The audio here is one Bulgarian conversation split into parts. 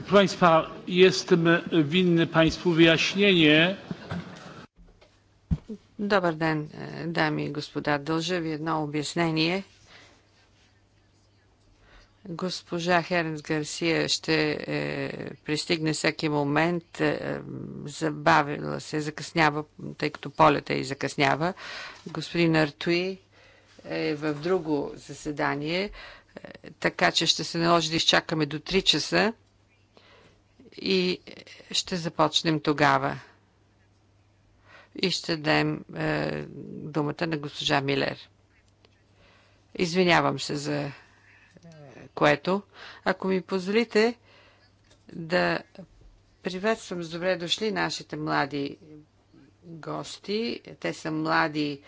Proszę Państwa, jestem winny Państwu wyjaśnienie. Добър ден, дами и господа. Дължа ви едно обяснение. Госпожа Херенс Гарсия ще е, пристигне всеки момент. Е, забавила се, закъснява, тъй като полета и закъснява. Господин Артуи е в друго заседание, е, така че ще се наложи да изчакаме до 3 часа и ще започнем тогава. И ще дадем е, думата на госпожа Милер. Извинявам се за е, което. Ако ми позволите да приветствам с добре дошли нашите млади гости. Те са млади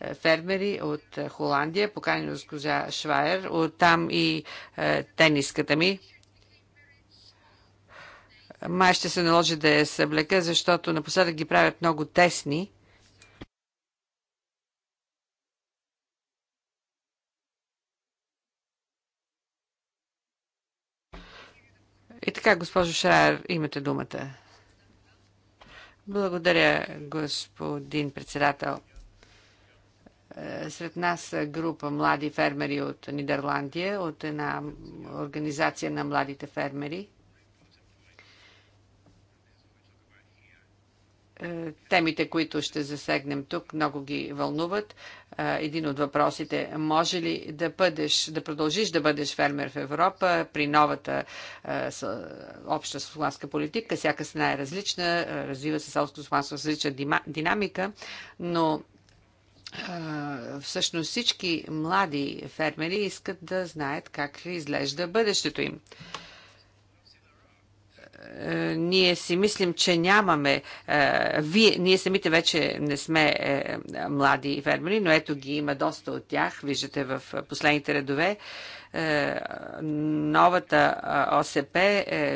е, фермери от Холандия, поканени от госпожа Швайер. Оттам и е, тениската ми. Май ще се наложи да я съблека, защото напоследък ги правят много тесни. И така, госпожо Шраер, имате думата. Благодаря, господин председател. Е, сред нас е група млади фермери от Нидерландия, от една организация на младите фермери. Е, темите, които ще засегнем тук, много ги вълнуват. Е, един от въпросите е, може ли да, бъдеш, да продължиш да бъдеш фермер в Европа при новата е, обща сланска политика? Всяка страна е различна, развива се селско сланство с различна динамика, но всъщност всички млади фермери искат да знаят как изглежда бъдещето им. Е, ние си мислим, че нямаме. Е, вие, ние самите вече не сме е, млади фермери, но ето ги има доста от тях. Виждате в последните редове. Новата ОСП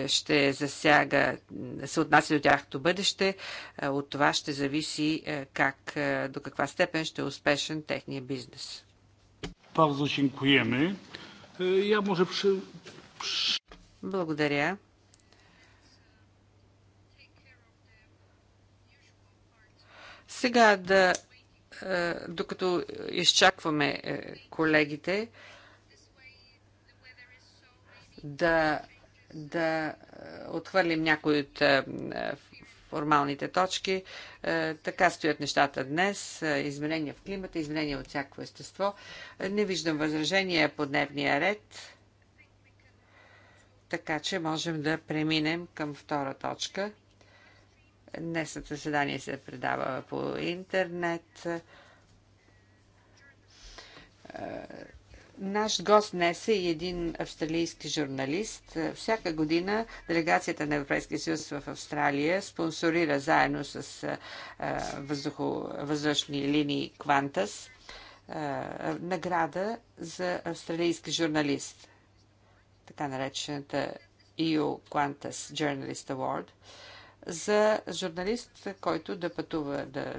ще засяга, се отнася до тяхното бъдеще. От това ще зависи как, до каква степен ще е успешен техния бизнес. Благодаря. Сега да, е, докато изчакваме е, колегите, да, да е, отхвърлим някои от формалните точки. Така стоят нещата днес. Изменения в климата, изменения от всяко естество. Не виждам възражения по дневния ред. Така че можем да преминем към втора точка. Днесното заседание се предава по интернет. Е, наш гост днес е един австралийски журналист. Всяка година делегацията на Европейския съюз в Австралия спонсорира заедно с е, въздухо, въздушни линии Квантас е, награда за австралийски журналист, така наречената EU Qantas Journalist Award – за журналист, който да пътува, да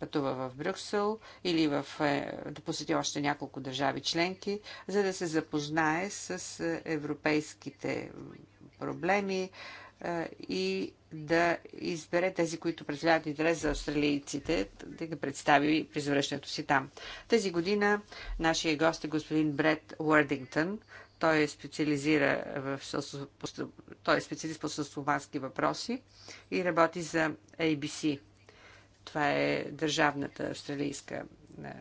пътува в Брюксел или в, е, да посети още няколко държави членки, за да се запознае с европейските проблеми е, и да избере тези, които представляват интерес за австралийците, да ги представи при завръщането си там. Тази година нашия гост е господин Бред Уордингтън, той е специализира в той е специалист по селскостопански въпроси и работи за ABC. Това е държавната австралийска е,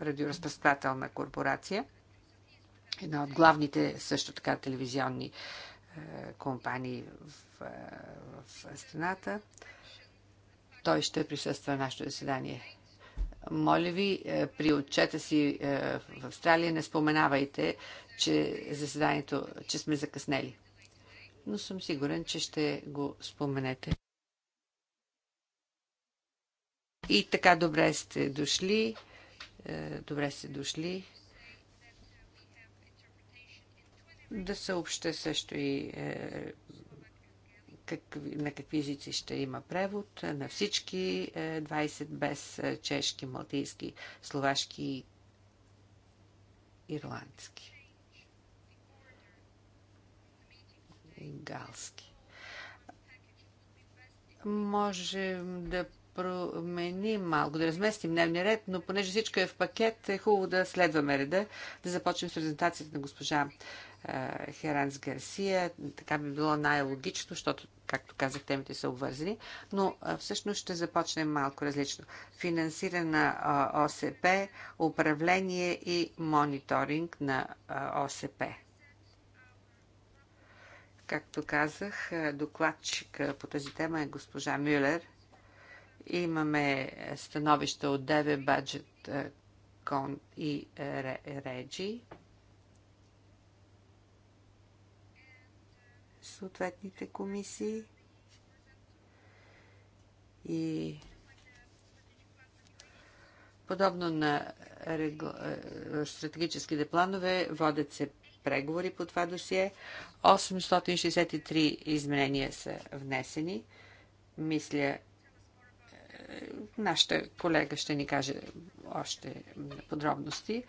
радиоразпръсквателна корпорация. Една от главните също така телевизионни е, компании в, в страната. Той ще присъства на нашето заседание моля ви, е, при отчета си е, в Австралия не споменавайте, че заседанието, че сме закъснели. Но съм сигурен, че ще го споменете. И така, добре сте дошли. Е, добре сте дошли. Да съобща също и какви, на какви езици ще има превод, на всички 20 е, без е, чешки, малтийски, словашки и ирландски. И галски. Можем да променим малко, да разместим дневния ред, но понеже всичко е в пакет, е хубаво да следваме реда, да започнем с презентацията на госпожа е, Херанс Гарсия. Така би било най-логично, защото както казах, темите са обвързани, но всъщност ще започнем малко различно. Финансиране на ОСП, управление и мониторинг на ОСП. Както казах, докладчик по тази тема е госпожа Мюлер. Имаме е, становища от ДВ Баджет е, и е, Реджи. съответните комисии и подобно на е, стратегическите планове водят се преговори по това досие. 863 изменения са внесени. Мисля, е, нашата колега ще ни каже още подробности.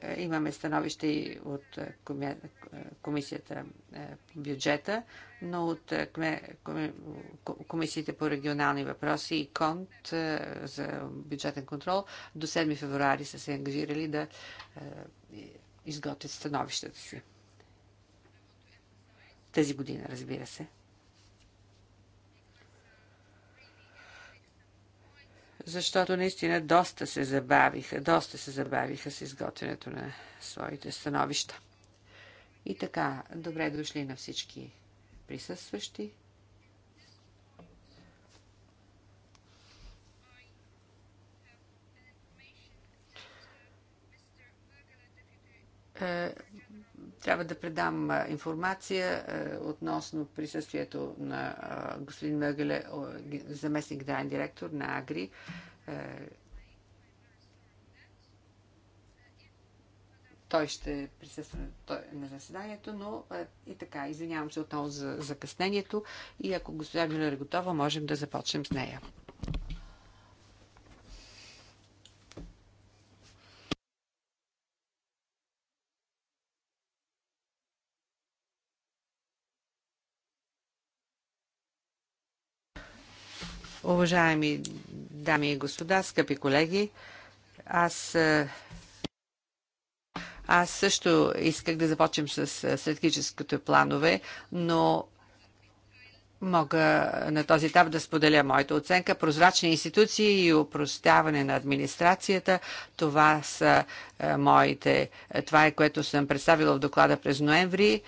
Е, имаме становище и от е, е, комисията по бюджета, но от комисиите по регионални въпроси и конт за бюджетен контрол до 7 февруари са се ангажирали да изготвят становищата си. Тази година, разбира се. защото наистина доста се забавиха, доста се забавиха с изготвянето на своите становища. И така, добре дошли на всички присъстващи. Е, трябва да предам информация относно присъствието на господин Мъгеле, заместник дан директор на Агри. Той ще присъства на заседанието, но и така, извинявам се отново за закъснението и ако госпожа Милер е готова, можем да започнем с нея. Уважаеми дами и господа, скъпи колеги, аз е, аз също исках да започнем с е, стратегическите планове, но мога на този етап да споделя моята оценка. Прозрачни институции и упростяване на администрацията. Това са е, моите. Това е което съм представила в доклада през ноември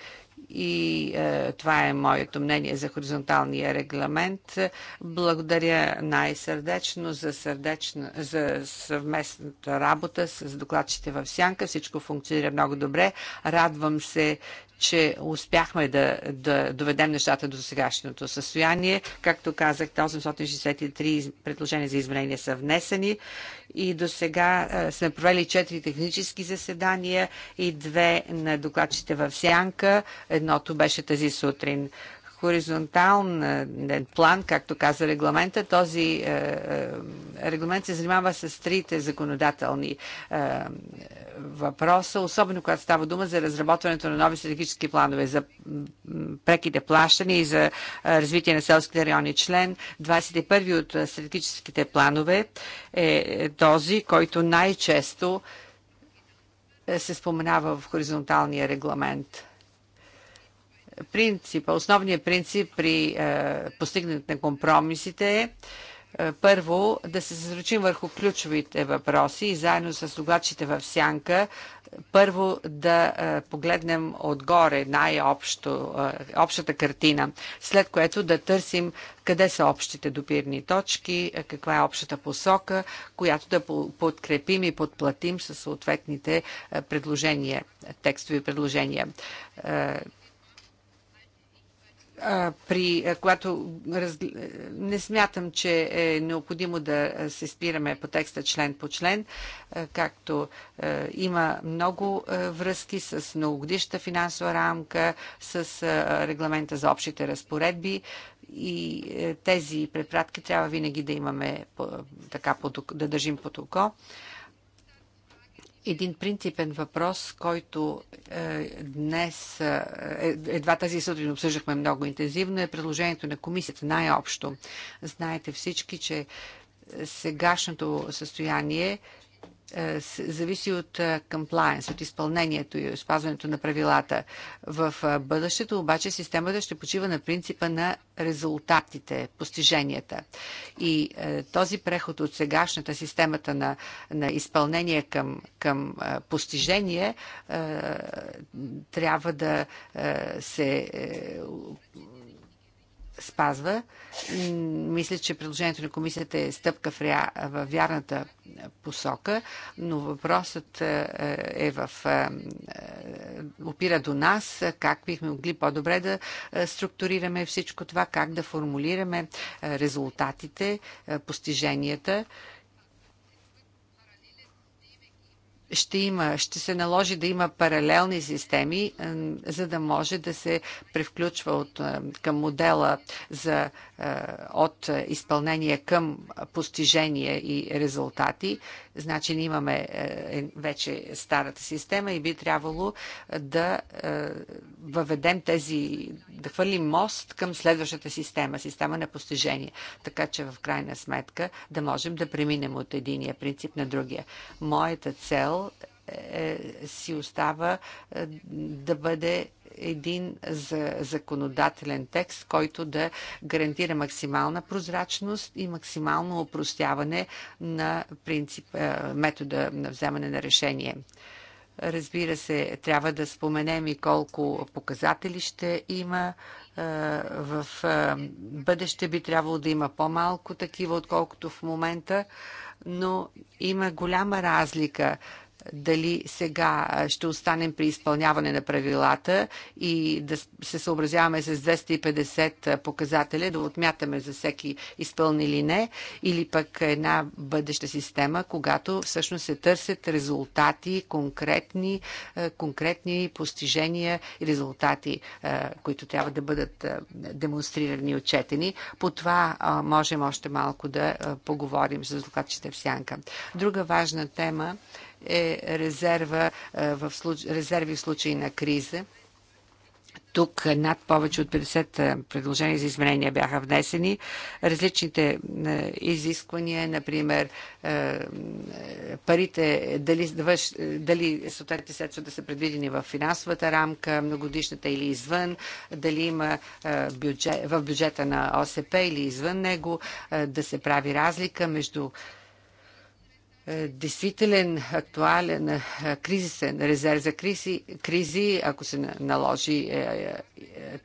и е, това е моето мнение за хоризонталния регламент. Благодаря най-сърдечно за, сърдечно, за съвместната работа с докладчите в Сянка. Всичко функционира много добре. Радвам се, че успяхме да, да доведем нещата до сегашното състояние. Както казах, 863 предложения за изменения са внесени и до сега е, сме провели 4 технически заседания и две на докладчите в Сянка. Едното беше тази сутрин хоризонтален план, както каза регламента. Този е, е, регламент се занимава с трите законодателни е, въпроса, особено когато става дума за разработването на нови стратегически планове за преките плащания и за развитие на селските райони. Член 21 от стратегическите планове е, е този, който най-често е, се споменава в хоризонталния регламент принципа, основният принцип при постигнат на компромисите е е, първо, да се съсредоточим върху ключовите въпроси и заедно с докладчите в сянка, първо да е, погледнем отгоре най-общо, е, общата картина, след което да търсим къде са общите допирни точки, каква е общата посока, която да подкрепим и подплатим със съответните предложения, текстови предложения при, когато раз, не смятам, че е необходимо да се спираме по текста член по член, както има много връзки с многогодишната финансова рамка, с регламента за общите разпоредби и тези препратки трябва винаги да имаме така да държим под око един принципен въпрос, който е, днес, е, е, едва тази сутрин обсъждахме много интензивно, е предложението на комисията най-общо. Знаете всички, че сегашното състояние е, зависи от комплайенс, от изпълнението и спазването на правилата. В е, бъдещето обаче системата ще почива на принципа на резултатите, постиженията. И е, този преход от сегашната системата на, на изпълнение към, към постижение трябва да се спазва. Мисля, че предложението на комисията е стъпка в, ря... в вярната посока, но въпросът е, е, е в... Е, опира до нас, как бихме могли по-добре да структурираме всичко това, как да формулираме резултатите, постиженията ще, има, ще се наложи да има паралелни системи, за да може да се превключва от, към модела за, е, от изпълнение към постижение и резултати. Значи имаме е, е, вече старата система и би трябвало да въведем тези, да хвърлим мост към следващата система, система на постижение. Така че в крайна сметка да можем да преминем от единия принцип на другия. Моята цел цел е, си остава е, да бъде един законодателен текст, който да гарантира максимална прозрачност и максимално упростяване на принцип, е, метода на вземане на решение. Разбира се, трябва да споменем и колко показатели ще има. В бъдеще би трябвало да има по-малко такива, отколкото в момента, но има голяма разлика дали сега ще останем при изпълняване на правилата и да се съобразяваме с 250 показателя, да отмятаме за всеки изпълни или не, или пък една бъдеща система, когато всъщност се търсят резултати, конкретни, конкретни постижения и резултати, които трябва да бъдат демонстрирани и отчетени. По това можем още малко да поговорим с докладчите в сянка. Друга важна тема е резерва е, в случ... резерви в случай на криза. Тук над повече от 50 е, предложения за изменения бяха внесени. Различните е, изисквания, например, парите, дали, дали съответните средства да са предвидени в финансовата рамка, многодишната или извън, дали има бюджет, в бюджета на ОСП или извън него, да се прави разлика между е, действителен, актуален, е, кризисен резерв за кризи, кризи ако се наложи е,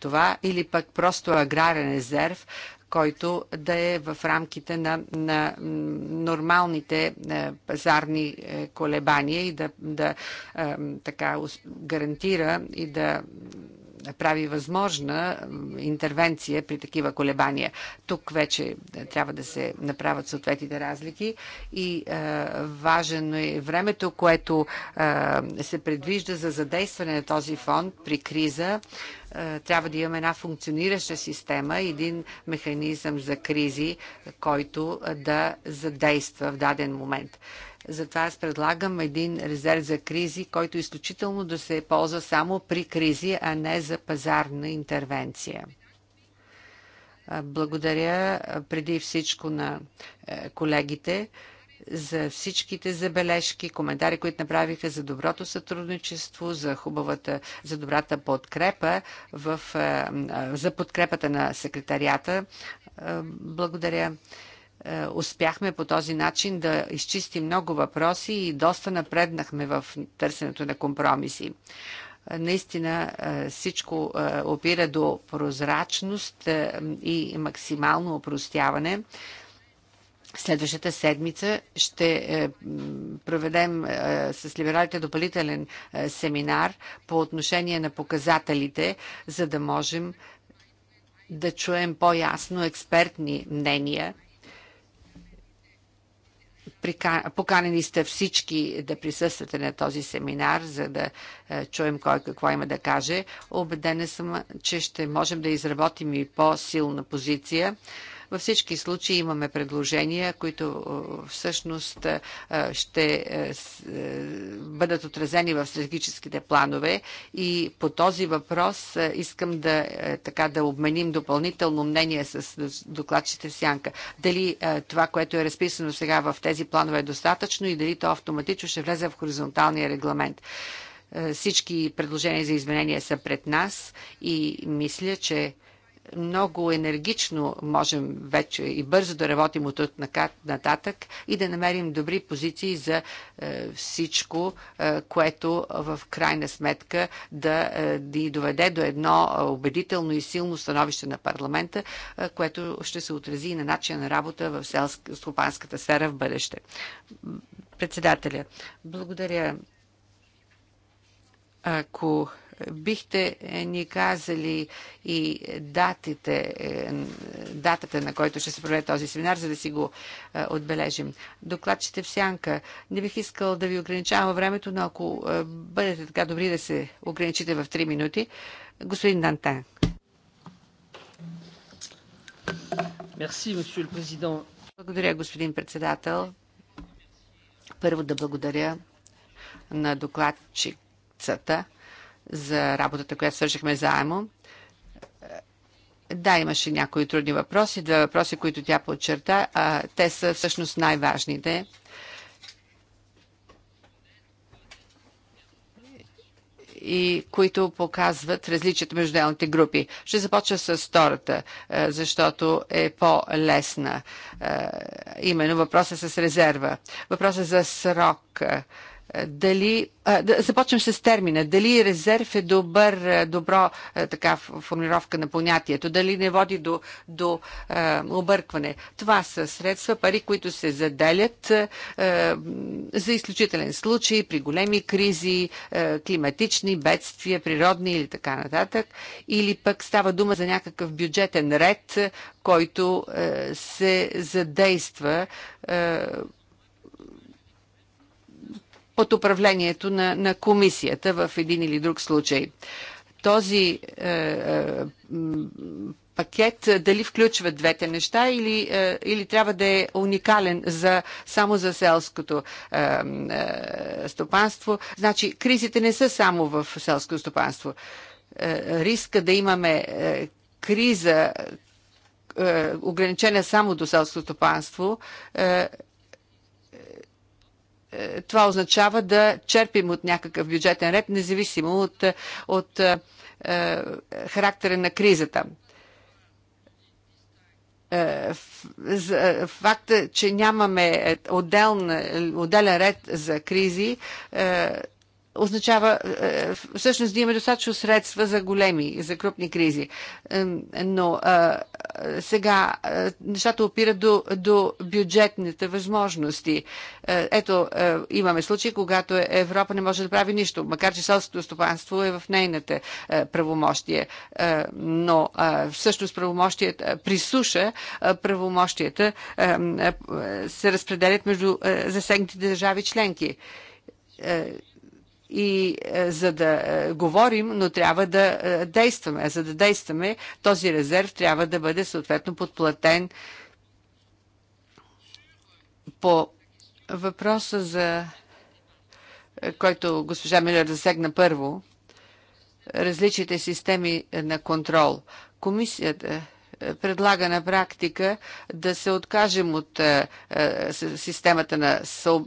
това, или пък просто аграрен резерв, който да е в рамките на, на нормалните пазарни колебания и да, да така гарантира и да прави възможна интервенция при такива колебания. Тук вече е, трябва да се направят съответните разлики и е, важно е времето, което е, се предвижда за задействане на този фонд при криза. трябва да имаме една функционираща система, един механизъм за кризи, който да задейства в даден момент. Затова аз предлагам един резерв за кризи, който изключително да се ползва само при кризи, а не за пазарна интервенция. Благодаря преди всичко на е, колегите за всичките забележки, коментари, които направиха за доброто сътрудничество, за хубавата, за добрата подкрепа в, е, за подкрепата на секретарията. Благодаря. Е, успяхме по този начин да изчистим много въпроси и доста напреднахме в търсенето на компромиси. Е, наистина е, всичко опира до прозрачност и максимално опростяване. Следващата седмица ще проведем с либералите допълнителен семинар по отношение на показателите, за да можем да чуем по-ясно експертни мнения Поканени сте всички да присъствате на този семинар, за да е, чуем кой какво има да каже. Обедена съм, че ще можем да изработим и по-силна позиция във всички случаи имаме предложения, които всъщност ще бъдат отразени в стратегическите планове и по този въпрос искам да, така, да обменим допълнително мнение с докладчите в Сянка. Дали това, което е разписано сега в тези планове е достатъчно и дали то автоматично ще влезе в хоризонталния регламент всички предложения за изменения са пред нас и мисля, че много енергично можем вече и бързо да работим от тук нататък и да намерим добри позиции за е, всичко, е, което в крайна сметка да ни е, доведе до едно убедително и силно становище на парламента, което ще се отрази и на начин на работа в селско-стопанската сфера в бъдеще. Председателя, благодаря. Ако бихте е, ни казали и датите, е, датата, на който ще се проведе този семинар, за да си го е, отбележим. Докладчите в сянка. Не бих искал да ви ограничавам времето, но ако бъдете така добри да се ограничите в 3 минути. Господин Дантен. Благодаря, господин председател. Първо да благодаря на докладчицата за работата, която свършихме заемо. Да, имаше някои трудни въпроси, два въпроси, които тя подчерта. А, те са всъщност най-важните. и които показват различията между отделните групи. Ще започна с втората, защото е по-лесна. Именно въпроса е с резерва. Въпроса е за срок дали, да започнем с термина, дали резерв е добър, добро така формировка на понятието, дали не води до, до е, объркване. Това са средства, пари, които се заделят е, за изключителен случай, при големи кризи, е, климатични, бедствия, природни или така нататък, или пък става дума за някакъв бюджетен ред, който е, се задейства е, под управлението на, на комисията в един или друг случай. Този е, е, пакет е, дали включва двете неща или, е, или трябва да е уникален за, само за селското е, е, стопанство. Значи, кризите не са само в селското стопанство. Е, риска да имаме е, криза, е, ограничена само до селско стопанство, е, това означава да черпим от някакъв бюджетен ред, независимо от, от е, е характера на кризата. Е, е, факта, че нямаме отделен, отделен ред за кризи, означава е, е, всъщност да имаме достатъчно средства за големи, за крупни кризи. Е, но сега нещата опират до, до бюджетните възможности. Ето, имаме случаи, когато Европа не може да прави нищо, макар че селското стопанство е в нейната правомощие. Но всъщност правомощията при суша правомощията се разпределят между засегнатите държави членки и е, за да е, говорим, но трябва да е, действаме. А За да действаме, този резерв трябва да бъде съответно подплатен по въпроса за който госпожа Милер засегна първо, различните системи на контрол. Комисията предлага на практика да се откажем от е, е, системата на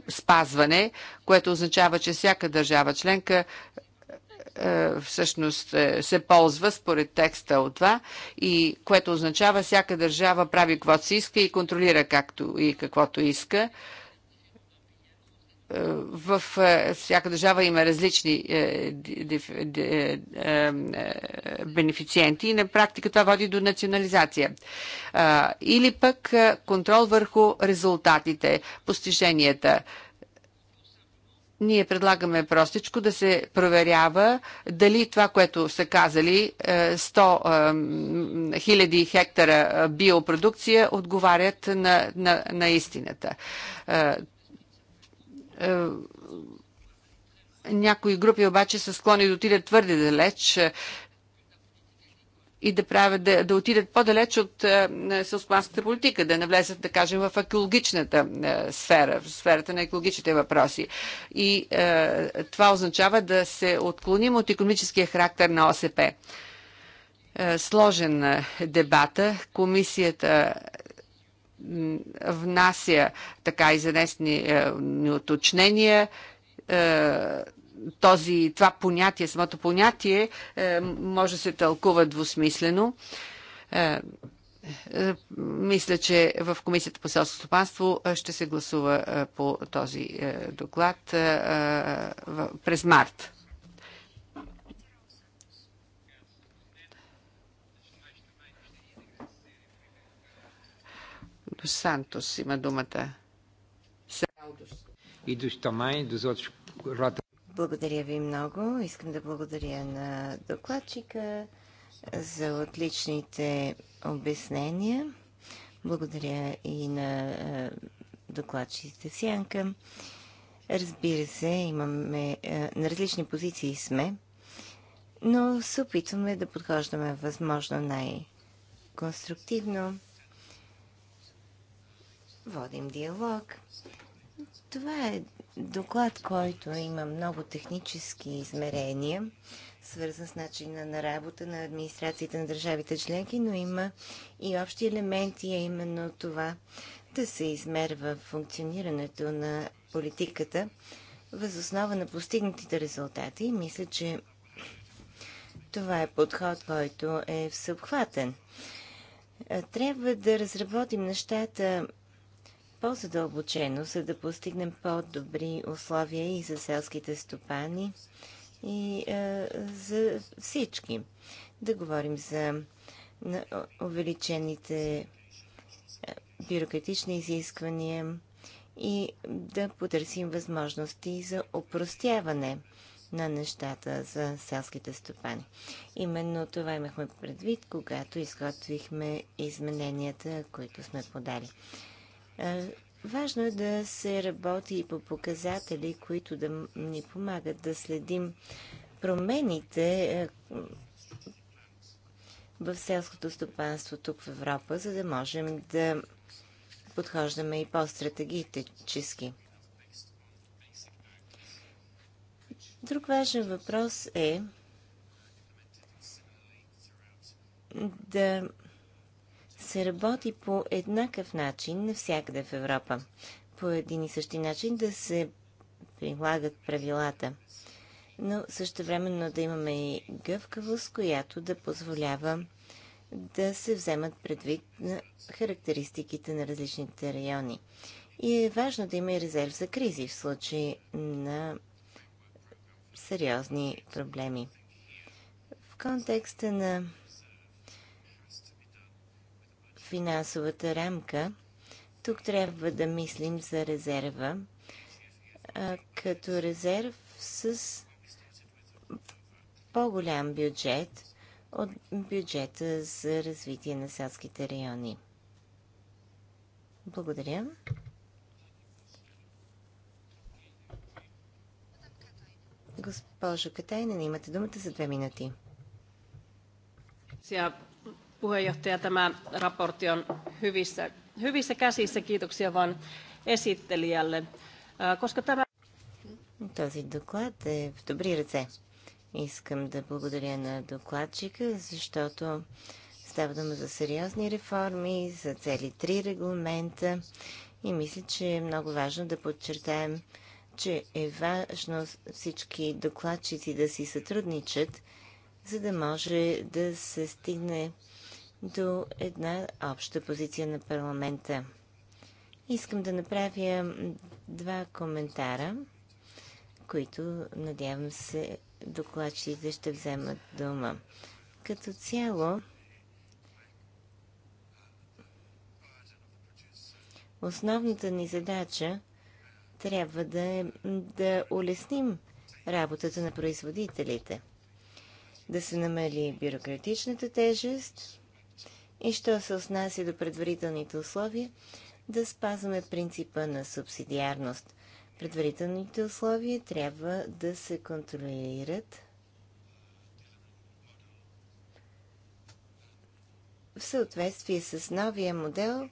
спазване, което означава, че всяка държава членка е, всъщност се ползва според текста от това и което означава всяка държава прави каквото си иска и контролира както и каквото иска е, в е, всяка държава има различни е, бенефициенти и на практика това води до национализация. Или пък контрол върху резултатите, постиженията. Ние предлагаме простичко да се проверява дали това, което са казали 100 000 хектара биопродукция, отговарят на, на, на истината. Е, някои групи обаче са склонни да отидат твърде далеч е, и да, правят, да, да отидат по-далеч от е, селскостопанската политика, да навлезат, да кажем, в екологичната сфера, в сферата на екологичните въпроси. И е, това означава да се отклоним от економическия характер на ОСП. Е, сложен дебата. Комисията внася така изнесени е, уточнения. Е, този, това понятие, самото понятие е, може да се тълкува двусмислено. Е, е, мисля, че в Комисията по селско стопанство е, ще се гласува е, по този е, доклад е, е, през март. Dos има думата. благодаря ви много. Искам да благодаря на докладчика за отличните обяснения. Благодаря и на е, докладчиците Сянка. Разбира се, имаме е, на различни позиции сме, но се опитваме да подхождаме възможно най-конструктивно водим диалог. Това е доклад, който има много технически измерения, свързан с начина на работа на администрацията на държавите членки, но има и общи елементи, а именно това да се измерва функционирането на политиката възоснова на постигнатите резултати. Мисля, че това е подход, който е всъобхватен. Трябва да разработим нещата по-задълбочено, за да постигнем по-добри условия и за селските стопани, и а, е, за всички. Да говорим за увеличените е, бюрократични изисквания и да потърсим възможности за опростяване на нещата за селските стопани. Именно това имахме предвид, когато изготвихме измененията, които сме подали. Важно е да се работи и по показатели, които да ни помагат да следим промените в селското стопанство тук в Европа, за да можем да подхождаме и по-стратегически. Друг важен въпрос е да се работи по еднакъв начин навсякъде в Европа. По един и същи начин да се прилагат правилата. Но също времено да имаме и гъвкавост, която да позволява да се вземат предвид на характеристиките на различните райони. И е важно да има и резерв за кризи в случай на сериозни проблеми. В контекста на финансовата рамка, тук трябва да мислим за резерва, а, като резерв с по-голям бюджет от бюджета за развитие на селските райони. Благодаря. Госпожо Катайнен, имате думата за две минути puheenjohtaja. Tämä raportti on hyvissä käsissä. Kiitoksia vain esittelijälle. Koska tämä... Този доклад е в добри ръце. Искам да благодаря на докладчика, защото става дума за сериозни реформи, за цели три регламента и мисля, че е много важно да подчертаем, че е важно всички докладчици да си сътрудничат, за да може да се стигне до една обща позиция на парламента. Искам да направя два коментара, които надявам се докладчите ще вземат дума. Като цяло, основната ни задача трябва да е да улесним работата на производителите, да се намали бюрократичната тежест, и що се отнася до предварителните условия, да спазваме принципа на субсидиарност. Предварителните условия трябва да се контролират в съответствие с новия модел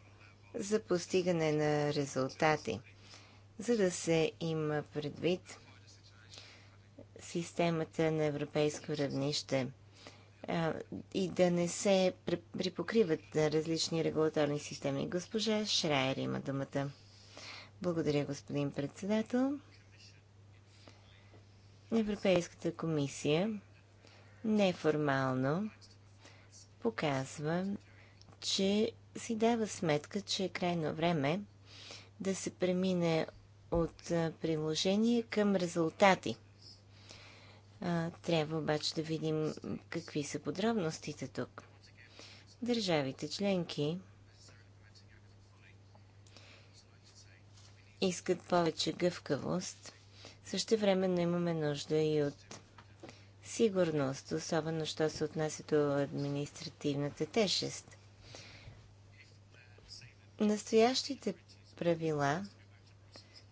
за постигане на резултати, за да се има предвид системата на европейско равнище – и да не се припокриват различни регулаторни системи. Госпожа Шрайер има думата. Благодаря, господин председател. Европейската комисия неформално показва, че си дава сметка, че е крайно време да се премине от приложение към резултати – трябва обаче да видим какви са подробностите тук. Държавите членки искат повече гъвкавост. Също времено имаме нужда и от сигурност, особено що се отнася до административната тежест. Настоящите правила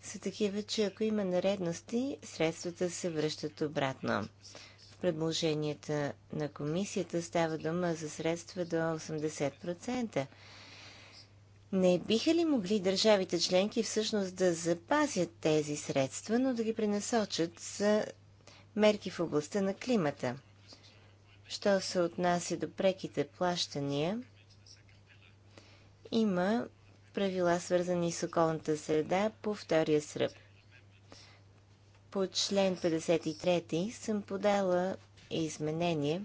са такива, че ако има наредности, средствата се връщат обратно. В предложенията на комисията става дума за средства до 80%. Не биха ли могли държавите членки всъщност да запазят тези средства, но да ги пренасочат за мерки в областта на климата? Що се отнася до преките плащания, има правила, свързани с околната среда по втория сръб. По член 53 съм подала изменение,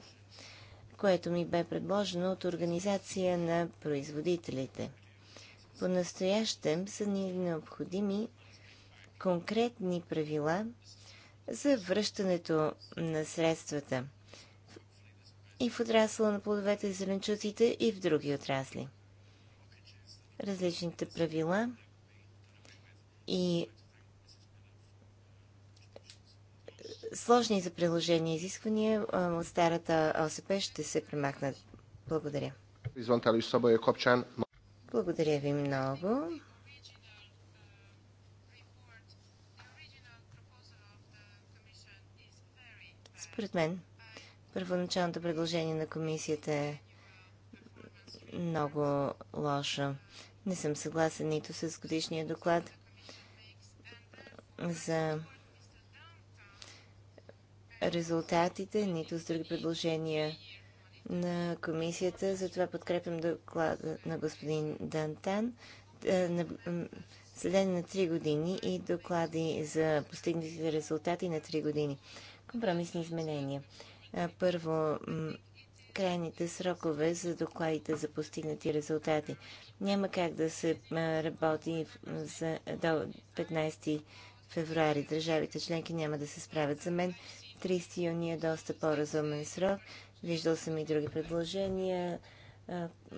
което ми бе предложено от Организация на производителите. По-настоящем са ни необходими конкретни правила за връщането на средствата и в отрасъла на плодовете и зеленчуците и в други отрасли различните правила и сложни за приложение изисквания от старата ОСП ще се премахнат. Благодаря. Благодаря ви много. Според мен, първоначалното предложение на комисията е много лоша. Не съм съгласен нито с годишния доклад за резултатите, нито с други предложения на комисията. Затова подкрепям доклада на господин Дантан. Е, следен на 3 години и доклади за постигнатите резултати на 3 години. Компромисни изменения. Е, първо, крайните срокове за докладите за постигнати резултати. Няма как да се работи за, до 15 февруари. Държавите членки няма да се справят за мен. 30 юни е доста по-разумен срок. Виждал съм и други предложения.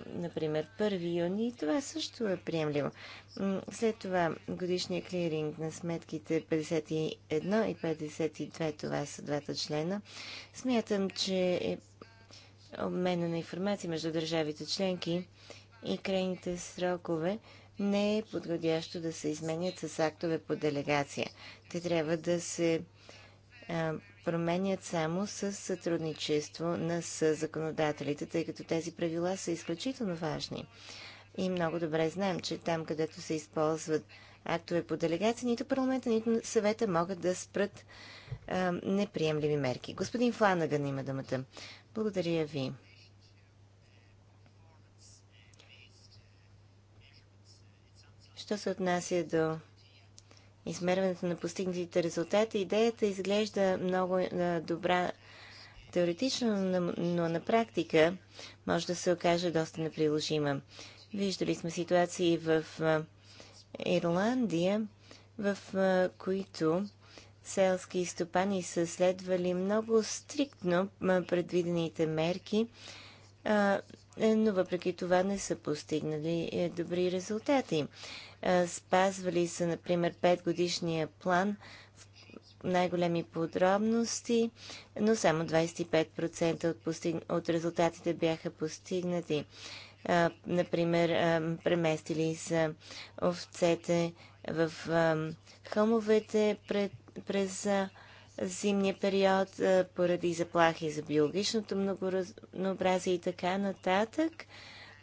Например, 1 юни и това също е приемливо. След това годишния клиринг на сметките 51 и 52, това са двата члена. Смятам, че е обмена на информация между държавите членки и крайните срокове не е подходящо да се изменят с актове по делегация. Те трябва да се променят само с сътрудничество на законодателите, тъй като тези правила са изключително важни. И много добре знаем, че там, където се използват актове по делегация, нито парламента, нито съвета могат да спрат неприемливи мерки. Господин Фланаган има думата. Благодаря ви. Що се отнася до измерването на постигнатите резултати, идеята изглежда много добра теоретично, но на практика може да се окаже доста неприложима. Виждали сме ситуации в Ирландия, в които селски стопани са следвали много стриктно предвидените мерки, е, но въпреки това не са постигнали е, добри резултати. Спазвали са, например, 5 годишния план в най-големи подробности, но само 25% от, постиг... от резултатите бяха постигнати. например, преместили са овцете в хълмовете пред през зимния период поради заплахи за биологичното многообразие и така нататък.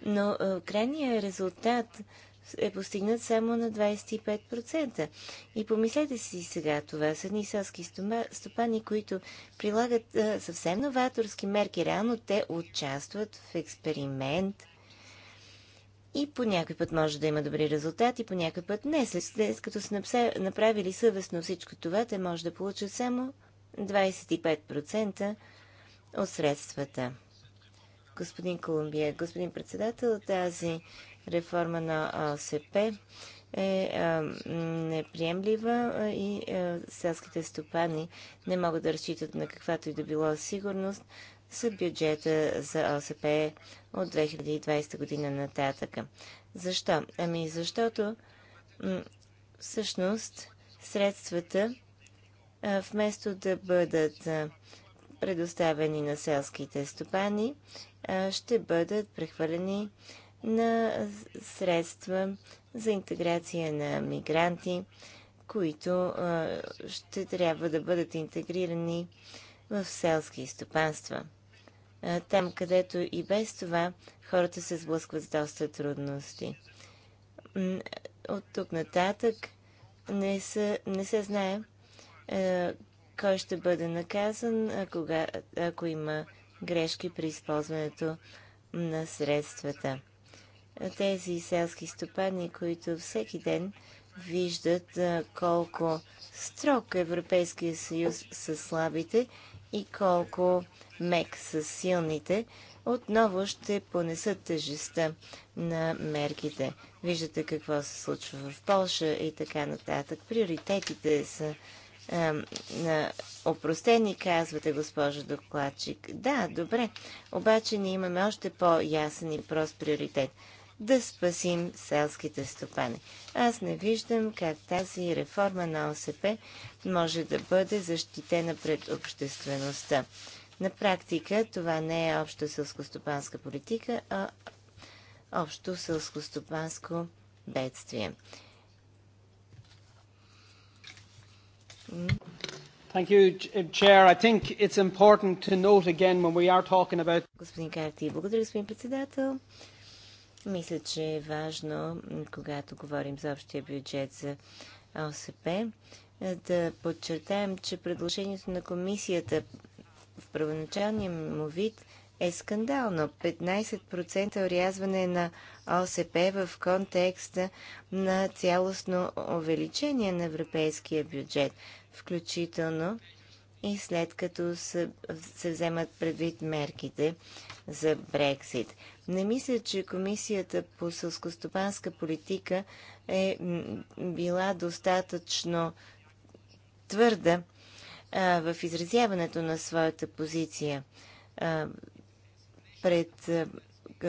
Но крайният резултат е постигнат само на 25%. И помислете си сега, това са едни селски стопани, които прилагат съвсем новаторски мерки. Реално те участват в експеримент – и по някой път може да има добри резултати, по някой път не. След като са направили съвестно всичко това, те може да получат само 25% от средствата. Господин Колумбия, господин председател, тази реформа на ОСП е неприемлива и селските стопани не могат да разчитат на каквато и да било сигурност, с бюджета за ОСП от 2020 година нататъка. Защо? Ами защото всъщност средствата вместо да бъдат предоставени на селските стопани, ще бъдат прехвърлени на средства за интеграция на мигранти, които ще трябва да бъдат интегрирани в селски стопанства там, където и без това хората се сблъскват с доста трудности. От тук нататък не се, не се знае кой ще бъде наказан, кога, ако има грешки при използването на средствата. Тези селски стопани, които всеки ден виждат колко строг Европейския съюз са слабите и колко мек са силните, отново ще понесат тежестта на мерките. Виждате какво се случва в Польша и така нататък. Приоритетите са е, на опростени, казвате, госпожа докладчик. Да, добре, обаче ние имаме още по-ясен и прост приоритет – да спасим селските стопани. Аз не виждам как тази реформа на ОСП може да бъде защитена пред обществеността. На практика това не е обща селскостопанска политика, а общо селскостопанско бедствие. Thank you, uh, Chair. I think it's important to note again when we are talking about... Господин Карти, благодаря, господин председател. Мисля, че е важно, когато говорим за общия бюджет за ОСП, да подчертаем, че предложението на комисията в първоначалния му вид е скандално. 15% урязване на ОСП в контекста на цялостно увеличение на европейския бюджет, включително и след като се, се вземат предвид мерките за Брексит. Не мисля, че Комисията по сълскостопанска политика е била достатъчно твърда а, в изразяването на своята позиция а, пред а,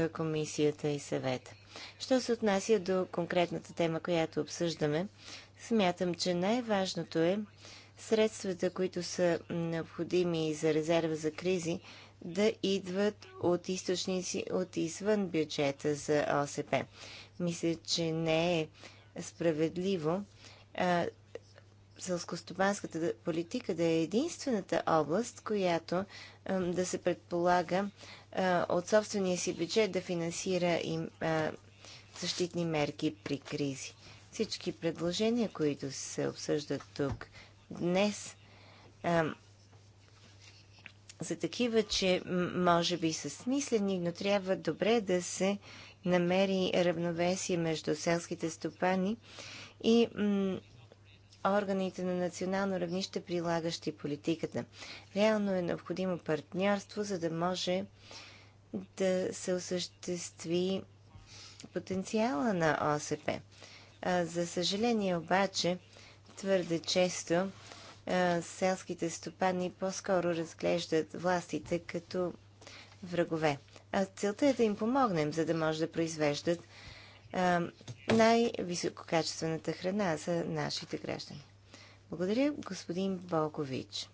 Комисията и съвета. Що се отнася до конкретната тема, която обсъждаме, смятам, че най-важното е средствата, които са необходими за резерва за кризи, да идват от източници от извън бюджета за ОСП. Мисля, че не е справедливо сълскостопанската политика да е единствената област, която а, да се предполага а, от собствения си бюджет да финансира им а, защитни мерки при кризи. Всички предложения, които се обсъждат тук, днес а, за такива, че може би са смислени, но трябва добре да се намери равновесие между селските стопани и органите на национално равнище, прилагащи политиката. Реално е необходимо партньорство, за да може да се осъществи потенциала на ОСП. За съжаление обаче, твърде често селските стопани по-скоро разглеждат властите като врагове. А целта е да им помогнем, за да може да произвеждат най-висококачествената храна за нашите граждани. Благодаря, господин Болкович.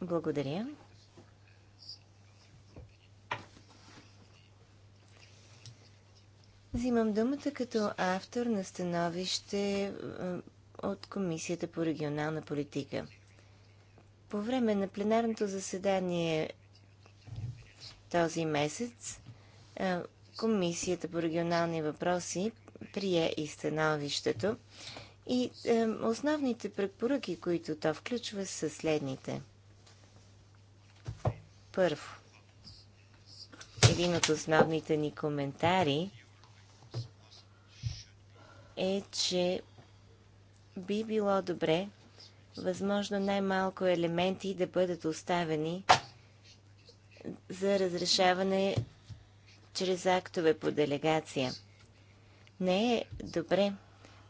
Благодаря. Взимам думата като автор на становище от Комисията по регионална политика. По време на пленарното заседание този месец Комисията по регионални въпроси прие и становището и основните препоръки, които то включва, са следните. Първо, един от основните ни коментари – е, че би било добре, възможно най-малко елементи да бъдат оставени за разрешаване чрез актове по делегация. Не е добре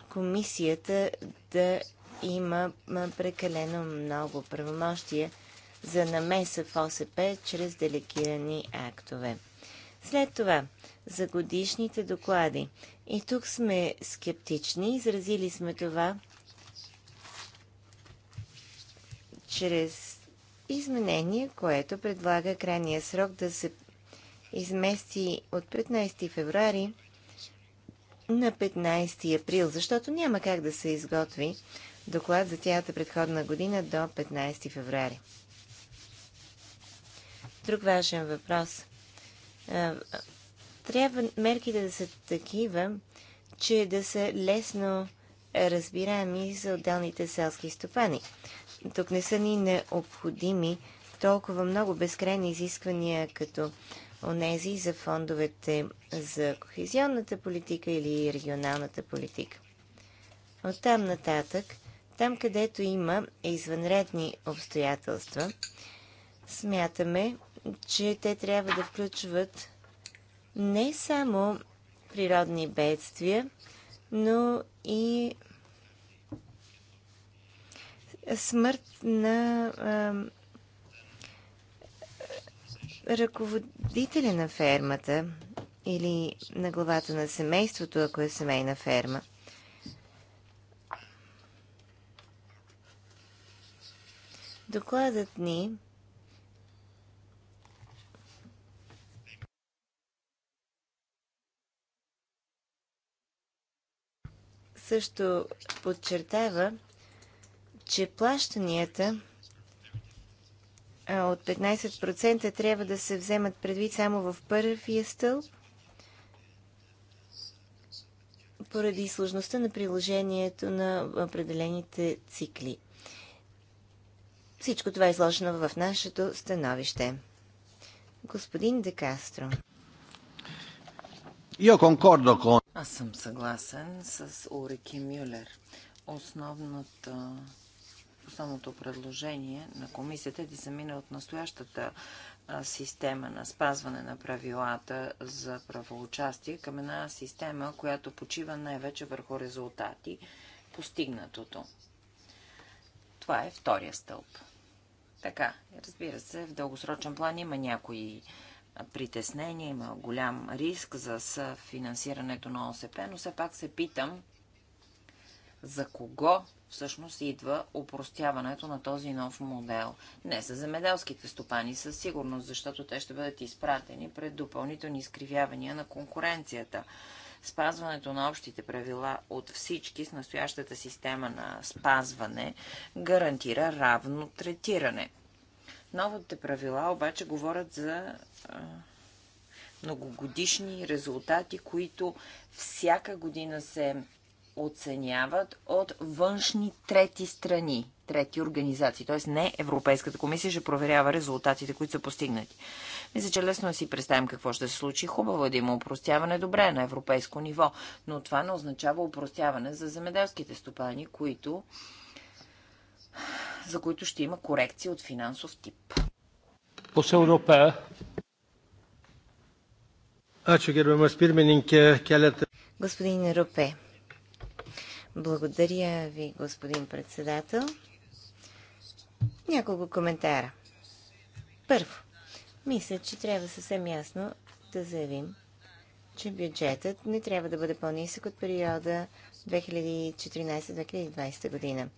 комисията да има прекалено много правомощия за намеса в ОСП чрез делегирани актове. След това, за годишните доклади. И тук сме скептични, изразили сме това чрез изменение, което предлага крайния срок да се измести от 15 февруари на 15 април, защото няма как да се изготви доклад за цялата предходна година до 15 февруари. Друг важен въпрос е, трябва мерките да са такива, че да са лесно разбираеми за отделните селски стопани. Тук не са ни необходими толкова много безкрайни изисквания, като онези за фондовете за кохезионната политика или регионалната политика. От там нататък, там където има извънредни обстоятелства, смятаме, че те трябва да включват не само природни бедствия, но и смърт на а, ръководителя на фермата или на главата на семейството, ако е семейна ферма. Докладът ни също подчертава, че плащанията от 15% трябва да се вземат предвид само в първия стълб, поради сложността на приложението на определените цикли. Всичко това е изложено в нашето становище. Господин Декастро. Аз съм съгласен с Урики Мюлер. основното предложение на комисията е да се мине от настоящата система на спазване на правилата за правоучастие към една система, която почива най-вече върху резултати, постигнатото. Това е втория стълб. Така, разбира се, в дългосрочен план има някои притеснения, има голям риск за финансирането на ОСП, но все пак се питам за кого всъщност идва упростяването на този нов модел. Не за земеделските стопани със сигурност, защото те ще бъдат изпратени пред допълнителни изкривявания на конкуренцията. Спазването на общите правила от всички с настоящата система на спазване гарантира равно третиране – Новите правила обаче говорят за многогодишни резултати, които всяка година се оценяват от външни трети страни, трети организации. Т.е. не Европейската комисия ще проверява резултатите, които са постигнати. Мисля, че лесно да си представим какво ще се случи. Хубаво е да има упростяване, добре, е на европейско ниво, но това не означава упростяване за земеделските стопани, които за които ще има корекции от финансов тип. Господин Рупе, благодаря ви, господин председател. Няколко коментара. Първо, мисля, че трябва съвсем ясно да заявим, че бюджетът не трябва да бъде по-нисък от периода 2014-2020 година.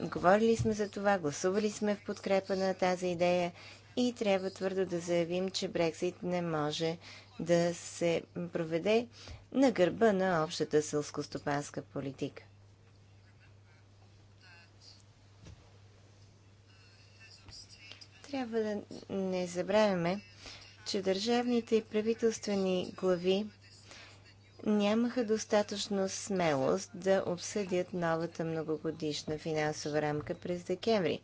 Говорили сме за това, гласували сме в подкрепа на тази идея и трябва твърдо да заявим, че Брексит не може да се проведе на гърба на общата сълскостопанска политика. Трябва да не забравяме, че държавните и правителствени глави нямаха достатъчно смелост да обсъдят новата многогодишна финансова рамка през декември.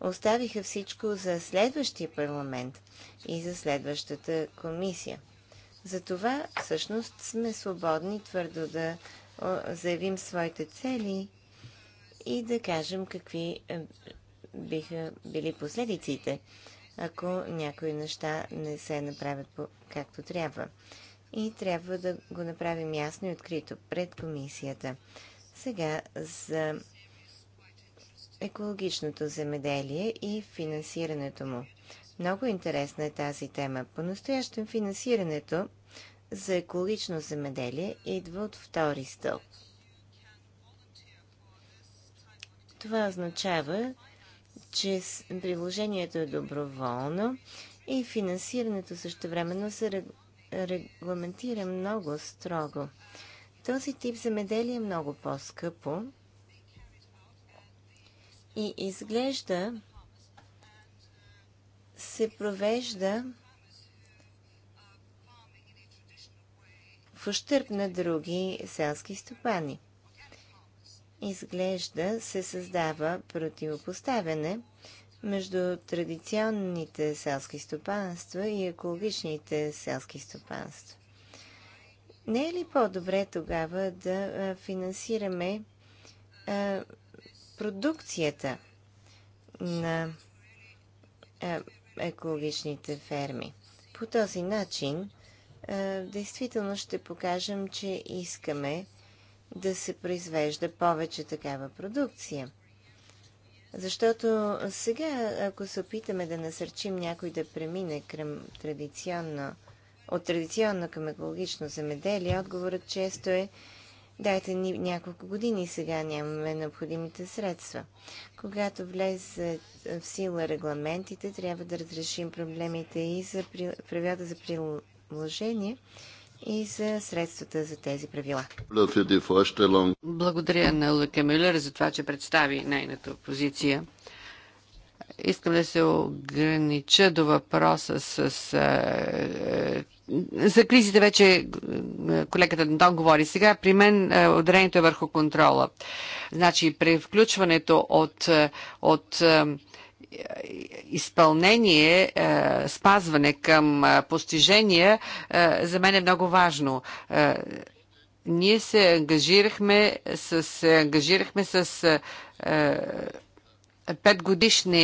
Оставиха всичко за следващия парламент и за следващата комисия. Затова всъщност сме свободни твърдо да заявим своите цели и да кажем какви е, биха били последиците, ако някои неща не се направят както трябва и трябва да го направим ясно и открито пред комисията. Сега за екологичното земеделие и финансирането му. Много интересна е тази тема. По-настоящем финансирането за екологично земеделие идва от втори стълб. Това означава, че приложението е доброволно и финансирането също времено се регламентира много строго. Този тип земеделие е много по-скъпо и изглежда се провежда в ущърп на други селски стопани. Изглежда се създава противопоставяне между традиционните селски стопанства и екологичните селски стопанства. Не е ли по-добре тогава да финансираме продукцията на екологичните ферми? По този начин действително ще покажем, че искаме да се произвежда повече такава продукция. Защото сега, ако се опитаме да насърчим някой да премине към традиционно, от традиционно към екологично земеделие, отговорът често е дайте ни няколко години сега нямаме необходимите средства. Когато влезе в сила регламентите, трябва да разрешим проблемите и за правилата за приложение, и за средствата за тези правила. Благодаря на Лъка Мюллер за това, че представи нейната позиция. Искам да се огранича до въпроса с... Е, е, за кризите вече е, колегата Дантон говори. Сега при мен ударението е върху контрола. Значи, при включването от, от изпълнение, е, спазване към е, постижения, е, за мен е много важно ние се ангажирахме с, се ангажирахме с е, петгодишни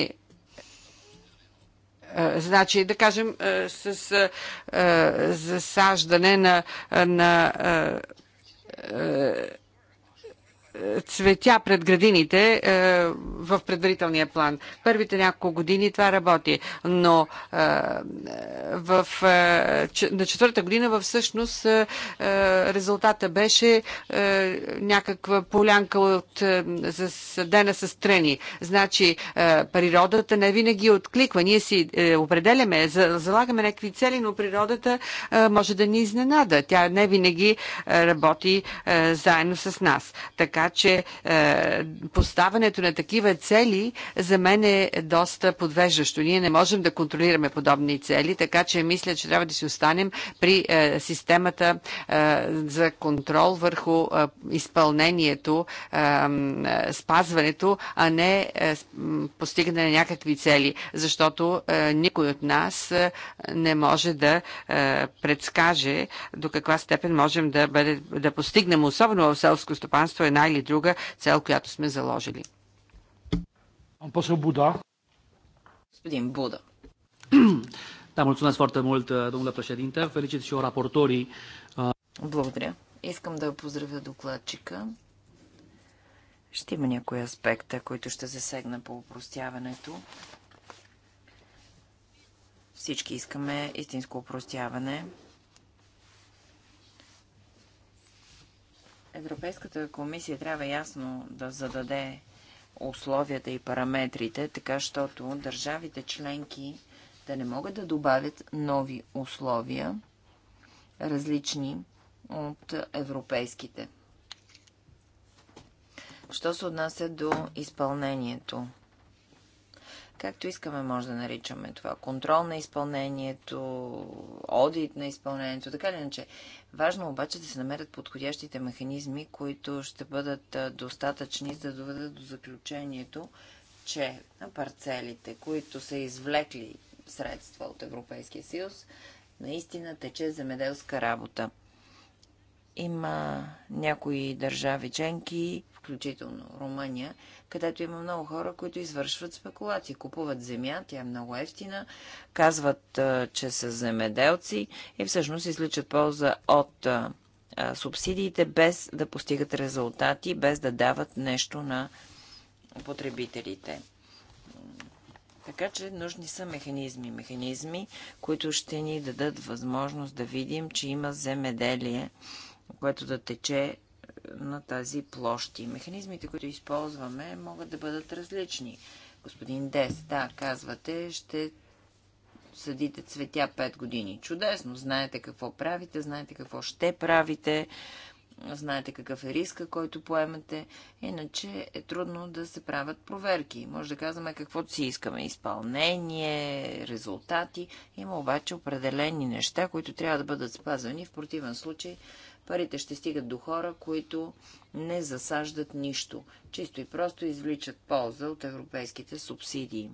е, значи, да кажем, е, с е, засаждане на, на е, цветя пред градините е, в предварителния план. Първите няколко години това работи, но е, в, е, на четвърта година всъщност резултата беше някаква полянка от, е, с трени. Значи природата не винаги откликва. Ние си определяме, залагаме някакви цели, но природата може да ни изненада. Тя не винаги работи заедно с нас. Така така че е, поставането на такива цели за мен е доста подвеждащо. Ние не можем да контролираме подобни цели, така че мисля, че трябва да си останем при е, системата е, за контрол върху е, изпълнението, е, е спазването, а не е, постигане на някакви цели, защото е, никой от нас е, не може да е, предскаже до каква степен можем да, бъде, да постигнем, особено в селско стопанство, една или или друга цел, която сме заложили. Буда. Господин Буда. Да, mulțumesc foarte mult, uh, domnule președinte. Felicit și raportorii. Uh, Благодаря. Искам да поздравя докладчика. Ще има някои аспекта, които ще засегна по упростяването. Всички искаме истинско упростяване Европейската комисия трябва ясно да зададе условията и параметрите, така щото държавите членки да не могат да добавят нови условия, различни от европейските. Що се отнася до изпълнението? както искаме може да наричаме това, контрол на изпълнението, одит на изпълнението, така или иначе. Важно обаче да се намерят подходящите механизми, които ще бъдат достатъчни за да доведат до заключението, че на парцелите, които са извлекли средства от Европейския съюз, наистина тече земеделска работа. Има някои държави членки, включително Румъния, където има много хора, които извършват спекулации. Купуват земя, тя е много ефтина, казват, че са земеделци и всъщност изличат полза от субсидиите, без да постигат резултати, без да дават нещо на потребителите. Така че нужни са механизми. Механизми, които ще ни дадат възможност да видим, че има земеделие, което да тече на тази площ. механизмите, които използваме, могат да бъдат различни. Господин Дес, да, казвате, ще съдите цветя 5 години. Чудесно, знаете какво правите, знаете какво ще правите, знаете какъв е риска, който поемате. Иначе е трудно да се правят проверки. Може да казваме каквото си искаме. Изпълнение, резултати. Има обаче определени неща, които трябва да бъдат спазвани. В противен случай Парите ще стигат до хора, които не засаждат нищо. Чисто и просто извличат полза от европейските субсидии.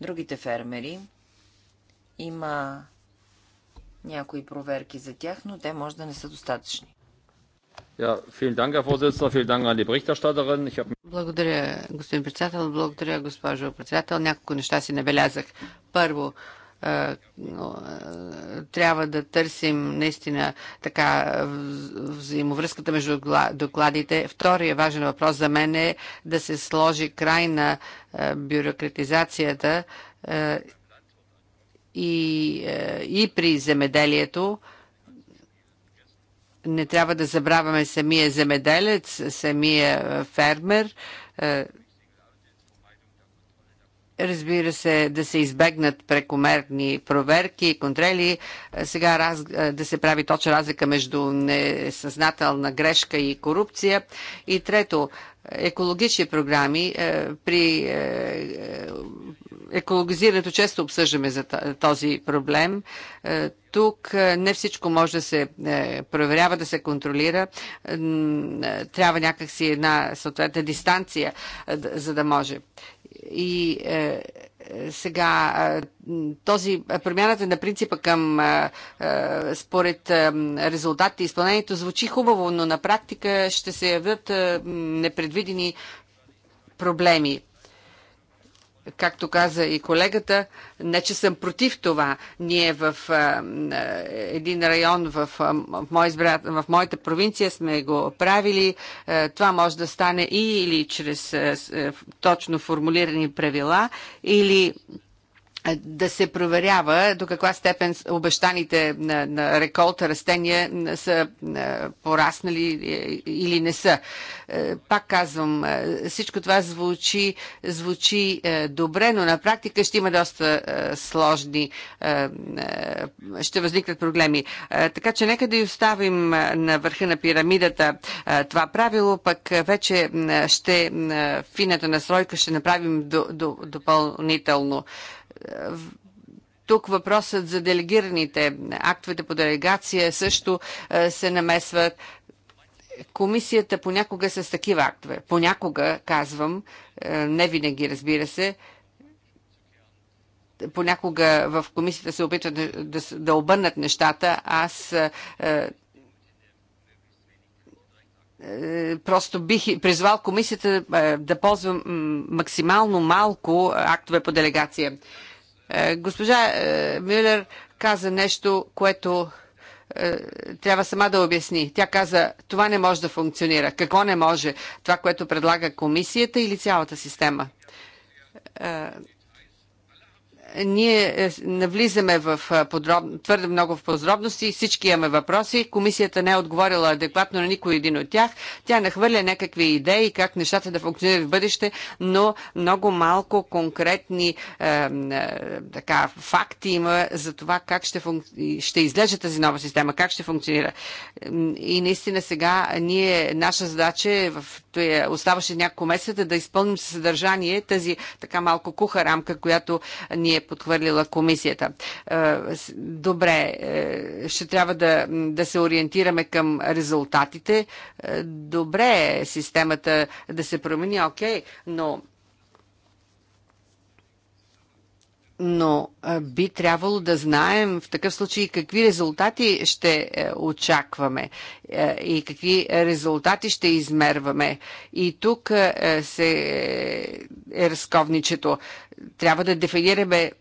Другите фермери има някои проверки за тях, но те може да не са достатъчни. Благодаря, господин председател. Благодаря, госпожо председател. Няколко неща си набелязах. Първо, е, е, трябва да търсим наистина така взаимовръзката между докладите. Втория е важен въпрос за мен е да се сложи край на бюрократизацията и, и при земеделието не трябва да забравяме самия земеделец, самия е, фермер. Е, разбира се, да се избегнат прекомерни проверки и контроли. Е, сега раз, да се прави точна разлика между несъзнателна грешка и корупция. И трето, екологични програми при екологизирането често обсъждаме за този проблем. Е, тук е, не всичко може да се е, проверява, да се контролира. Трябва някакси една съответна дистанция, за да може. И сега този промяната на принципа към според резултатите и изпълнението звучи хубаво, но на практика ще се явят непредвидени проблеми както каза и колегата, не че съм против това. Ние в един район в, в, мой избират, в моята провинция сме го правили. това може да стане и или чрез точно формулирани правила, или е, да се проверява до каква степен обещаните на, на реколта растения са пораснали е, или не са. Е, пак казвам, всичко това звучи, звучи добре, но на практика ще има доста сложни, ще възникнат проблеми. Така че нека да и оставим на върха на пирамидата това правило, пък вече ще фината настройка ще направим допълнително тук въпросът за делегираните актовете по делегация също е, се намесват. Комисията понякога е с такива актове. Понякога, казвам, е, не винаги, разбира се, понякога в комисията се опитват да, да, обърнат нещата. Аз просто бих призвал комисията да ползва максимално малко актове по делегация. Е, госпожа е, Мюлер каза нещо, което е, трябва сама да обясни. Тя каза, това не може да функционира. Какво не може? Това, което предлага комисията или цялата система? ние е, навлизаме в е, подроб... твърде много в подробности, всички имаме въпроси, комисията не е отговорила адекватно на никой един от тях, тя нахвърля някакви идеи как нещата да функционират в бъдеще, но много малко конкретни е, е, така, факти има за това как ще, функ... ще излежа тази нова система, как ще функционира. И наистина сега ние, наша задача е в е, оставаше няколко месеца да изпълним със съдържание тази така малко куха рамка, която ние е подхвърлила комисията. Е, добре, е, ще трябва да, да се ориентираме към резултатите. Е, добре е системата да се промени, окей, но но би трябвало да знаем в такъв случай какви резултати ще е, очакваме е, и какви резултати ще измерваме. И тук е, се е разковничето. Трябва да дефинираме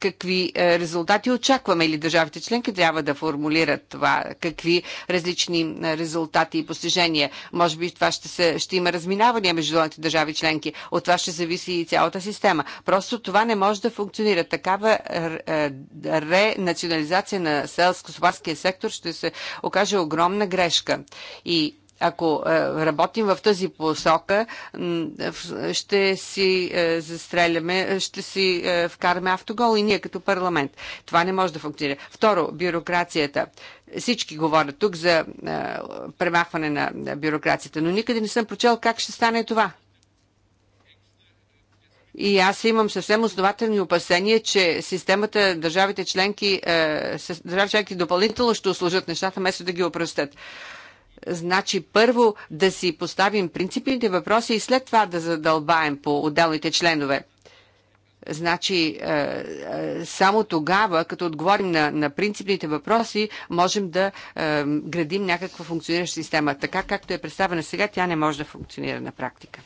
какви е, резултати очакваме или държавите членки трябва да формулират това, какви различни е, резултати и постижения. Може би това ще, се, ще има разминавания между отделните държави членки. От това ще зависи и цялата система. Просто това не може да функционира. Такава е, ренационализация на селско-стопанския сектор ще се окаже огромна грешка. И ако е, работим в тази посока, ще си е, застреляме, ще си е, вкараме автогол и ние като парламент. Това не може да функционира. Второ, бюрокрацията. Всички говорят тук за премахване на бюрокрацията, но никъде не съм прочел как ще стане това. И аз имам съвсем основателни опасения, че системата, държавите членки, държавите членки допълнително ще услужат нещата, вместо да ги опростят. Значи първо да си поставим принципните въпроси и след това да задълбаем по отделните членове. Значи, е, е, само тогава, като отговорим на, на принципните въпроси, можем да е, градим някаква функционираща система. Така както е представена сега, тя не може да функционира на практика.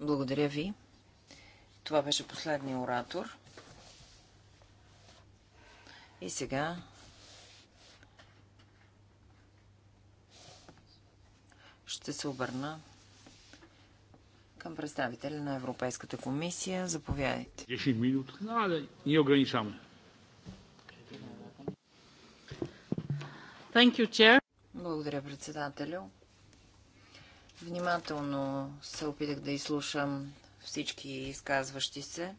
Благодаря ви. Това беше последния оратор. И сега ще се обърна към представителя на Европейската комисия. Заповядайте. 10 минути, но ограничаваме. Благодаря, председателю. Внимателно се опитах да изслушам всички изказващи се.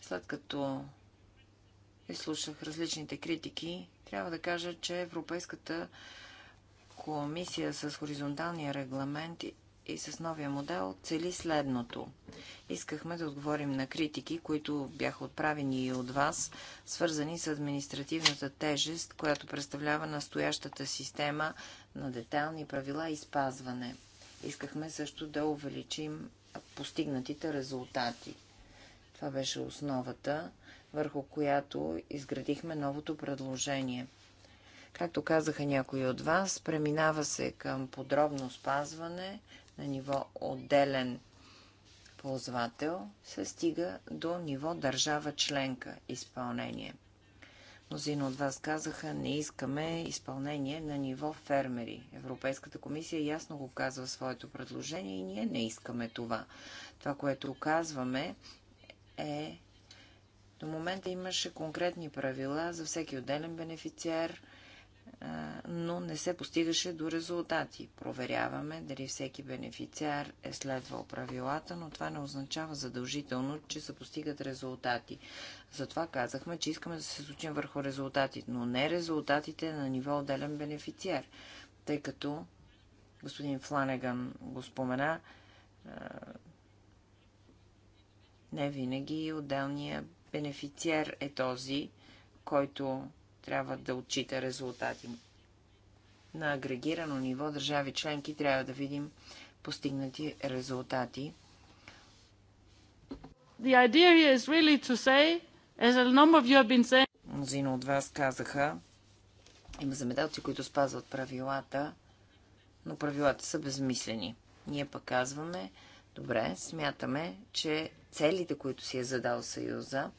След като изслушах различните критики, трябва да кажа, че Европейската комисия с хоризонталния регламент и с новия модел цели следното. Искахме да отговорим на критики, които бяха отправени и от вас, свързани с административната тежест, която представлява настоящата система на детални правила и спазване. Искахме също да увеличим постигнатите резултати. Това беше основата върху която изградихме новото предложение. Както казаха някои от вас, преминава се към подробно спазване на ниво отделен ползвател, се стига до ниво държава членка изпълнение. Мнозина от вас казаха, не искаме изпълнение на ниво фермери. Европейската комисия ясно го казва в своето предложение и ние не искаме това. Това, което казваме е до момента имаше конкретни правила за всеки отделен бенефициар, но не се постигаше до резултати. Проверяваме дали всеки бенефициар е следвал правилата, но това не означава задължително, че се постигат резултати. Затова казахме, че искаме да се случим върху резултатите, но не резултатите на ниво отделен бенефициар, тъй като господин Фланеган го спомена, не винаги отделния бенефициер е този, който трябва да отчита резултати. На агрегирано ниво държави членки трябва да видим постигнати резултати. The idea is really to say, as a number of you have been saying... Мнозина от вас казаха, има замедалци, които спазват правилата, но правилата са безмислени. Ние пък казваме, Добре, смятаме, че целите, които си е задал Съюза,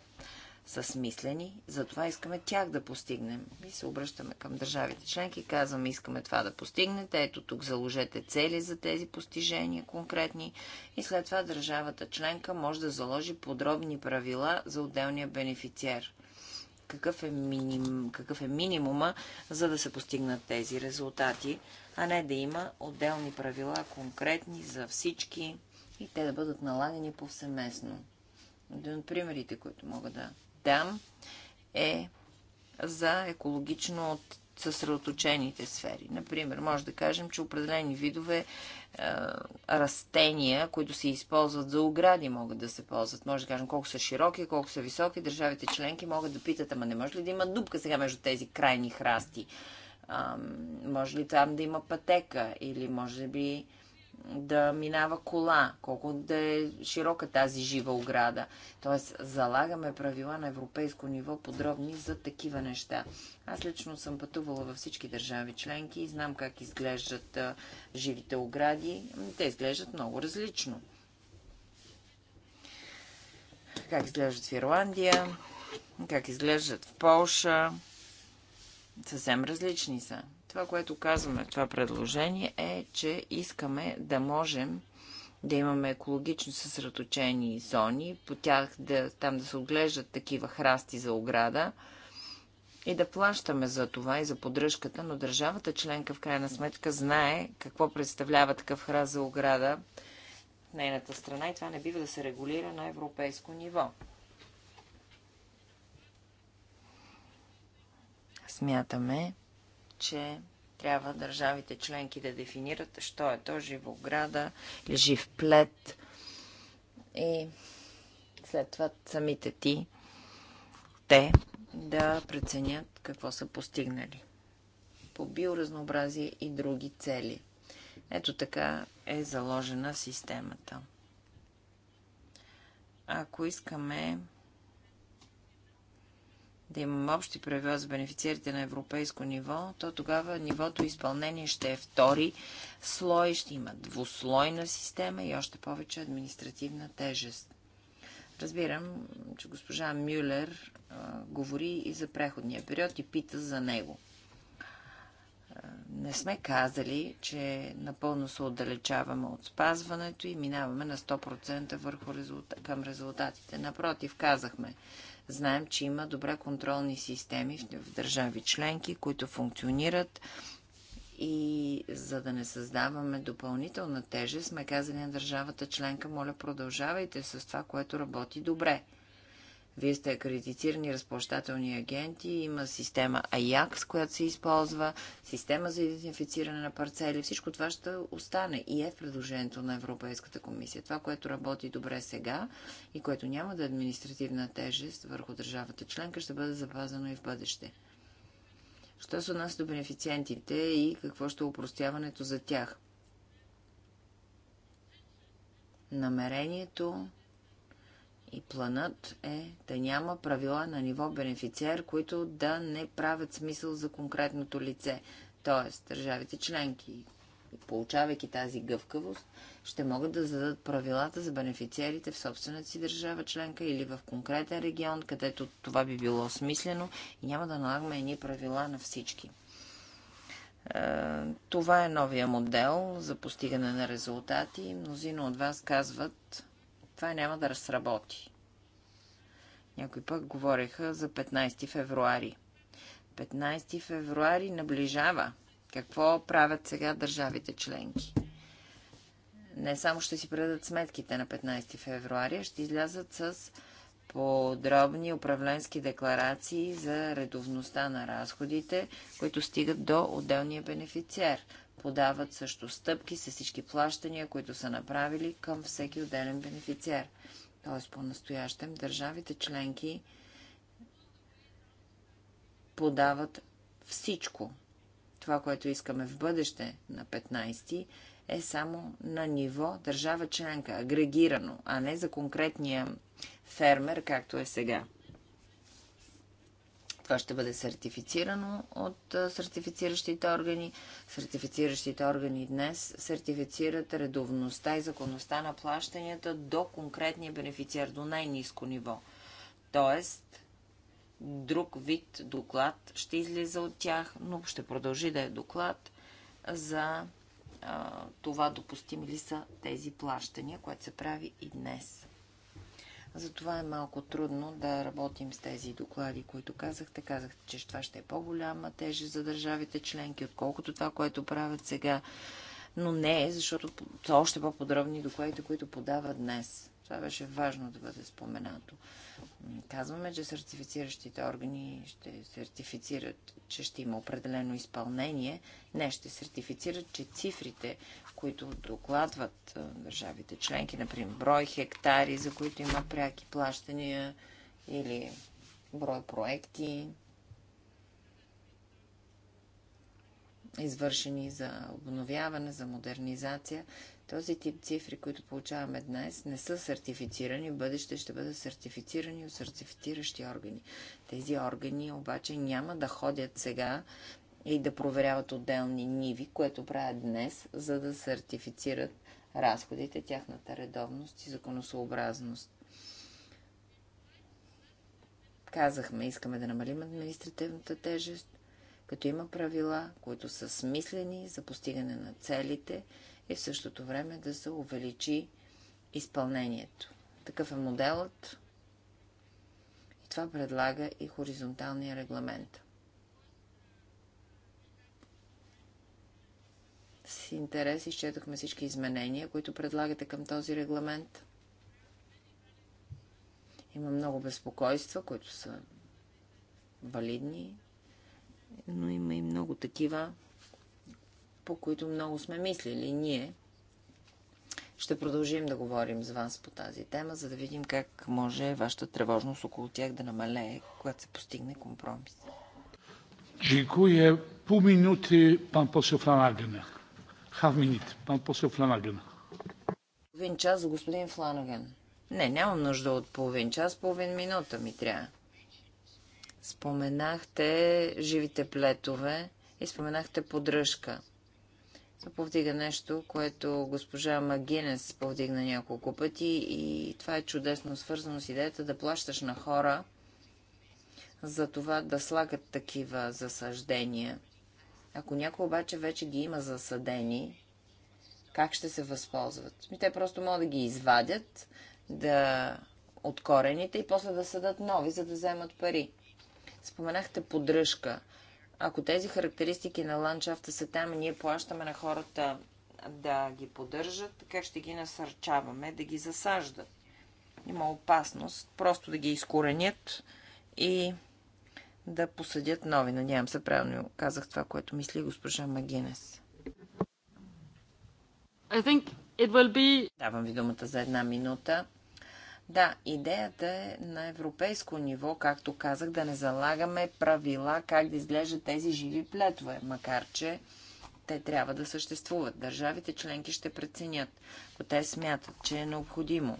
са смислени, затова искаме тях да постигнем. И се обръщаме към държавите членки, казваме, искаме това да постигнете, ето тук заложете цели за тези постижения конкретни и след това държавата членка може да заложи подробни правила за отделния бенефициер. Какъв е, миним, какъв е минимума, за да се постигнат тези резултати, а не да има отделни правила, конкретни за всички и те да бъдат налагани повсеместно. Един от примерите, които мога да дам, е за екологично от съсредоточените сфери. Например, може да кажем, че определени видове е, растения, които се използват за огради, могат да се ползват. Може да кажем колко са широки, колко са високи. Държавите членки могат да питат, ама не може ли да има дупка сега между тези крайни храсти? А, може ли там да има пътека? Или може би да минава кола, колко да е широка тази жива ограда. Тоест, залагаме правила на европейско ниво подробни за такива неща. Аз лично съм пътувала във всички държави членки и знам как изглеждат живите огради. Ами, те изглеждат много различно. Как изглеждат в Ирландия, как изглеждат в Полша. Съвсем различни са. Това, което казваме в това предложение е, че искаме да можем да имаме екологично съсредоточени зони, по тях да, там да се отглеждат такива храсти за ограда и да плащаме за това и за поддръжката, но държавата членка в крайна сметка знае какво представлява такъв храст за ограда в нейната страна и това не бива да се регулира на европейско ниво. Смятаме, че трябва държавите членки да дефинират, що е то живограда или жив плед и след това самите ти, те да преценят какво са постигнали по биоразнообразие и други цели. Ето така е заложена системата. Ако искаме да имаме общи правила за бенефициерите на европейско ниво, то тогава нивото изпълнение ще е втори слой, ще има двуслойна система и още повече административна тежест. Разбирам, че госпожа Мюлер а, говори и за преходния период и пита за него. А, не сме казали, че напълно се отдалечаваме от спазването и минаваме на 100% върху резултат, към резултатите. Напротив, казахме, Знаем, че има добре контролни системи в държави членки, които функционират и за да не създаваме допълнителна тежест, сме казали на държавата членка, моля продължавайте с това, което работи добре. Вие сте акредитирани разплащателни агенти, има система АЯКС, която се използва, система за идентифициране на парцели. Всичко това ще остане и е в предложението на Европейската комисия. Това, което работи добре сега и което няма да е административна тежест върху държавата членка, ще бъде запазено и в бъдеще. Що са нас до бенефициентите и какво ще е упростяването за тях? Намерението и планът е да няма правила на ниво бенефициер, които да не правят смисъл за конкретното лице. Тоест, държавите членки, получавайки тази гъвкавост, ще могат да зададат правилата за бенефициерите в собствената си държава членка или в конкретен регион, където това би било смислено и няма да налагаме едни правила на всички. Е, това е новия модел за постигане на резултати. Мнозина от вас казват, това няма да разработи. Някой пък говореха за 15 февруари. 15 февруари наближава. Какво правят сега държавите членки? Не само ще си предат сметките на 15 февруари, ще излязат с подробни управленски декларации за редовността на разходите, които стигат до отделния бенефициер подават също стъпки с всички плащания, които са направили към всеки отделен бенефициер. Т.е. по-настоящем държавите членки подават всичко. Това, което искаме в бъдеще на 15 ти е само на ниво държава членка, агрегирано, а не за конкретния фермер, както е сега. Това ще бъде сертифицирано от сертифициращите органи. Сертифициращите органи днес сертифицират редовността и законността на плащанията до конкретния бенефициар, до най-низко ниво. Тоест, друг вид доклад ще излиза от тях, но ще продължи да е доклад за а, това допустими ли са тези плащания, което се прави и днес. Затова е малко трудно да работим с тези доклади, които казахте. Казахте, че това ще е по-голяма тежест за държавите членки, отколкото това, което правят сега. Но не, защото са още по-подробни докладите, които подава днес. Това беше важно да бъде споменато. Казваме, че сертифициращите органи ще сертифицират, че ще има определено изпълнение. Не, ще сертифицират, че цифрите, които докладват държавите членки, например брой хектари, за които има пряки плащания или брой проекти, извършени за обновяване, за модернизация. Този тип цифри, които получаваме днес, не са сертифицирани, в бъдеще ще бъдат сертифицирани от сертифициращи органи. Тези органи обаче няма да ходят сега и да проверяват отделни ниви, което правят днес, за да сертифицират разходите, тяхната редовност и законосообразност. Казахме, искаме да намалим административната тежест, като има правила, които са смислени за постигане на целите и в същото време да се увеличи изпълнението. Такъв е моделът и това предлага и хоризонталния регламент. с интерес изчетохме всички изменения, които предлагате към този регламент. Има много безпокойства, които са валидни, но има и много такива, по които много сме мислили ние. Ще продължим да говорим с вас по тази тема, за да видим как може вашата тревожност около тях да намалее, когато се постигне компромис. Dziękuję. Pół minuty pan poseł Flanagan half minute. Pan poseł Фланаген. Половин час господин Фланоген. Не, нямам нужда от половин час, половин минута ми трябва. Споменахте живите плетове и споменахте поддръжка. Това повдига нещо, което госпожа Магинес повдигна няколко пъти и това е чудесно свързано с идеята да плащаш на хора за това да слагат такива засъждения – ако някой обаче вече ги има засадени, как ще се възползват? Ми те просто могат да ги извадят да... от корените и после да съдат нови, за да вземат пари. Споменахте поддръжка. Ако тези характеристики на ландшафта са там и ние плащаме на хората да ги поддържат, как ще ги насърчаваме да ги засаждат? Има опасност просто да ги изкоренят и да посъдят нови. Надявам се, правилно казах това, което мисли госпожа Магинес. Be... Давам ви думата за една минута. Да, идеята е на европейско ниво, както казах, да не залагаме правила как да изглеждат тези живи плетове, макар че те трябва да съществуват. Държавите членки ще преценят, ако те смятат, че е необходимо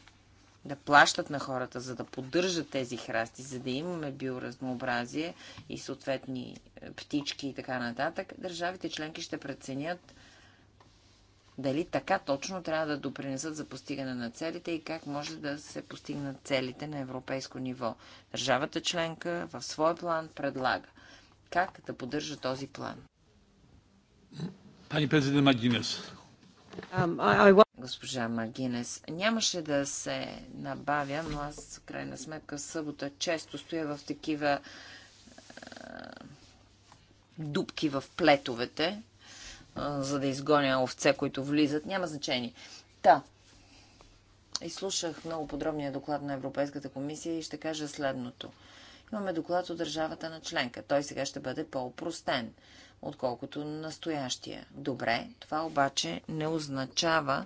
да плащат на хората, за да поддържат тези храсти, за да имаме биоразнообразие и съответни е, птички и така нататък, държавите членки ще преценят дали така точно трябва да допринесат за постигане на целите и как може да се постигнат целите на европейско ниво. Държавата членка в свой план предлага как да поддържа този план. Пани президент Магинес. Um, I, I госпожа Магинес. Нямаше да се набавя, но аз, крайна сметка, събота често стоя в такива дубки в плетовете, за да изгоня овце, които влизат. Няма значение. Та, да. изслушах много подробния доклад на Европейската комисия и ще кажа следното. Имаме доклад от държавата на членка. Той сега ще бъде по-опростен, отколкото настоящия. Добре, това обаче не означава,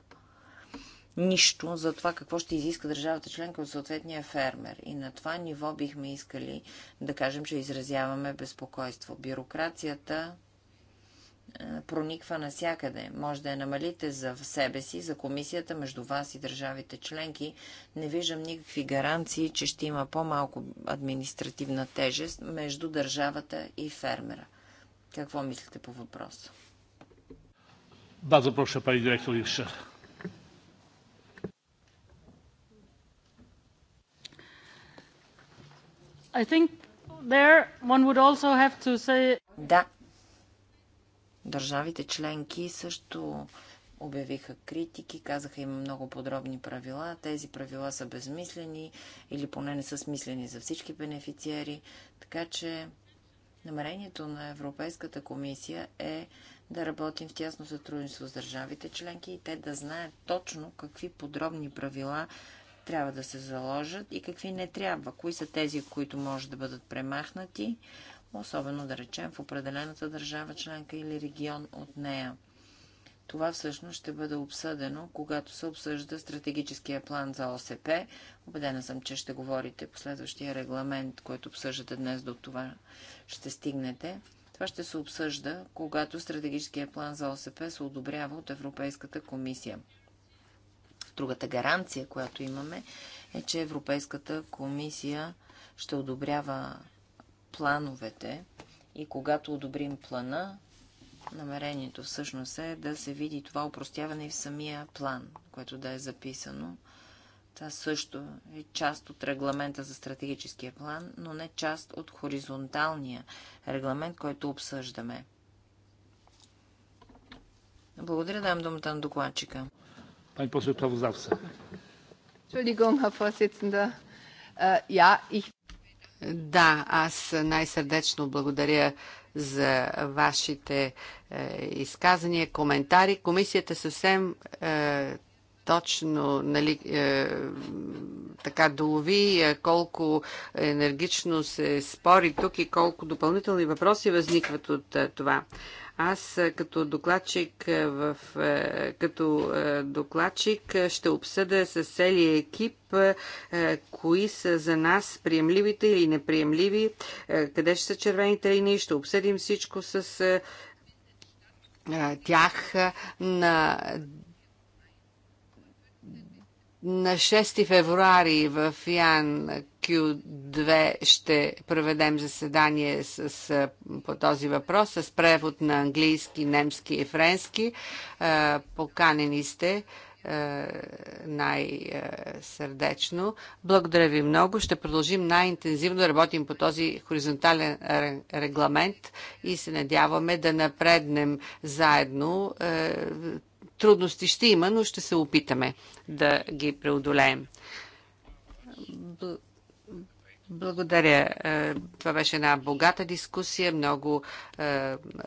нищо за това какво ще изиска държавата членка от съответния фермер. И на това ниво бихме искали да кажем, че изразяваме безпокойство. Бюрокрацията е, прониква навсякъде. Може да я намалите за себе си, за комисията, между вас и държавите членки. Не виждам никакви гаранции, че ще има по-малко административна тежест между държавата и фермера. Какво мислите по въпроса? Да, proszę, пари директор jeszcze. Да. Държавите членки също обявиха критики, казаха има много подробни правила. Тези правила са безмислени или поне не са смислени за всички бенефициери. Така че намерението на Европейската комисия е да работим в тясно сътрудничество с държавите членки и те да знаят точно какви подробни правила трябва да се заложат и какви не трябва, кои са тези, които може да бъдат премахнати, особено да речем в определената държава членка или регион от нея. Това всъщност ще бъде обсъдено, когато се обсъжда стратегическия план за ОСП. Обедена съм, че ще говорите по следващия регламент, който обсъждате днес до това. Ще стигнете. Това ще се обсъжда, когато стратегическия план за ОСП се одобрява от Европейската комисия. Другата гаранция, която имаме, е, че Европейската комисия ще одобрява плановете и когато одобрим плана, намерението всъщност е да се види това упростяване и в самия план, което да е записано. Това също е част от регламента за стратегическия план, но не част от хоризонталния регламент, който обсъждаме. Благодаря, дам думата на докладчика. Pani poseł sprawozdawca. Entschuldigung, äh, Да, аз най-сърдечно благодаря за вашите э, изказания, коментари. Комисията съвсем э, точно нали, е, така долови колко енергично се спори тук и колко допълнителни въпроси възникват от е, това. Аз като докладчик, в, като докладчик ще обсъда с целия екип кои са за нас приемливите или неприемливи, къде ще са червените линии, ще обсъдим всичко с тях на на 6 февруари в Ян Токио 2 ще проведем заседание с, по този въпрос с превод на английски, немски и френски. Поканени сте най-сърдечно. Благодаря ви много. Ще продължим най-интензивно да работим по този хоризонтален регламент и се надяваме да напреднем заедно. Е, трудности ще има, но ще се опитаме да ги преодолеем. Благодаря. Е, това беше една богата дискусия, много е,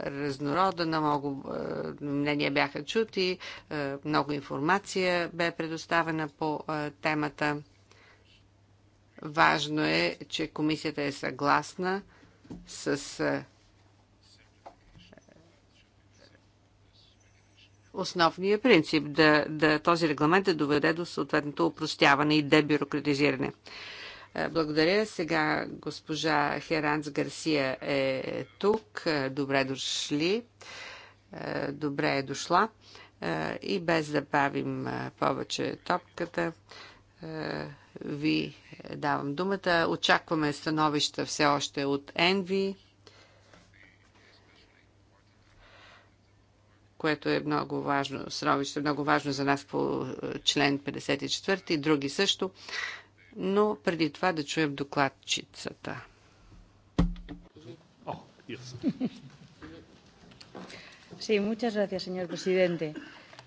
разнородна, много е, мнения бяха чути, много информация бе предоставена по темата. Важно е, че комисията е съгласна с основния принцип да, да този регламент да доведе до съответното упростяване и дебюрократизиране. Е, благодаря. Сега госпожа Херанс Гарсия е тук. Е, добре дошли. Е, добре е дошла. И без да бавим повече топката, ви давам думата. Очакваме становища все още от Енви, което е много важно, становище много важно за нас по член 54 и други също но преди това да чуем докладчицата. Sí, muchas gracias, señor presidente.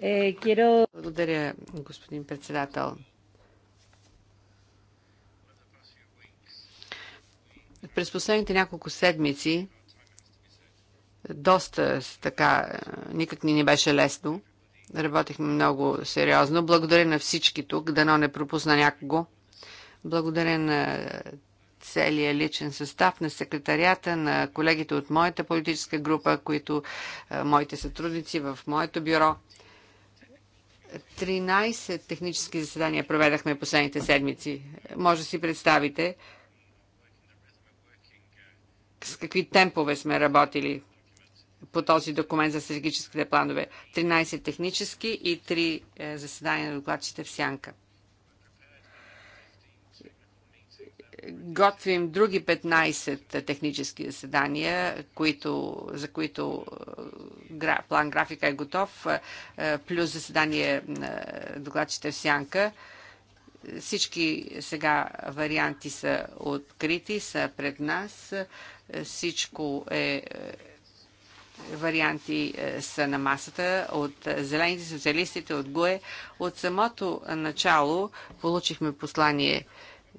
Eh, quiero... Благодаря, господин председател. През последните няколко седмици доста така, никак ни не беше лесно. Работихме много сериозно. Благодаря на всички тук, дано не пропусна някого. Благодаря на целия личен състав, на секретарията, на колегите от моята политическа група, които моите сътрудници в моето бюро. 13 технически заседания проведахме последните седмици. Може да си представите с какви темпове сме работили по този документ за стратегическите планове. 13 технически и 3 е, заседания на докладчите в Сянка. готвим други 15 технически заседания, които, за които план графика е готов, плюс заседание на докладчите в Сянка. Всички сега варианти са открити, са пред нас. Всичко е, е варианти е, са на масата от зелените социалистите, от ГУЕ. От самото начало получихме послание –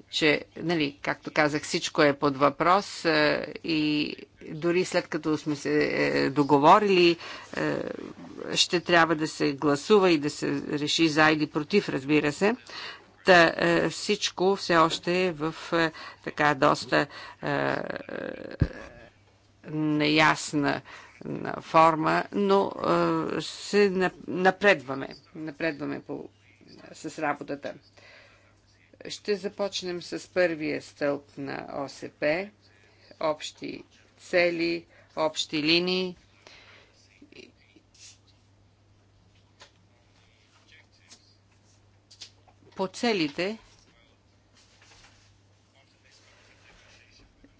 че, нали, както казах, всичко е под въпрос е, и дори след като сме се е, договорили, е, ще трябва да се гласува и да се реши за или против, разбира се. Та, всичко все още е в така доста неясна форма, но се напредваме. Напредваме по, с работата. Ще започнем с първия стълб на ОСП общи цели, общи линии. По целите,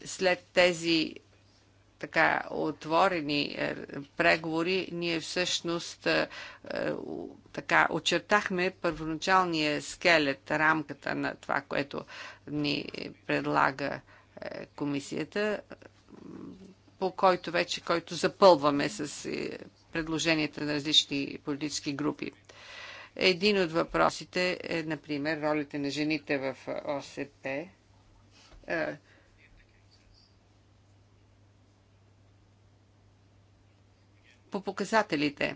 след тези така отворени е, преговори, ние всъщност е, е, така очертахме първоначалния скелет, рамката на това, което ни предлага комисията, по който вече, който запълваме с предложенията на различни политически групи. Един от въпросите е, например, ролите на жените в ОСП по показателите.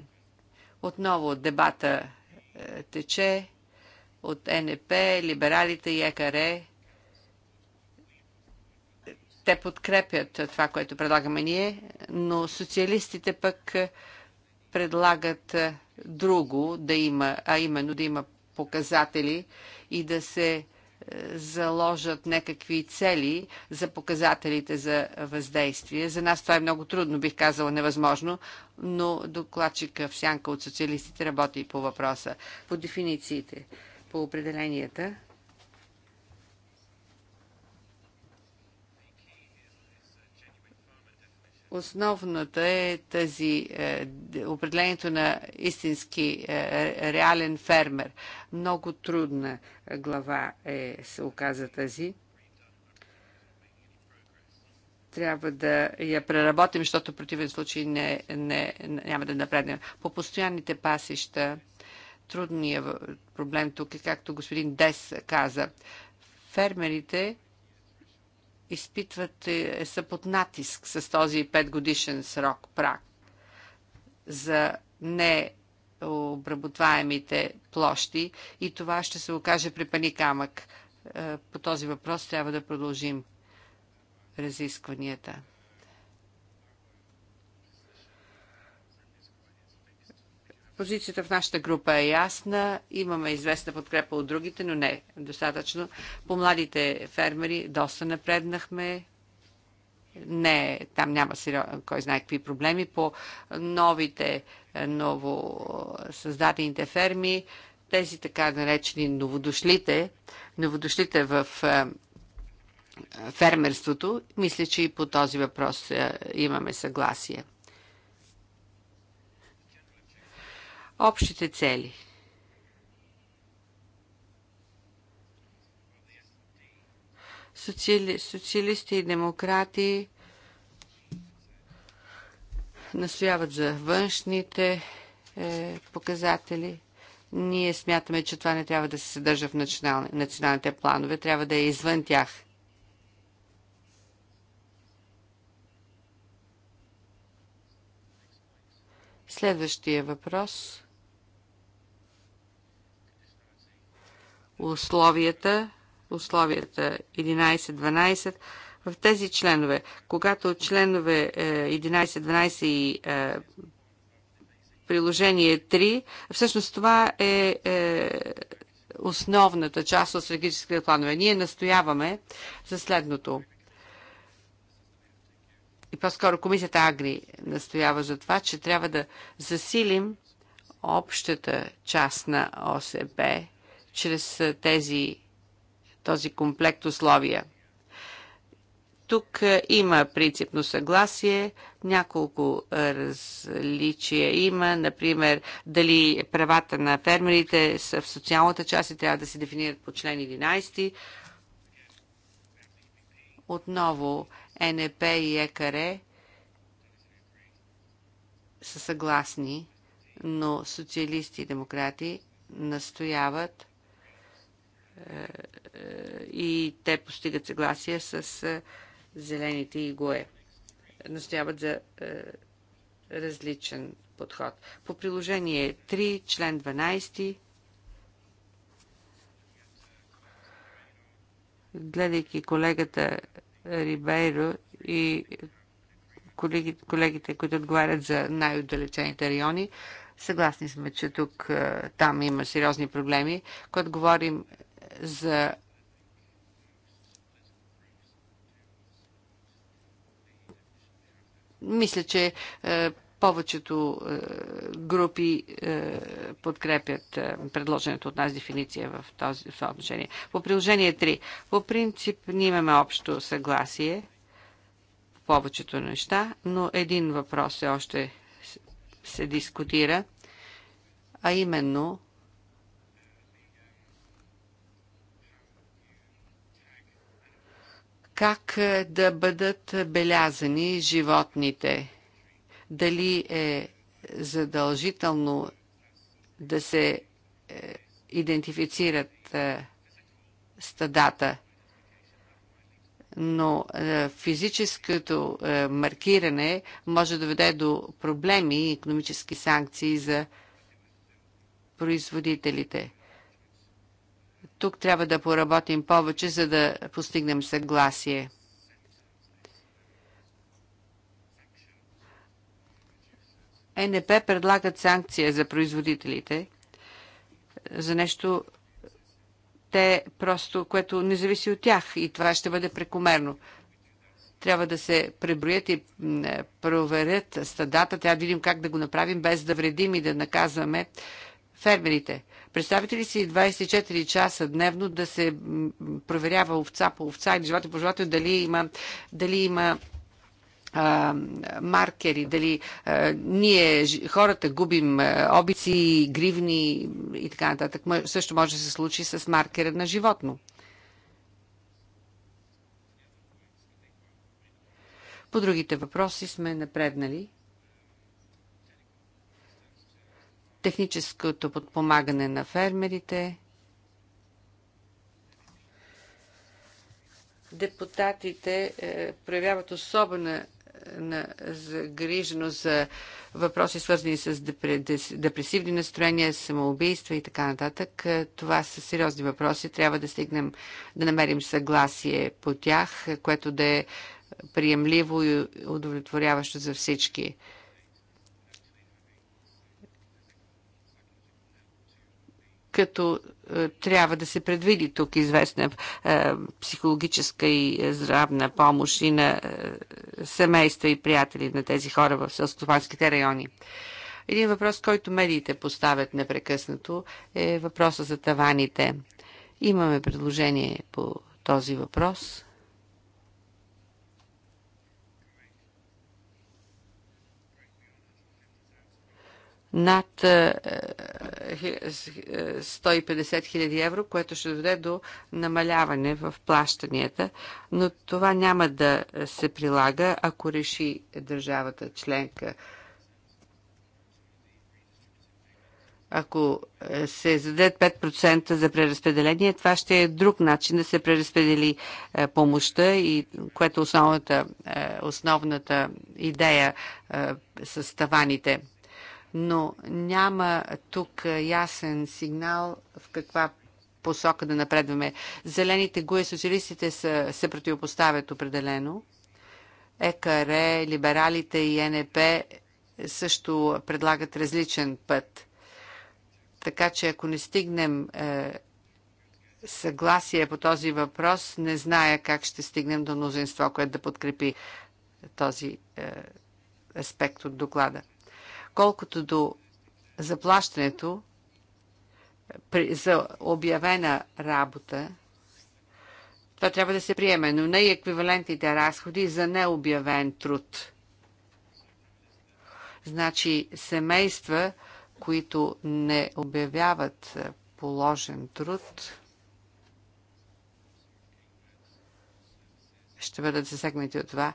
Отново дебата е, тече от НП, либералите и ЕКР. Е, те подкрепят това, което предлагаме ние, но социалистите пък е, предлагат друго да има, а именно да има показатели и да се заложат някакви цели за показателите за въздействие. За нас това е много трудно, бих казала невъзможно, но докладчика сянка от социалистите работи по въпроса, по дефинициите, по определенията. Основната е тази е, определението на истински е, реален фермер. Много трудна глава е, се оказа тази. Трябва да я преработим, защото в противен случай не, не, няма да напреднем. По постоянните пасища, трудният проблем тук е, както господин Дес каза, фермерите изпитват, е, са под натиск с този 5 годишен срок прак за необработваемите площи и това ще се окаже при пани камък. Е, по този въпрос трябва да продължим разискванията. Позицията в нашата група е ясна. Имаме известна подкрепа от другите, но не достатъчно. По младите фермери доста напреднахме. Не, там няма кой знае какви проблеми. По новите, е, ново създадените ферми, тези така наречени новодошлите, новодошлите в е, фермерството, мисля, че и по този въпрос е, имаме съгласие. Общите цели. Социали, социалисти и демократи настояват за външните е, показатели. Ние смятаме, че това не трябва да се съдържа в национал, националните планове, трябва да е извън тях. Следващия въпрос условията, условията 11-12 в тези членове. Когато членове 11-12 е, и е, приложение 3, всъщност това е, е основната част от стратегическите планове. Ние настояваме за следното. И по-скоро комисията Агри настоява за това, че трябва да засилим общата част на ОСП чрез тези, този комплект условия. Тук има принципно съгласие, няколко различия има, например, дали правата на фермерите са в социалната част и трябва да се дефинират по член 11. Отново НП и ЕКР са съгласни, но социалисти и демократи настояват – и те постигат съгласие с зелените и ГОЕ. Настояват за различен подход. По приложение 3, член 12, гледайки колегата Рибейро и колегите, колегите които отговарят за най-отдалечените райони, съгласни сме, че тук там има сериозни проблеми. Когато говорим за мисля, че е, повечето е, групи е, подкрепят е, предложената от нас дефиниция в, този, в отношение. По приложение 3. По принцип ние имаме общо съгласие по повечето неща, но един въпрос е още се дискутира, а именно как е, да бъдат белязани животните. Дали е задължително да се е, идентифицират е, стадата, но физическото маркиране може да веде до проблеми и економически санкции за производителите. Тук трябва да поработим повече, за да постигнем съгласие. Е, НП предлагат санкция за производителите за нещо, те просто, което не зависи от тях и това ще бъде прекомерно. Трябва да се преброят и проверят стадата, трябва да видим как да го направим без да вредим и да наказваме фермерите. Представите ли си 24 часа дневно да се проверява овца по овца или живота по живота дали има, дали има а, маркери, дали а, ние, хората, губим обици, гривни и така нататък. Също може да се случи с маркера на животно. По другите въпроси сме напреднали. техническото подпомагане на фермерите. Депутатите е, проявяват особена е, на загриженост за въпроси, свързани с депресивни настроения, самоубийства и така нататък. Е, това са сериозни въпроси. Трябва да стигнем, да намерим съгласие по тях, е, което да е приемливо и удовлетворяващо за всички. като е, трябва да се предвиди тук известна е, психологическа и е, здравна помощ и на е, семейства и приятели на тези хора в селскостопанските райони. Един въпрос, който медиите поставят непрекъснато, е въпроса за таваните. Имаме предложение по този въпрос. над 150 хиляди евро, което ще доведе до намаляване в плащанията, но това няма да се прилага, ако реши държавата членка. Ако се зададе 5% за преразпределение, това ще е друг начин да се преразпредели помощта, и, което е основната, основната идея с таваните но няма тук ясен сигнал в каква посока да напредваме. Зелените гуе социалистите са, се противопоставят определено. ЕКР, либералите и НП също предлагат различен път. Така че ако не стигнем е, съгласие по този въпрос, не зная как ще стигнем до мнозинство, което да подкрепи този е, аспект от доклада. Колкото до заплащането за обявена работа, това трябва да се приеме, но не и еквивалентните разходи за необявен труд. Значи семейства, които не обявяват положен труд, ще бъдат засегнати от това.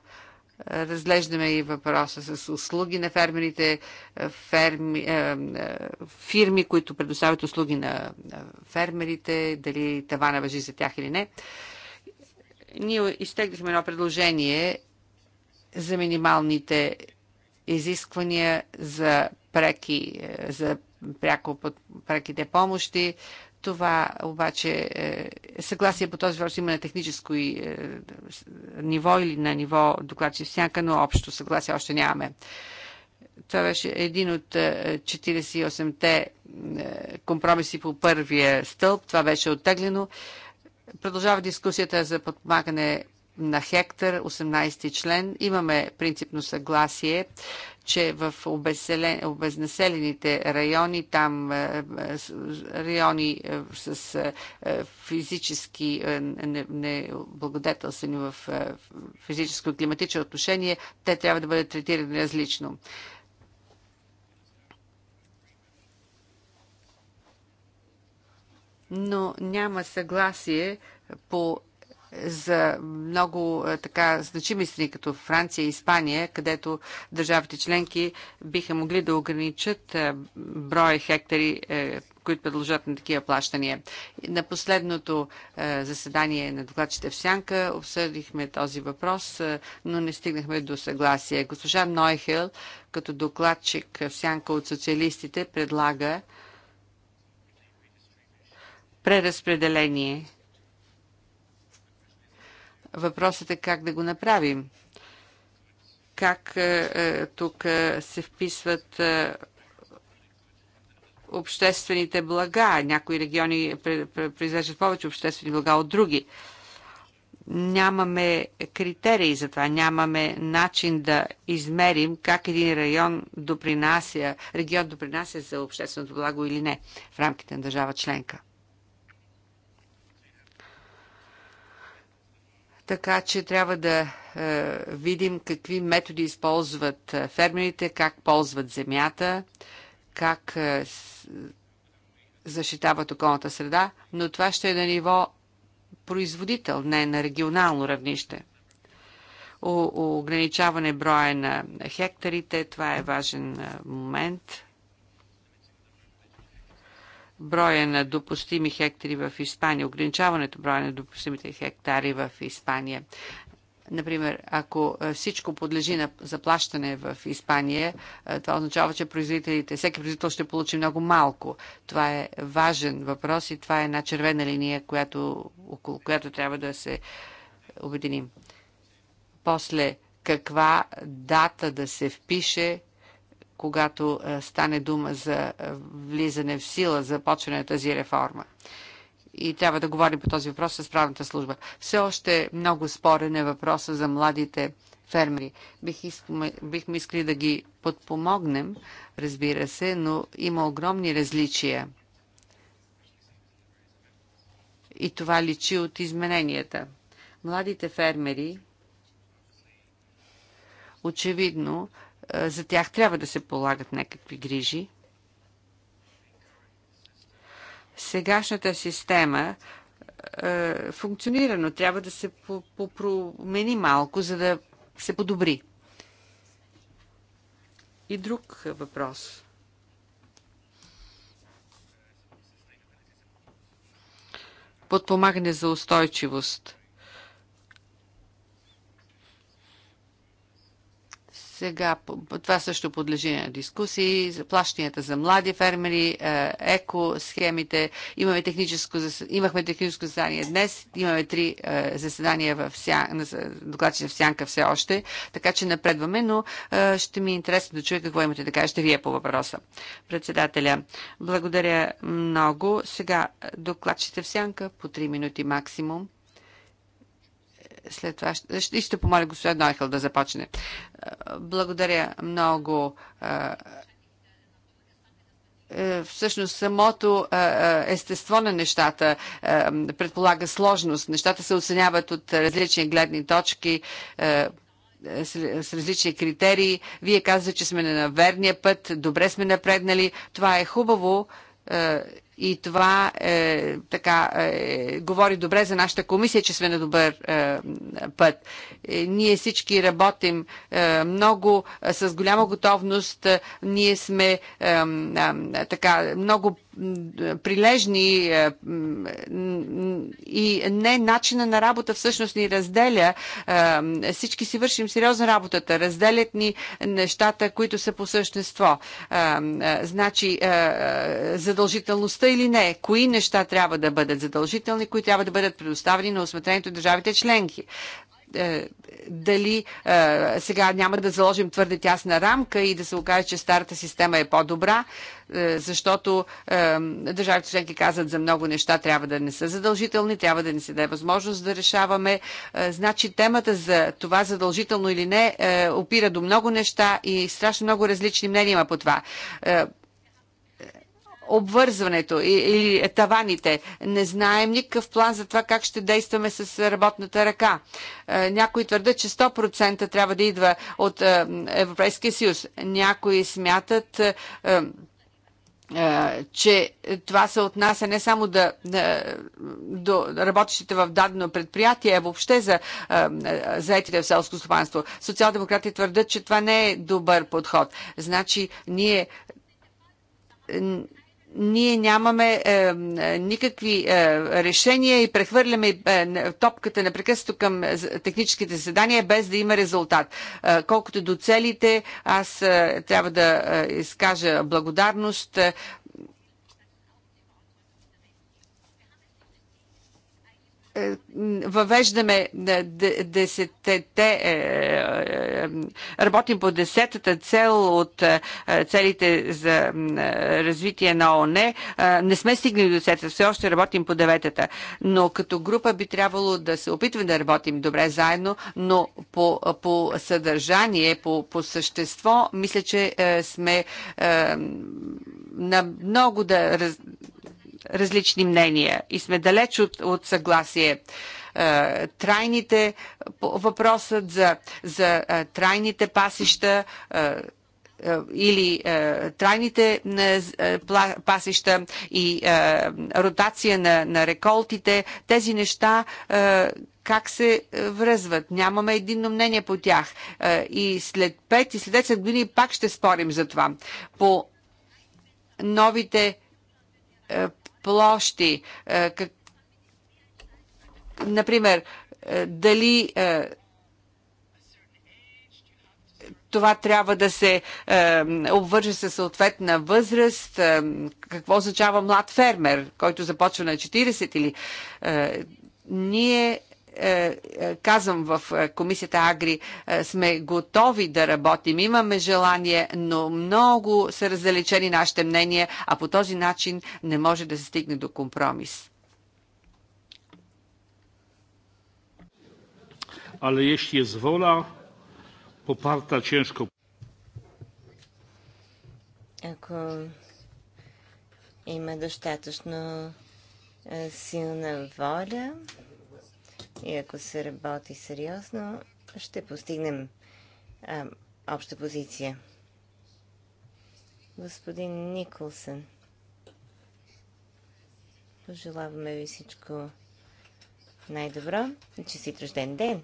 Разглеждаме и въпроса с услуги на фермерите, ферми, е, е, фирми, които предоставят услуги на фермерите, дали тавана въжи за тях или не. Ние изтеглихме едно предложение за минималните изисквания за преки, е, за пряко под преките помощи. Това обаче е, съгласие по този въпрос има на техническо и, е, ниво или на ниво докладчи всяка, но общо съгласие още нямаме. Това беше един от 48-те е, компромиси по първия стълб. Това беше оттеглено. Продължава дискусията за подпомагане на хектар, 18 ти член. Имаме принципно съгласие че в обезнаселените райони, там е, е, райони е, с физически неблагодетелствени в физическо и климатично отношение, те трябва да бъдат третирани различно. Но няма съгласие по за много е, така значими страни, като Франция и Испания, където държавите членки биха могли да ограничат е, брой хектари, е, които предложат на такива плащания. На последното заседание на докладчите в Сянка обсъдихме този въпрос, но не стигнахме до съгласие. Госпожа Нойхел, като докладчик в Сянка от социалистите, предлага преразпределение Въпросът е как да го направим. Как е, е, тук е, се вписват обществените блага. Някои региони произвеждат повече обществени блага от други. Нямаме критерии за това, нямаме начин да измерим как един район допринася, регион допринася за общественото благо или не в рамките на държава членка. Така че трябва да е, видим какви методи използват е, фермерите, как ползват земята, как е, защитават околната среда, но това ще е на ниво производител, не на регионално равнище. О, ограничаване броя на хектарите, това е важен е, момент броя на допустими хектари в Испания, ограничаването броя на допустимите хектари в Испания. Например, ако всичко подлежи на заплащане в Испания, това означава, че производителите, всеки производител ще получи много малко. Това е важен въпрос и това е една червена линия, която, около която трябва да се обединим. После, каква дата да се впише когато е, стане дума за е, влизане в сила, за почване на тази реформа. И трябва да говорим по този въпрос с правната служба. Все още много спорен е въпроса за младите фермери. Бих искаме, бихме искали да ги подпомогнем, разбира се, но има огромни различия. И това личи от измененията. Младите фермери очевидно е, за тях трябва да се полагат някакви грижи. Сегашната система е, функционира, но трябва да се попромени малко, за да се подобри. И друг въпрос. Подпомагане за устойчивост – Сега това също подлежи на дискусии. Плащанията за млади фермери, е, еко схемите. Имаме техническо, имахме техническо заседание днес. Имаме три е, заседания в сян, докладчина в сянка все още. Така че напредваме, но е, ще ми е интересно да чуя какво имате да кажете вие по въпроса. Председателя, благодаря много. Сега докладчите в сянка по 3 минути максимум след това ще, ще, помоля господин Нойхел да започне. Е, благодаря много. Е, е, всъщност самото естество на нещата предполага сложност. Нещата се оценяват от различни гледни точки с различни критерии. Вие казвате, че сме на верния път, добре сме напреднали. Това е хубаво и това е, така, е, говори добре за нашата комисия, че сме на добър е, път. Е, ние всички работим е, много е, с голяма готовност. Е, ние сме е, е, е така много прилежни е, и не начина на работа всъщност ни разделя. Е, всички си вършим сериозна работата. Разделят ни нещата, които са по същество. Е, значи, задължителността или не, кои неща трябва да бъдат задължителни, кои трябва да бъдат предоставени на осмотрението държавите членки. Е, дали е, сега няма да заложим твърде тясна рамка и да се окаже, че старата система е по-добра, е, защото държавите членки казват за много неща трябва да не са задължителни, трябва да ни се даде възможност да решаваме. Значи темата за това задължително или не опира до много неща и страшно много различни мнения има по това обвързването или таваните. Не знаем никакъв план за това как ще действаме с работната ръка. Е, някои твърдят, че 100% трябва да идва от е, Европейския съюз. Някои смятат, е, че това се отнася не само да, до работещите в дадено предприятие, а въобще за заетите в селско стопанство. Социал-демократи твърдят, че това не е добър подход. Значи, ние ние нямаме е, е, никакви е, решения и прехвърляме е, е топката непрекъснато към е, техническите заседания, без да има резултат. Е, колкото до целите, аз е, трябва да изкажа благодарност. Е, Е, въвеждаме е, десетете, е, работим по десетата цел от целите за развитие на ООН. Не сме стигнали до десетата, все още работим по деветата. Но като група би трябвало да се опитваме да работим добре заедно, но по, по съдържание, по, по същество, мисля, че сме на много да различни мнения и сме далеч от, от съгласие. Е, трайните, въпросът за, за е, трайните пасища е, или трайните пасища и ротация на, на реколтите, тези неща как се връзват. Нямаме единно мнение по тях. И след 5 и след 10 години пак ще спорим за това. По новите площи. Е, как... Например, е, дали е, това трябва да се е, обвърже със съответна възраст. Е, какво означава млад фермер, който започва на 40 или... Е, ние е, е, казвам в е, комисията Агри, сме готови да работим, имаме желание, но много са раздалечени нашите мнения, а по този начин не може да се стигне до компромис. ale jeśli jest wola poparta ченшко. Ако има достатъчно силна воля, и ако се работи сериозно, ще постигнем а, обща позиция. Господин Николсън, пожелаваме ви всичко най-добро и че си рожден ден!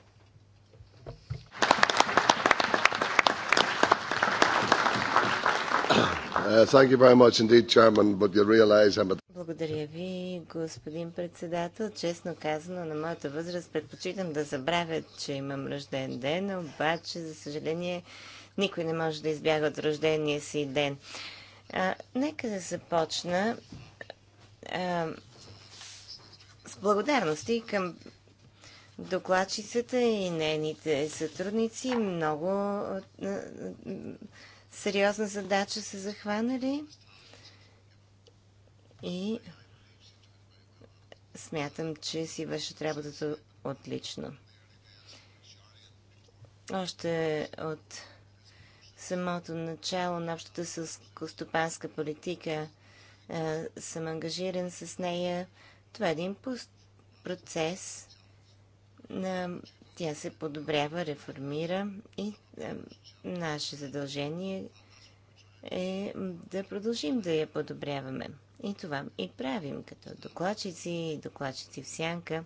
Uh, thank you very much indeed, Chairman, but you realize I'm a благодаря ви, господин председател. Честно казано, на моята възраст предпочитам да забравя, че имам рожден ден, обаче, за съжаление, никой не може да избяга от рождения си ден. А, нека да започна а, с благодарности към докладчицата и нейните сътрудници. Много а, сериозна задача са захванали и смятам, че си вършат работата отлично. Още от самото начало на общата костопанска политика съм ангажиран с нея. Това е един процес. на тя се подобрява, реформира и наше задължение е да продължим да я подобряваме. И това и правим като докладчици докладчици в сянка.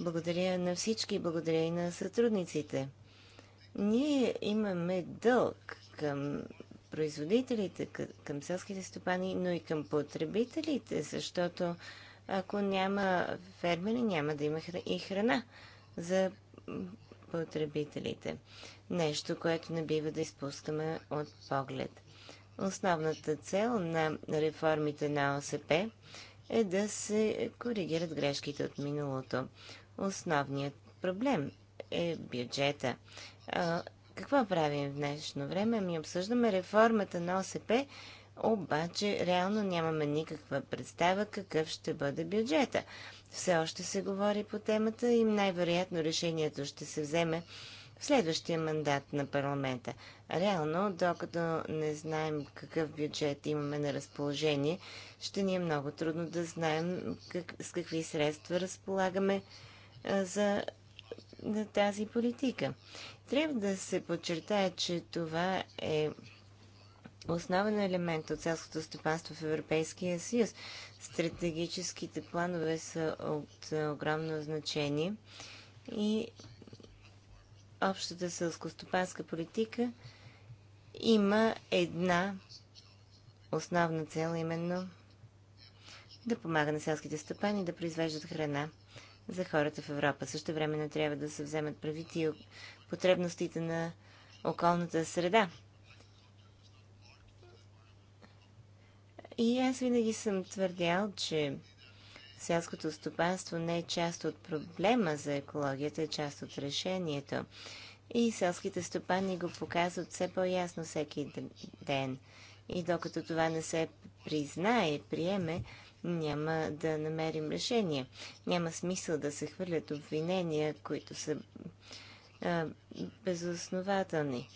Благодаря на всички, благодаря и на сътрудниците. Ние имаме дълг към производителите, към селските стопани, но и към потребителите, защото ако няма фермери, няма да има и храна за потребителите. Нещо, което не бива да изпускаме от поглед. Основната цел на реформите на ОСП е да се коригират грешките от миналото. Основният проблем е бюджета. А, какво правим в днешно време? Ми обсъждаме реформата на ОСП, обаче реално нямаме никаква представа какъв ще бъде бюджета. Все още се говори по темата и най-вероятно решението ще се вземе в следващия мандат на парламента. Реално, докато не знаем какъв бюджет имаме на разположение, ще ни е много трудно да знаем как, с какви средства разполагаме а, за на тази политика. Трябва да се подчертая, че това е основен елемент от селското стопанство в Европейския съюз. Стратегическите планове са от огромно значение и общата селскостопанска политика има една основна цел, именно да помага на селските стопани да произвеждат храна за хората в Европа. Също времено трябва да се вземат правити и потребностите на околната среда. И аз винаги съм твърдял, че селското стопанство не е част от проблема за екологията, е част от решението. И селските стопани го показват все по-ясно всеки ден. И докато това не се признае приеме, няма да намерим решение. Няма смисъл да се хвърлят обвинения, които са безоснователни.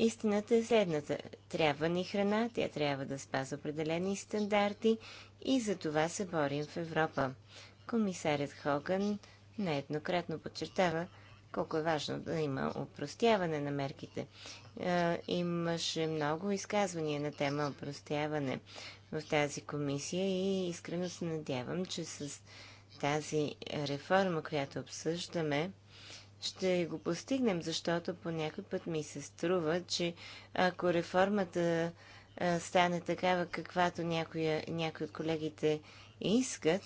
Истината е следната. Трябва ни храна, тя трябва да спазва определени стандарти и за това се борим в Европа. Комисарят Хоган нееднократно подчертава колко е важно да има упростяване на мерките. Е, имаше много изказвания на тема упростяване в тази комисия и искрено се надявам, че с тази реформа, която обсъждаме, ще го постигнем, защото по някой път ми се струва, че ако реформата стане такава, каквато някои някои от колегите искат,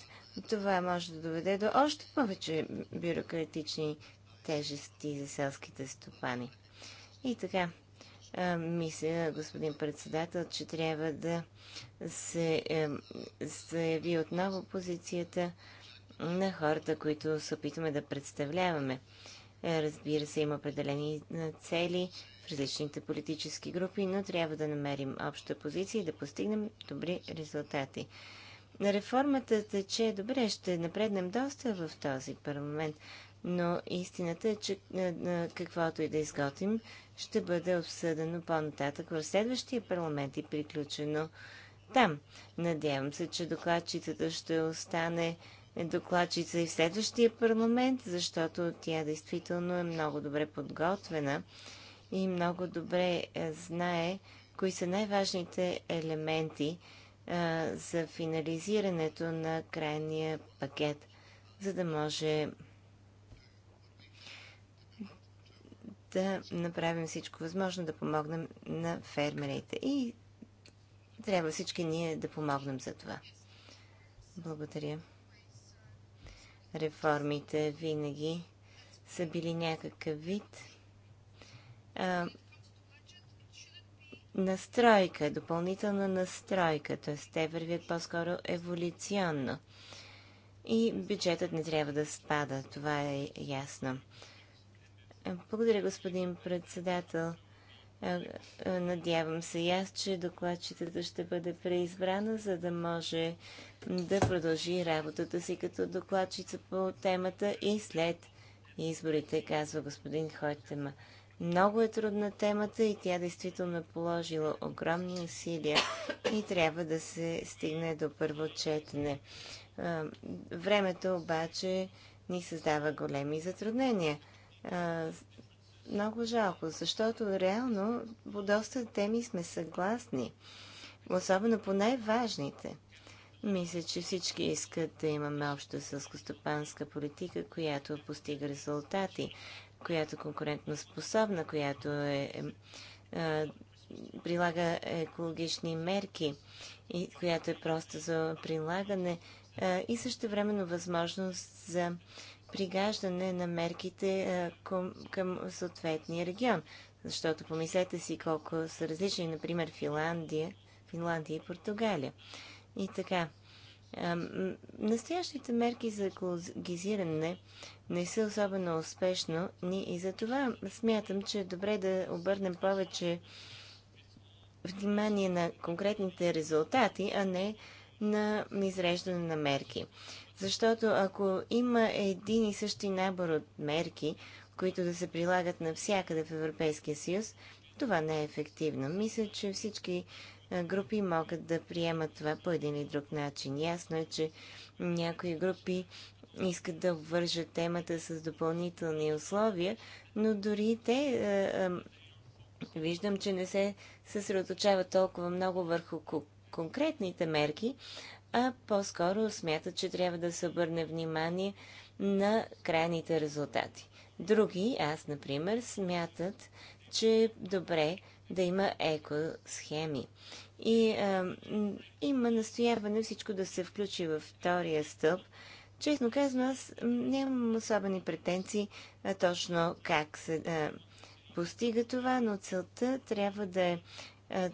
това може да доведе до още повече бюрократични тежести за селските стопани. И така, мисля, господин председател, че трябва да се заяви е, отново позицията на хората, които се опитваме да представляваме. Е, разбира се, има определени цели в различните политически групи, но трябва да намерим обща позиция и да постигнем добри резултати. На реформата тече добре, ще напреднем доста в този парламент, но истината е, че каквото и да изготвим, ще бъде обсъдено по-нататък в следващия парламент и приключено там. Надявам се, че докладчицата ще остане докладчица и в следващия парламент, защото тя действително е много добре подготвена и много добре е, знае кои са най-важните елементи е, за финализирането на крайния пакет, за да може да направим всичко възможно да помогнем на фермерите. И трябва всички ние да помогнем за това. Благодаря реформите винаги са били някакъв вид а, настройка, допълнителна настройка, т.е. те вървят по-скоро еволюционно. И бюджетът не трябва да спада, това е ясно. Благодаря, господин председател. Надявам се и аз, че докладчицата ще бъде преизбрана, за да може да продължи работата си като докладчица по темата и след изборите, казва господин Хойтема. Много е трудна темата и тя действително е положила огромни усилия и трябва да се стигне до първо четене. Времето обаче ни създава големи затруднения. Много жалко, защото реално по доста теми сме съгласни, особено по най-важните – мисля, че всички искат да имаме обща сълскостопанска политика, която постига резултати, която е конкурентно способна, която е, е, прилага екологични мерки, и която е просто за прилагане е, и също времено възможност за пригаждане на мерките е, към, към съответния регион. Защото помислете си колко са различни, например, Финландия, Финландия и Португалия. И така, настоящите мерки за екологизиране не са особено успешно и за това смятам, че е добре да обърнем повече внимание на конкретните резултати, а не на изреждане на мерки. Защото ако има един и същи набор от мерки, които да се прилагат навсякъде в Европейския съюз, това не е ефективно. Мисля, че всички е, групи могат да приемат това по един или друг начин. Ясно е, че някои групи искат да вържат темата с допълнителни условия, но дори те е, е, виждам, че не се съсредоточават толкова много върху конкретните мерки, а по-скоро смятат, че трябва да се обърне внимание на крайните резултати. Други, аз, например, смятат, че е добре да има екосхеми. И а, има настояване всичко да се включи във втория стълб. Честно казвам, аз нямам особени претенции а, точно как се а, постига това, но целта трябва да е а,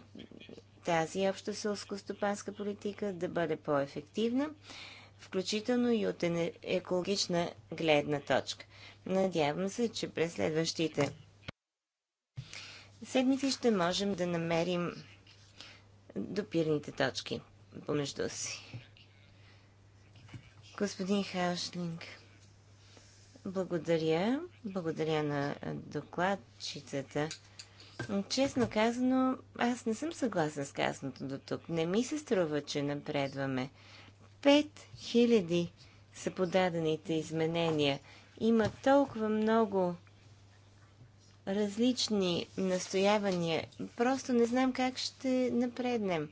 тази обща селско-стопанска политика да бъде по-ефективна, включително и от екологична гледна точка. Надявам се, че през следващите седмици ще можем да намерим допирните точки помежду си. Господин Хашлинг, благодаря. Благодаря на докладчицата. Честно казано, аз не съм съгласна с казаното до тук. Не ми се струва, че напредваме. Пет хиляди са подадените изменения. Има толкова много различни настоявания. Просто не знам как ще напреднем.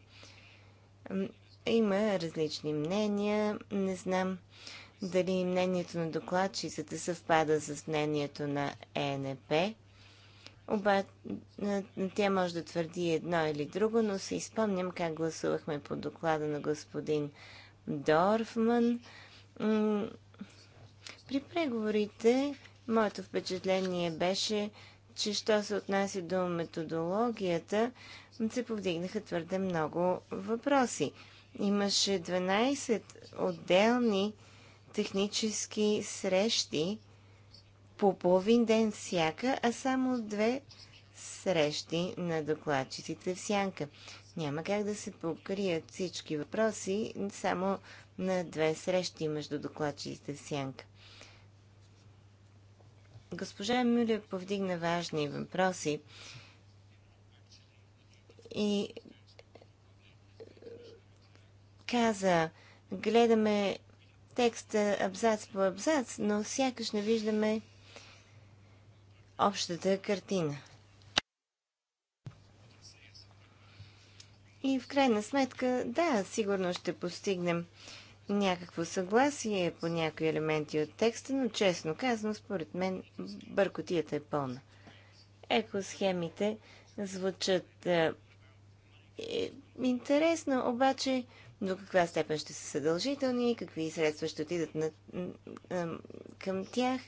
Има различни мнения. Не знам дали мнението на докладчицата съвпада с мнението на ЕНП. Обаче тя може да твърди едно или друго, но се изпомням как гласувахме по доклада на господин Дорфман. При преговорите моето впечатление беше, че що се отнася до методологията, се повдигнаха твърде много въпроси. Имаше 12 отделни технически срещи по половин ден всяка, а само две срещи на докладчиците в сянка. Няма как да се покрият всички въпроси само на две срещи между докладчиците в сянка. Госпожа Мюле повдигна важни въпроси и каза, гледаме текста абзац по абзац, но сякаш не виждаме общата картина. И в крайна сметка, да, сигурно ще постигнем някакво съгласие по някои елементи от текста, но честно казано, според мен, бъркотията е пълна. Екосхемите звучат е, е, интересно, обаче до каква степен ще са съдължителни, какви средства ще отидат на, е, към тях,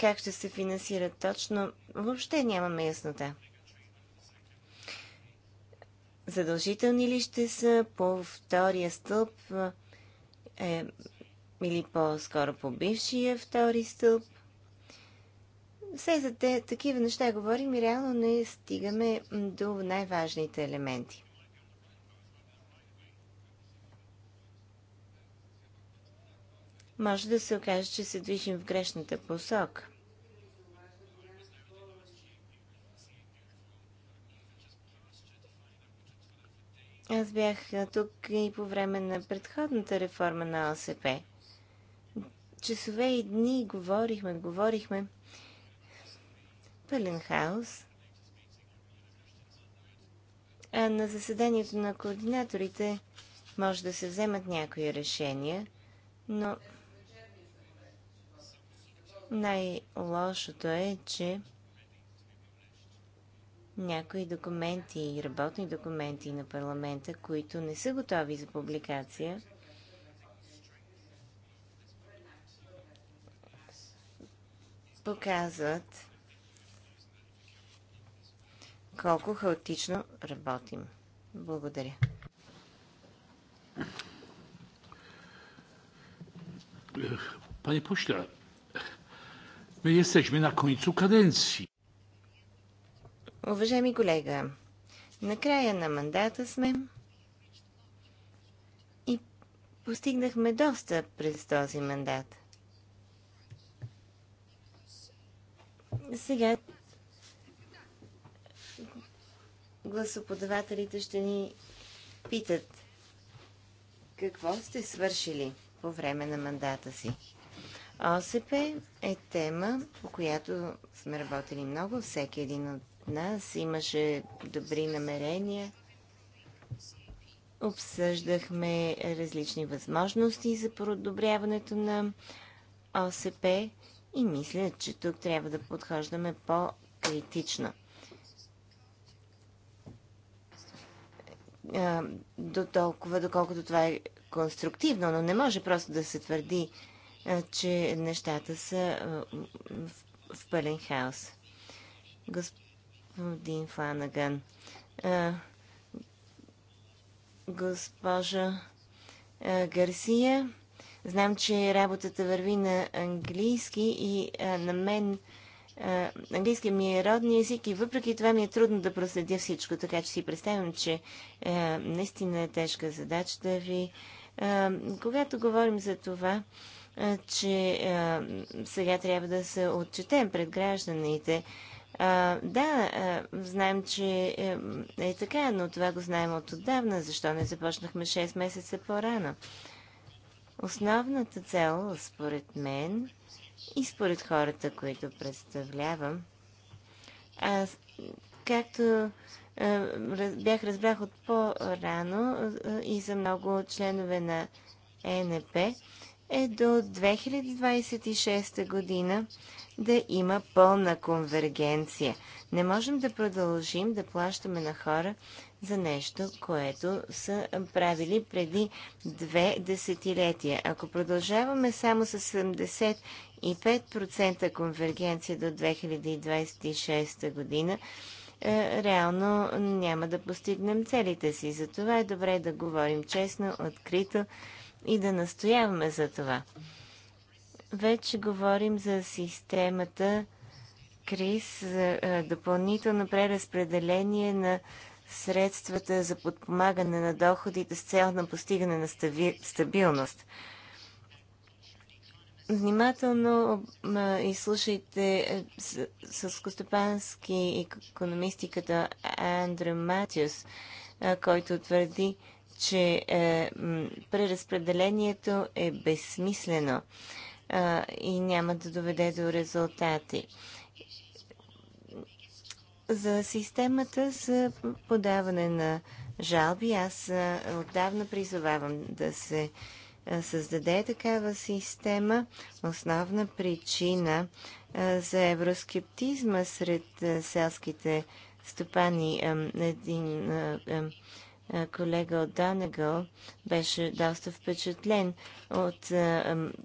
как ще се финансират точно, въобще нямаме яснота задължителни ли ще са по втория стълб е, или по-скоро по бившия втори стълб? Все за те, такива неща говорим и реално не стигаме до най-важните елементи. Може да се окаже, че се движим в грешната посока. Аз бях тук и по време на предходната реформа на ОСП. Часове и дни говорихме, говорихме. Пълен хаос. А на заседанието на координаторите може да се вземат някои решения, но най-лошото е, че някои документи, работни документи на парламента, които не са готови за публикация. показват колко хаотично работим. Благодаря. Panie pośle, my jesteśmy на końcu каденции. Уважаеми колега, накрая на мандата сме и постигнахме доста през този мандат. Сега гласоподавателите ще ни питат какво сте свършили по време на мандата си. ОСП е тема, по която сме работили много, всеки един от нас, имаше добри намерения. Обсъждахме различни възможности за подобряването на ОСП и мисля, че тук трябва да подхождаме по-критично. До толкова, доколкото това е конструктивно, но не може просто да се твърди, че нещата са в пълен хаос. Господин Дин Фанаган. А, госпожа а, Гарсия, знам, че работата върви на английски и а, на мен а, английски ми е родни език и въпреки това ми е трудно да проследя всичко, така че си представям, че а, наистина е тежка задачата ви. А, когато говорим за това, а, че а, сега трябва да се отчетем пред гражданите, а, а, да, а, знаем, че е, е така, но това го знаем от отдавна. Защо не започнахме 6 месеца по-рано? Основната цел, според мен и според хората, които представлявам, а, както е, бях разбрах от по-рано е, и за много членове на ЕНП, е до 2026 година да има пълна конвергенция. Не можем да продължим да плащаме на хора за нещо, което са правили преди две десетилетия. Ако продължаваме само с 75% конвергенция до 2026 година, е, реално няма да постигнем целите си. Затова е добре да говорим честно, открито и да настояваме за това. Вече говорим за системата КРИС, за допълнително преразпределение на средствата за подпомагане на доходите с цел на постигане на стабилност. Внимателно изслушайте сълскостопански економисти като Андрю Матиус, който твърди, че е, преразпределението е безсмислено а, и няма да доведе до резултати. За системата за подаване на жалби аз отдавна призовавам да се създаде такава система. Основна причина за евроскептизма сред селските стопани един колега от Данегъл беше доста впечатлен от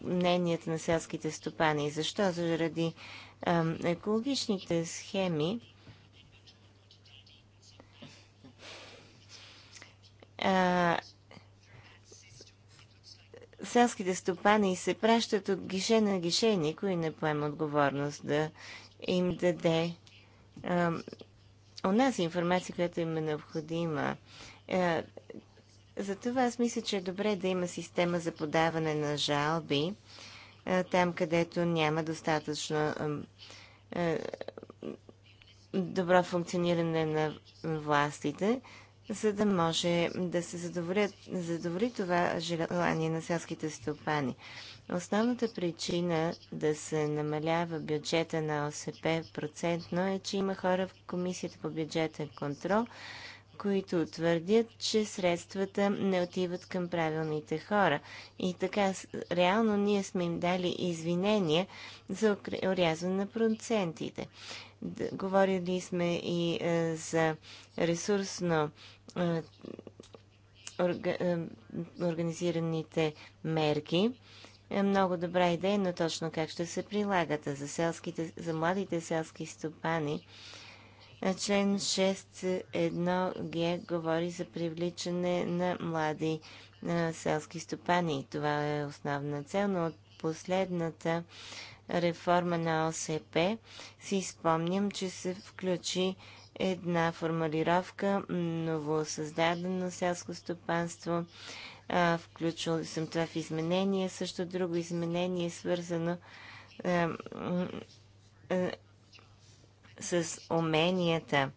мненията на селските стопани. Защо? Заради екологичните схеми селските стопани се пращат от гише на гише, никой не поема отговорност да им даде а, нас информация, която им е необходима. Е, Затова аз мисля, че е добре да има система за подаване на жалби е, там, където няма достатъчно е, добро функциониране на властите, за да може да се задоволи това желание на селските стопани. Основната причина да се намалява бюджета на ОСП процентно е, че има хора в Комисията по бюджетен контрол, които твърдят, че средствата не отиват към правилните хора. И така, реално ние сме им дали извинения за урязване на процентите. Говорили сме и е, за ресурсно е, орга, е, организираните мерки. Е много добра идея, но точно как ще се прилагат за, селските, за младите селски стопани. Е, Член 6.1 Г говори за привличане на млади на селски стопани. Това е основна цел, но от последната реформа на ОСП си спомням, че се включи една формулировка новосъздадено селско стопанство. Включил съм това в изменение. Също друго изменение е свързано с уменията,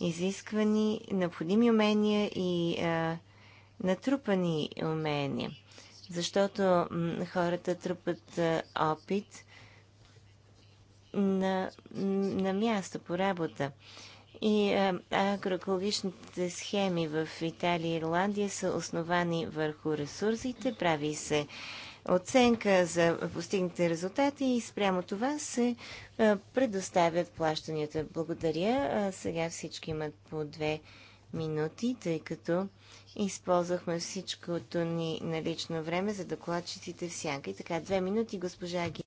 изисквани необходими умения и а, натрупани умения. Защото хората трупат а, опит на, на място по работа. И а, агроекологичните схеми в Италия и Ирландия са основани върху ресурсите, прави се оценка за постигнатите резултати и спрямо това се предоставят плащанията. Благодаря. Сега всички имат по две минути, тъй като използвахме всичкото ни налично време за докладчиците в сянка. И така, две минути, госпожа Ги.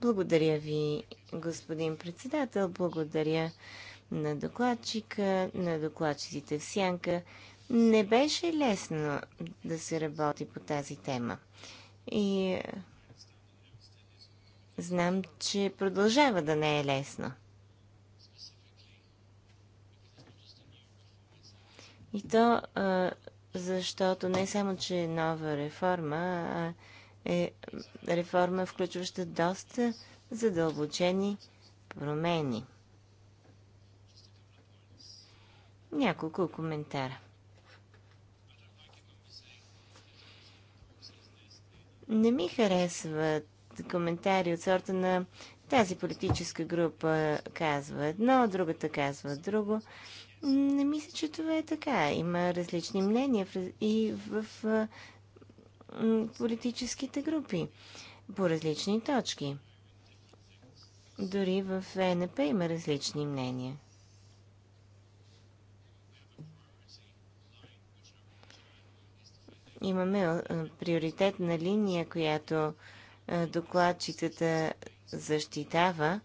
Благодаря ви, господин председател. Благодаря на докладчика, на докладчиците в сянка. Не беше лесно да се работи по тази тема. И е, знам, че продължава да не е лесно. И то, е, защото не само, че е нова реформа, а е реформа, включваща доста задълбочени промени. Няколко коментара. Не ми харесват коментари от сорта на тази политическа група казва едно, другата казва друго. Не мисля, че това е така. Има различни мнения и в политическите групи по различни точки. Дори в ЕНП има различни мнения. имаме приоритетна линия, която докладчицата защитава,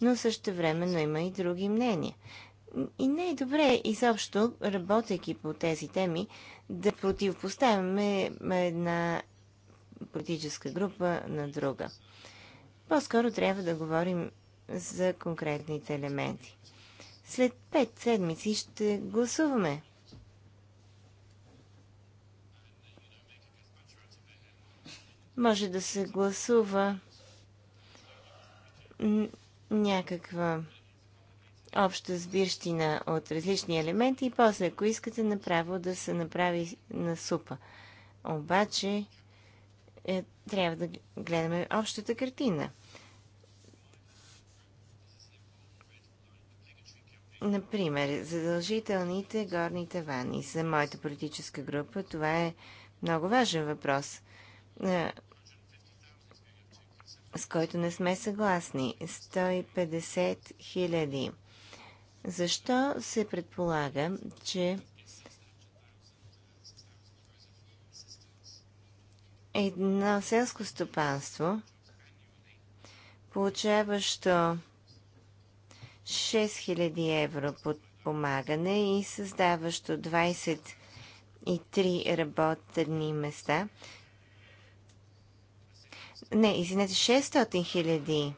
но също времено има и други мнения. И не е добре изобщо, работейки по тези теми, да противопоставяме една политическа група на друга. По-скоро трябва да говорим за конкретните елементи. След пет седмици ще гласуваме може да се гласува някаква обща сбирщина от различни елементи и после, ако искате, направо да се направи на супа. Обаче, е, трябва да гледаме общата картина. Например, задължителните горни тавани. За моята политическа група това е много важен въпрос. Е, с който не сме съгласни. 150 хиляди. Защо се предполага, че едно селско стопанство, получаващо 6 хиляди евро под помагане и създаващо 23 работни места, не, извинете, 600 хиляди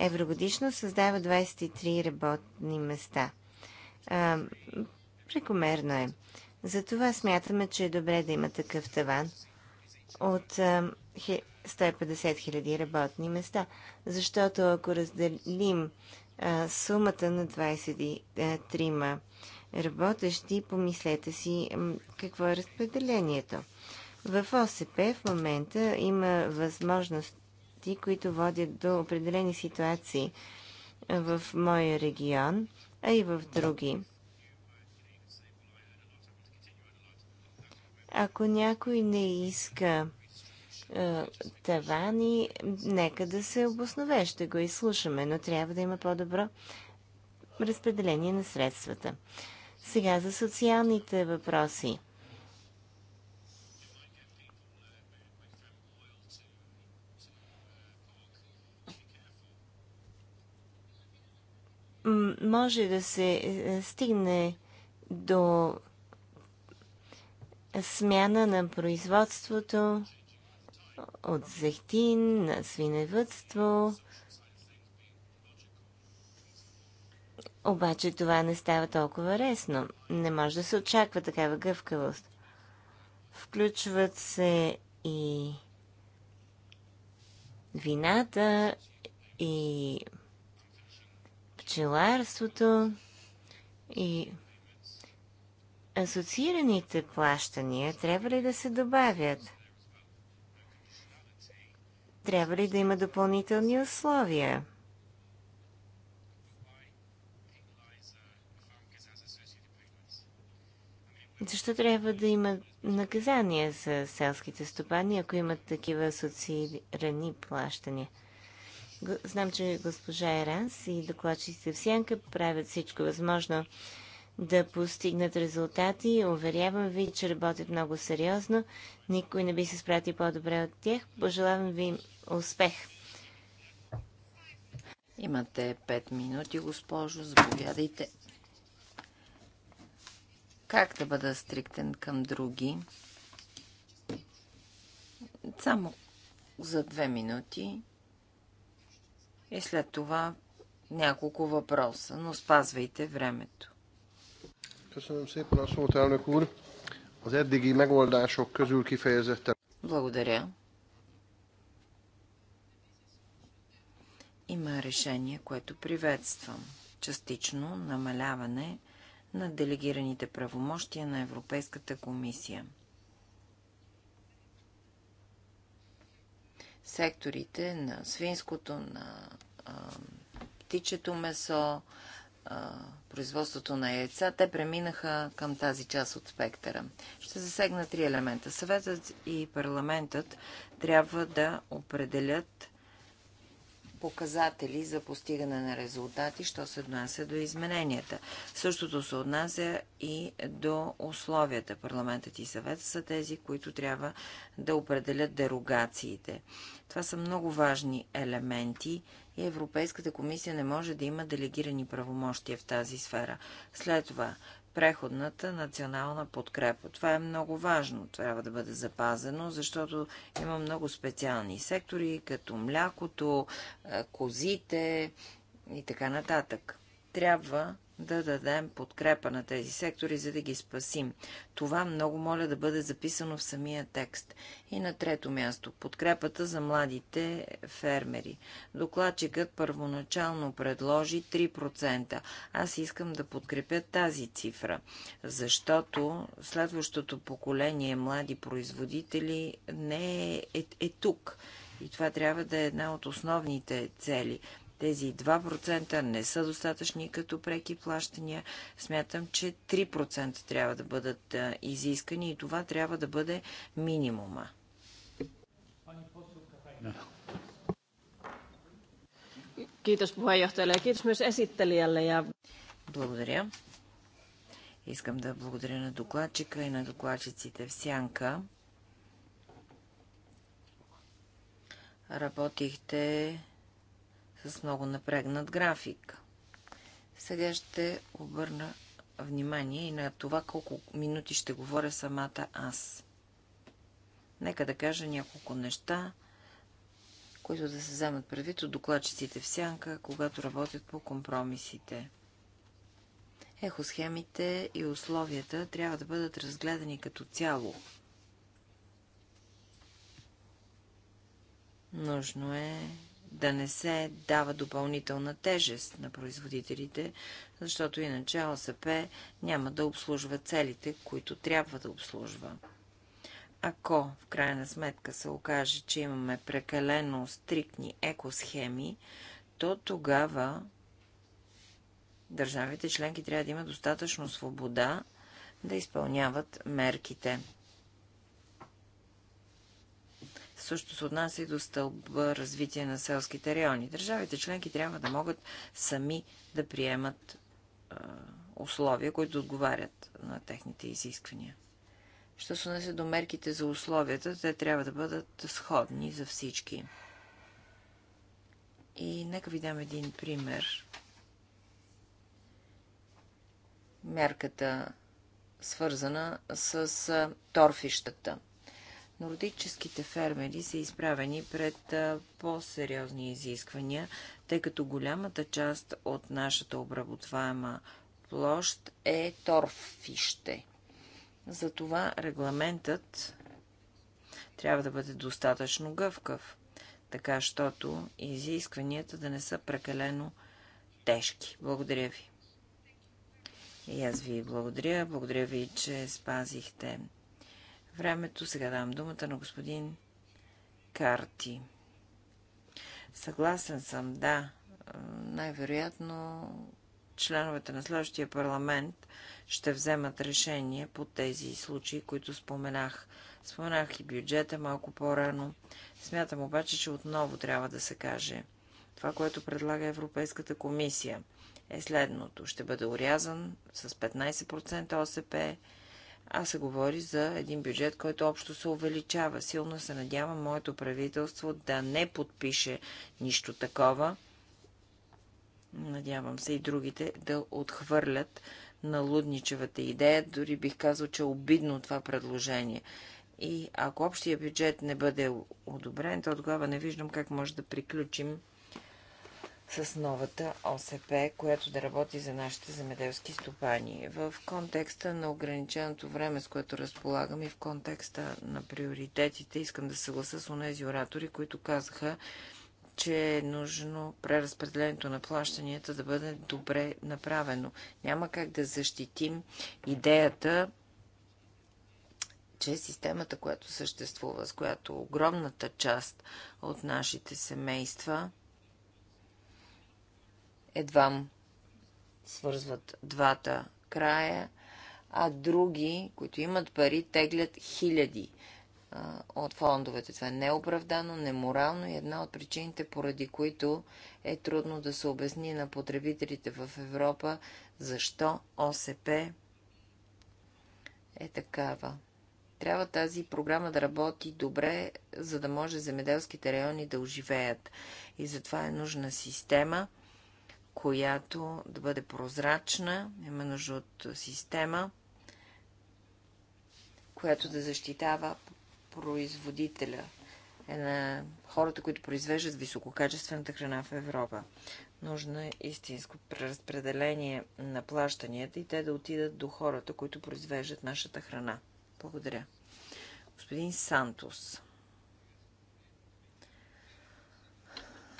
евро годишно създава 23 работни места. А, прекомерно е. Затова смятаме, че е добре да има такъв таван от 150 хиляди работни места. Защото ако разделим а, сумата на 23 работещи, помислете си какво е разпределението. В ОСП в момента има възможности, които водят до определени ситуации в моя регион, а и в други. Ако някой не иска е, тавани, нека да се обоснове, ще го изслушаме, но трябва да има по-добро разпределение на средствата. Сега за социалните въпроси. може да се е, стигне до смяна на производството от зехтин, на свиневътство. Обаче това не става толкова лесно. Не може да се очаква такава гъвкавост. Включват се и вината, и пчеларството и асоциираните плащания трябва ли да се добавят? Трябва ли да има допълнителни условия? Защо трябва да има наказания за селските стопани, ако имат такива асоциирани плащания? Знам, че госпожа Еранс и докладчиците в Сянка правят всичко възможно да постигнат резултати. Уверявам ви, че работят много сериозно. Никой не би се спрати по-добре от тях. Пожелавам ви успех. Имате 5 минути, госпожо. Заповядайте. Как да бъда стриктен към други? Само за две минути. И след това няколко въпроса, но спазвайте времето. Благодаря. Има решение, което приветствам. Частично намаляване на делегираните правомощия на Европейската комисия – секторите на свинското, на а, птичето месо, а, производството на яйца, те преминаха към тази част от спектъра. Ще засегна три елемента. Съветът и парламентът трябва да определят показатели за постигане на резултати, що се отнася до измененията. Същото се отнася и до условията. Парламентът и съвет са тези, които трябва да определят дерогациите. Това са много важни елементи и Европейската комисия не може да има делегирани правомощия в тази сфера. След това, преходната национална подкрепа. Това е много важно, трябва да бъде запазено, защото има много специални сектори, като млякото, козите и така нататък. Трябва да дадем подкрепа на тези сектори, за да ги спасим. Това много моля да бъде записано в самия текст. И на трето място подкрепата за младите фермери. Докладчикът първоначално предложи 3%. Аз искам да подкрепя тази цифра, защото следващото поколение млади производители не е, е, е тук. И това трябва да е една от основните цели. Тези 2% не са достатъчни като преки плащания. Смятам, че 3% трябва да бъдат изискани и това трябва да бъде минимума. Благодаря. Искам да благодаря на докладчика и на докладчиците в Сянка. Работихте с много напрегнат график. Сега ще обърна внимание и на това колко минути ще говоря самата аз. Нека да кажа няколко неща, които да се вземат предвид от докладчиците в сянка, когато работят по компромисите. Ехосхемите и условията трябва да бъдат разгледани като цяло. Нужно е да не се дава допълнителна тежест на производителите, защото иначе ОСП няма да обслужва целите, които трябва да обслужва. Ако в крайна сметка се окаже, че имаме прекалено стриктни екосхеми, то тогава държавите членки трябва да имат достатъчно свобода да изпълняват мерките. Също се отнася и до стълба развитие на селските райони. Държавите членки трябва да могат сами да приемат условия, които отговарят на техните изисквания. Що се отнася до мерките за условията, те трябва да бъдат сходни за всички. И нека ви дам един пример. Мерката свързана с торфищата – Нордическите фермери са изправени пред по-сериозни изисквания, тъй като голямата част от нашата обработваема площ е торфище. Затова регламентът трябва да бъде достатъчно гъвкав, така щото изискванията да не са прекалено тежки. Благодаря ви. И аз ви благодаря. Благодаря ви, че спазихте времето. Сега давам думата на господин Карти. Съгласен съм, да. Най-вероятно членовете на следващия парламент ще вземат решение по тези случаи, които споменах. Споменах и бюджета малко по-рано. Смятам обаче, че отново трябва да се каже. Това, което предлага Европейската комисия е следното. Ще бъде урязан с 15% ОСП а се говори за един бюджет, който общо се увеличава. Силно се надявам моето правителство да не подпише нищо такова. Надявам се и другите да отхвърлят на лудничевата идея. Дори бих казал, че е обидно това предложение. И ако общия бюджет не бъде одобрен, то тогава не виждам как може да приключим с новата ОСП, която да работи за нашите земеделски стопани. В контекста на ограниченото време, с което разполагам и в контекста на приоритетите, искам да съгласа с онези оратори, които казаха, че е нужно преразпределението на плащанията да бъде добре направено. Няма как да защитим идеята, че системата, която съществува, с която огромната част от нашите семейства едвам свързват двата края, а други, които имат пари, теглят хиляди от фондовете. Това е неоправдано, неморално и една от причините, поради които е трудно да се обясни на потребителите в Европа, защо ОСП е такава. Трябва тази програма да работи добре, за да може земеделските райони да оживеят. И затова е нужна система – която да бъде прозрачна, има нужда от система, която да защитава производителя, е на хората, които произвеждат висококачествената храна в Европа. Нужно е истинско преразпределение на плащанията и те да отидат до хората, които произвеждат нашата храна. Благодаря. Господин Сантос.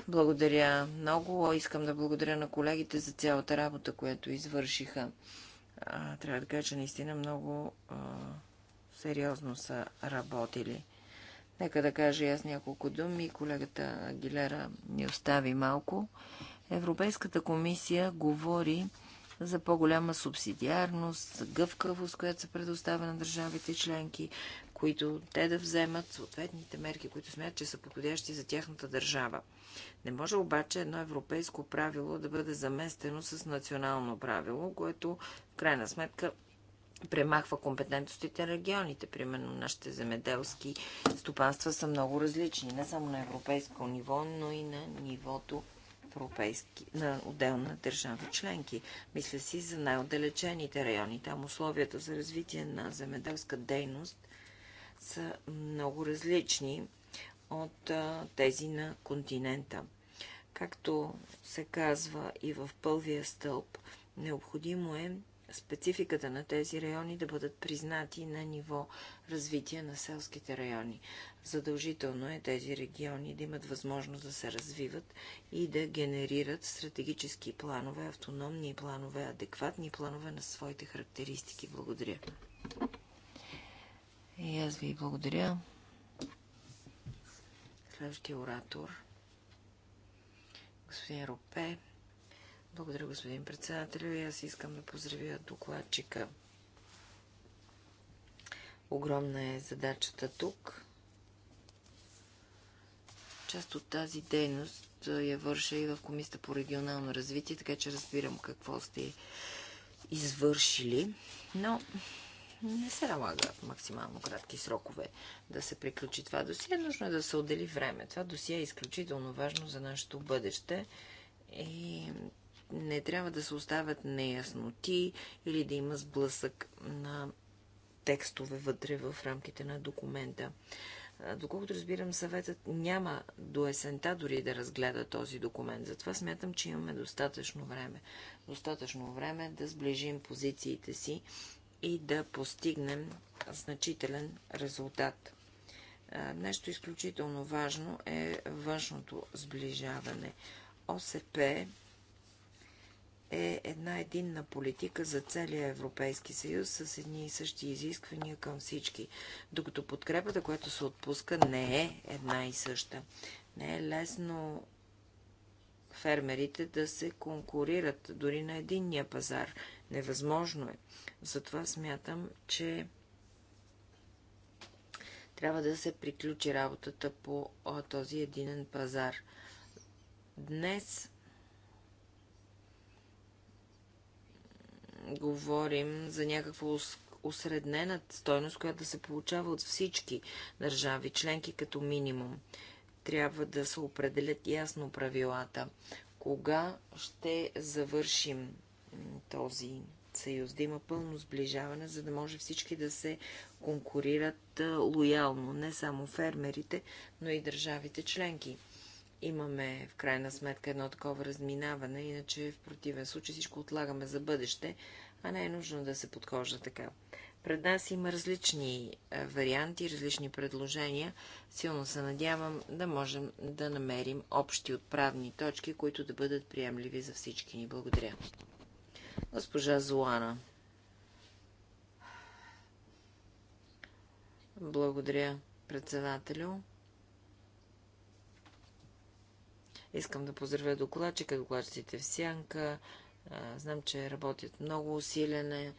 Благодаря много. Искам да благодаря на колегите за цялата работа, която извършиха. А, трябва да кажа, че наистина много а, сериозно са работили. Нека да кажа и аз няколко думи. Колегата Агилера ни остави малко. Европейската комисия говори за по-голяма субсидиарност, за гъвкавост, която се предоставя на държавите членки, които те да вземат съответните мерки, които смятат, че са подходящи за тяхната държава. Не може обаче едно европейско правило да бъде заместено с национално правило, което в крайна сметка премахва компетентностите на регионите. Примерно нашите земеделски стопанства са много различни, не само на европейско ниво, но и на нивото европейски, на отделна държава членки. Мисля си за най-отдалечените райони. Там условията за развитие на земеделска дейност са много различни от тези на континента. Както се казва и в пълвия стълб, необходимо е спецификата на тези райони да бъдат признати на ниво развитие на селските райони. Задължително е тези региони да имат възможност да се развиват и да генерират стратегически планове, автономни планове, адекватни планове на своите характеристики. Благодаря. И аз ви благодаря. Следващия оратор. Господин Ропе. Благодаря, господин председател. И аз искам да поздравя докладчика. Огромна е задачата тук. Част от тази дейност я върша и в Комисията по регионално развитие, така че разбирам какво сте извършили. Но не се налага в максимално кратки срокове да се приключи това досие. Нужно е да се отдели време. Това досие е изключително важно за нашето бъдеще и не трябва да се оставят неясноти или да има сблъсък на текстове вътре в рамките на документа. Доколкото разбирам, съветът няма до есента дори да разгледа този документ. Затова смятам, че имаме достатъчно време. Достатъчно време да сближим позициите си и да постигнем значителен резултат. Нещо изключително важно е външното сближаване. ОСП е една единна политика за целия Европейски съюз с едни и същи изисквания към всички, докато подкрепата, която се отпуска, не е една и съща. Не е лесно фермерите да се конкурират дори на единния пазар. Невъзможно е. Затова смятам, че трябва да се приключи работата по този единен пазар. Днес говорим за някаква осреднена стойност, която да се получава от всички държави, членки като минимум. Трябва да се определят ясно правилата. Кога ще завършим този съюз, да има пълно сближаване, за да може всички да се конкурират лоялно, не само фермерите, но и държавите членки. Имаме в крайна сметка едно такова разминаване, иначе в противен случай всичко отлагаме за бъдеще, а не е нужно да се подхожда така. Пред нас има различни варианти, различни предложения. Силно се надявам да можем да намерим общи отправни точки, които да бъдат приемливи за всички ни. Благодаря. Госпожа Зоана. Благодаря, председателю. Искам да поздравя докладчика, докладчиците в Сянка. Знам, че работят много усилено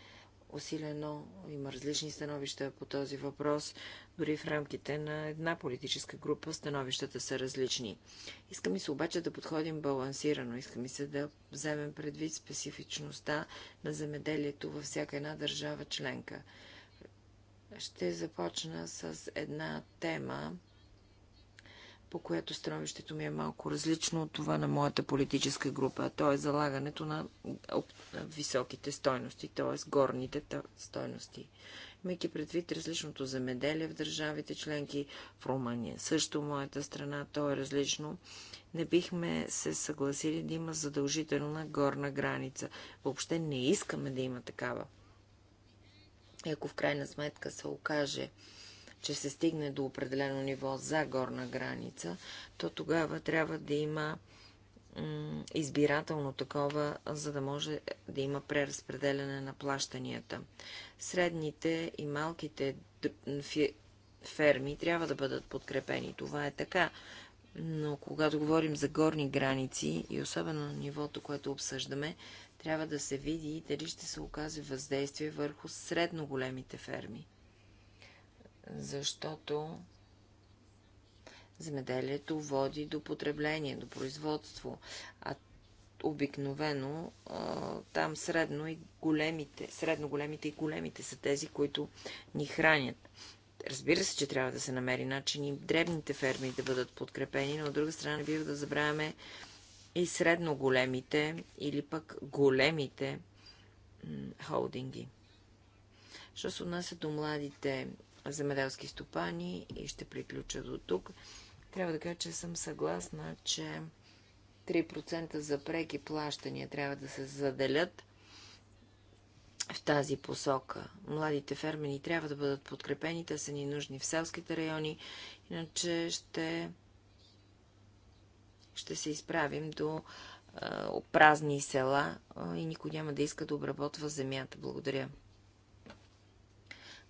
усилено. Има различни становища по този въпрос. Дори в рамките на една политическа група становищата са различни. Иска ми се обаче да подходим балансирано. Иска ми се да вземем предвид специфичността на земеделието във всяка една държава членка. Ще започна с една тема, по която становището ми е малко различно от това на моята политическа група. То е залагането на високите стойности, т.е. горните стойности. Имайки предвид различното замеделие в държавите членки, в Румъния също моята страна, то е различно. Не бихме се съгласили да има задължителна горна граница. Въобще не искаме да има такава. И ако в крайна сметка се окаже, че се стигне до определено ниво за горна граница, то тогава трябва да има избирателно такова, за да може да има преразпределяне на плащанията. Средните и малките ферми трябва да бъдат подкрепени. Това е така. Но когато говорим за горни граници и особено на нивото, което обсъждаме, трябва да се види дали ще се окаже въздействие върху средно големите ферми защото земеделието води до потребление, до производство, а обикновено там средно и големите, средно големите и големите са тези, които ни хранят. Разбира се, че трябва да се намери начин и дребните ферми да бъдат подкрепени, но от друга страна не бива да забравяме и средно големите или пък големите холдинги. Що се отнася до младите земеделски стопани и ще приключа до тук. Трябва да кажа, че съм съгласна, че 3% за преки плащания трябва да се заделят в тази посока. Младите фермери трябва да бъдат подкрепени, те са ни нужни в селските райони, иначе ще, ще се изправим до празни села и никой няма да иска да обработва земята. Благодаря.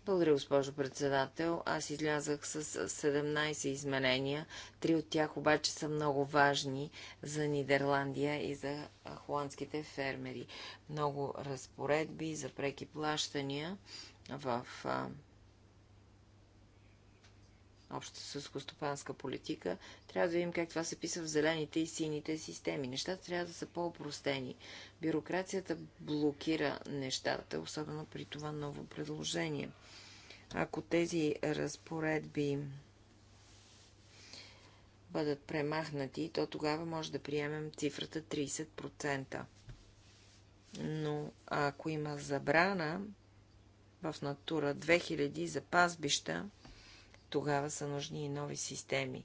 Благодаря, госпожо председател. Аз излязах с 17 изменения. Три от тях обаче са много важни за Нидерландия и за холандските фермери. Много разпоредби за преки плащания в обща сълскостопанска политика, трябва да видим как това се писа в зелените и сините системи. Нещата трябва да са по-опростени. Бюрокрацията блокира нещата, особено при това ново предложение. Ако тези разпоредби бъдат премахнати, то тогава може да приемем цифрата 30%. Но ако има забрана в Натура 2000 за пазбища, тогава са нужни и нови системи.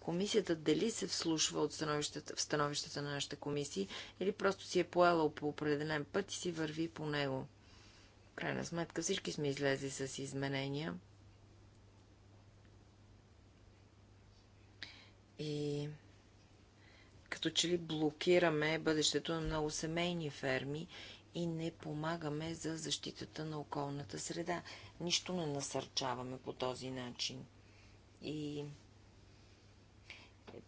Комисията дали се вслушва от становищата, в становищата на нашите комисии или просто си е поела по определен път и си върви по него. В крайна сметка всички сме излезли с изменения. И като че ли блокираме бъдещето на много семейни ферми и не помагаме за защитата на околната среда. Нищо не насърчаваме по този начин. И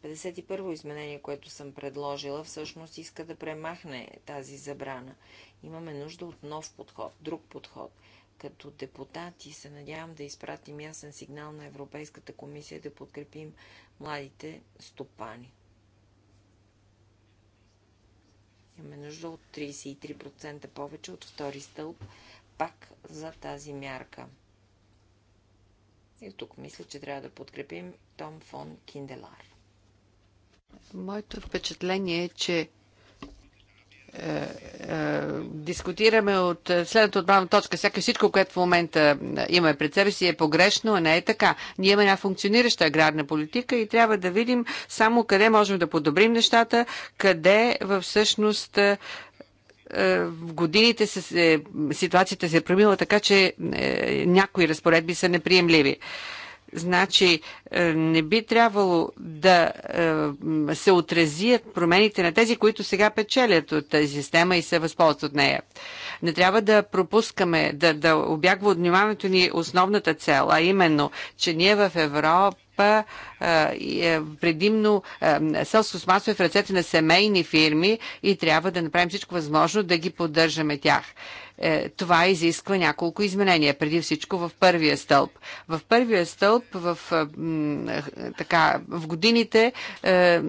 51-во изменение, което съм предложила, всъщност иска да премахне тази забрана. Имаме нужда от нов подход, друг подход. Като депутати се надявам да изпратим ясен сигнал на Европейската комисия да подкрепим младите стопани. Имаме нужда от 33% повече от втори стълб, пак за тази мярка. И тук мисля, че трябва да подкрепим Том фон Кинделар. Моето впечатление е, че дискутираме от следната отбавна точка. Всяка всичко, което в момента имаме пред себе си е погрешно, а не е така. Ние имаме една функционираща аграрна политика и трябва да видим само къде можем да подобрим нещата, къде всъщност е, е, в годините се, ситуацията се е промила така, че е, някои разпоредби са неприемливи. Значи е, не би трябвало да е, се отразят промените на тези, които сега печелят от тази система и се възползват от нея. Не трябва да пропускаме, да, да обягва от вниманието ни основната цел, а именно, че ние в Европа е, предимно селско смасо е в ръцете на семейни фирми и трябва да направим всичко възможно да ги поддържаме тях. Е, това изисква няколко изменения, преди всичко в първия стълб. В първия стълб, в, е, така, в годините е,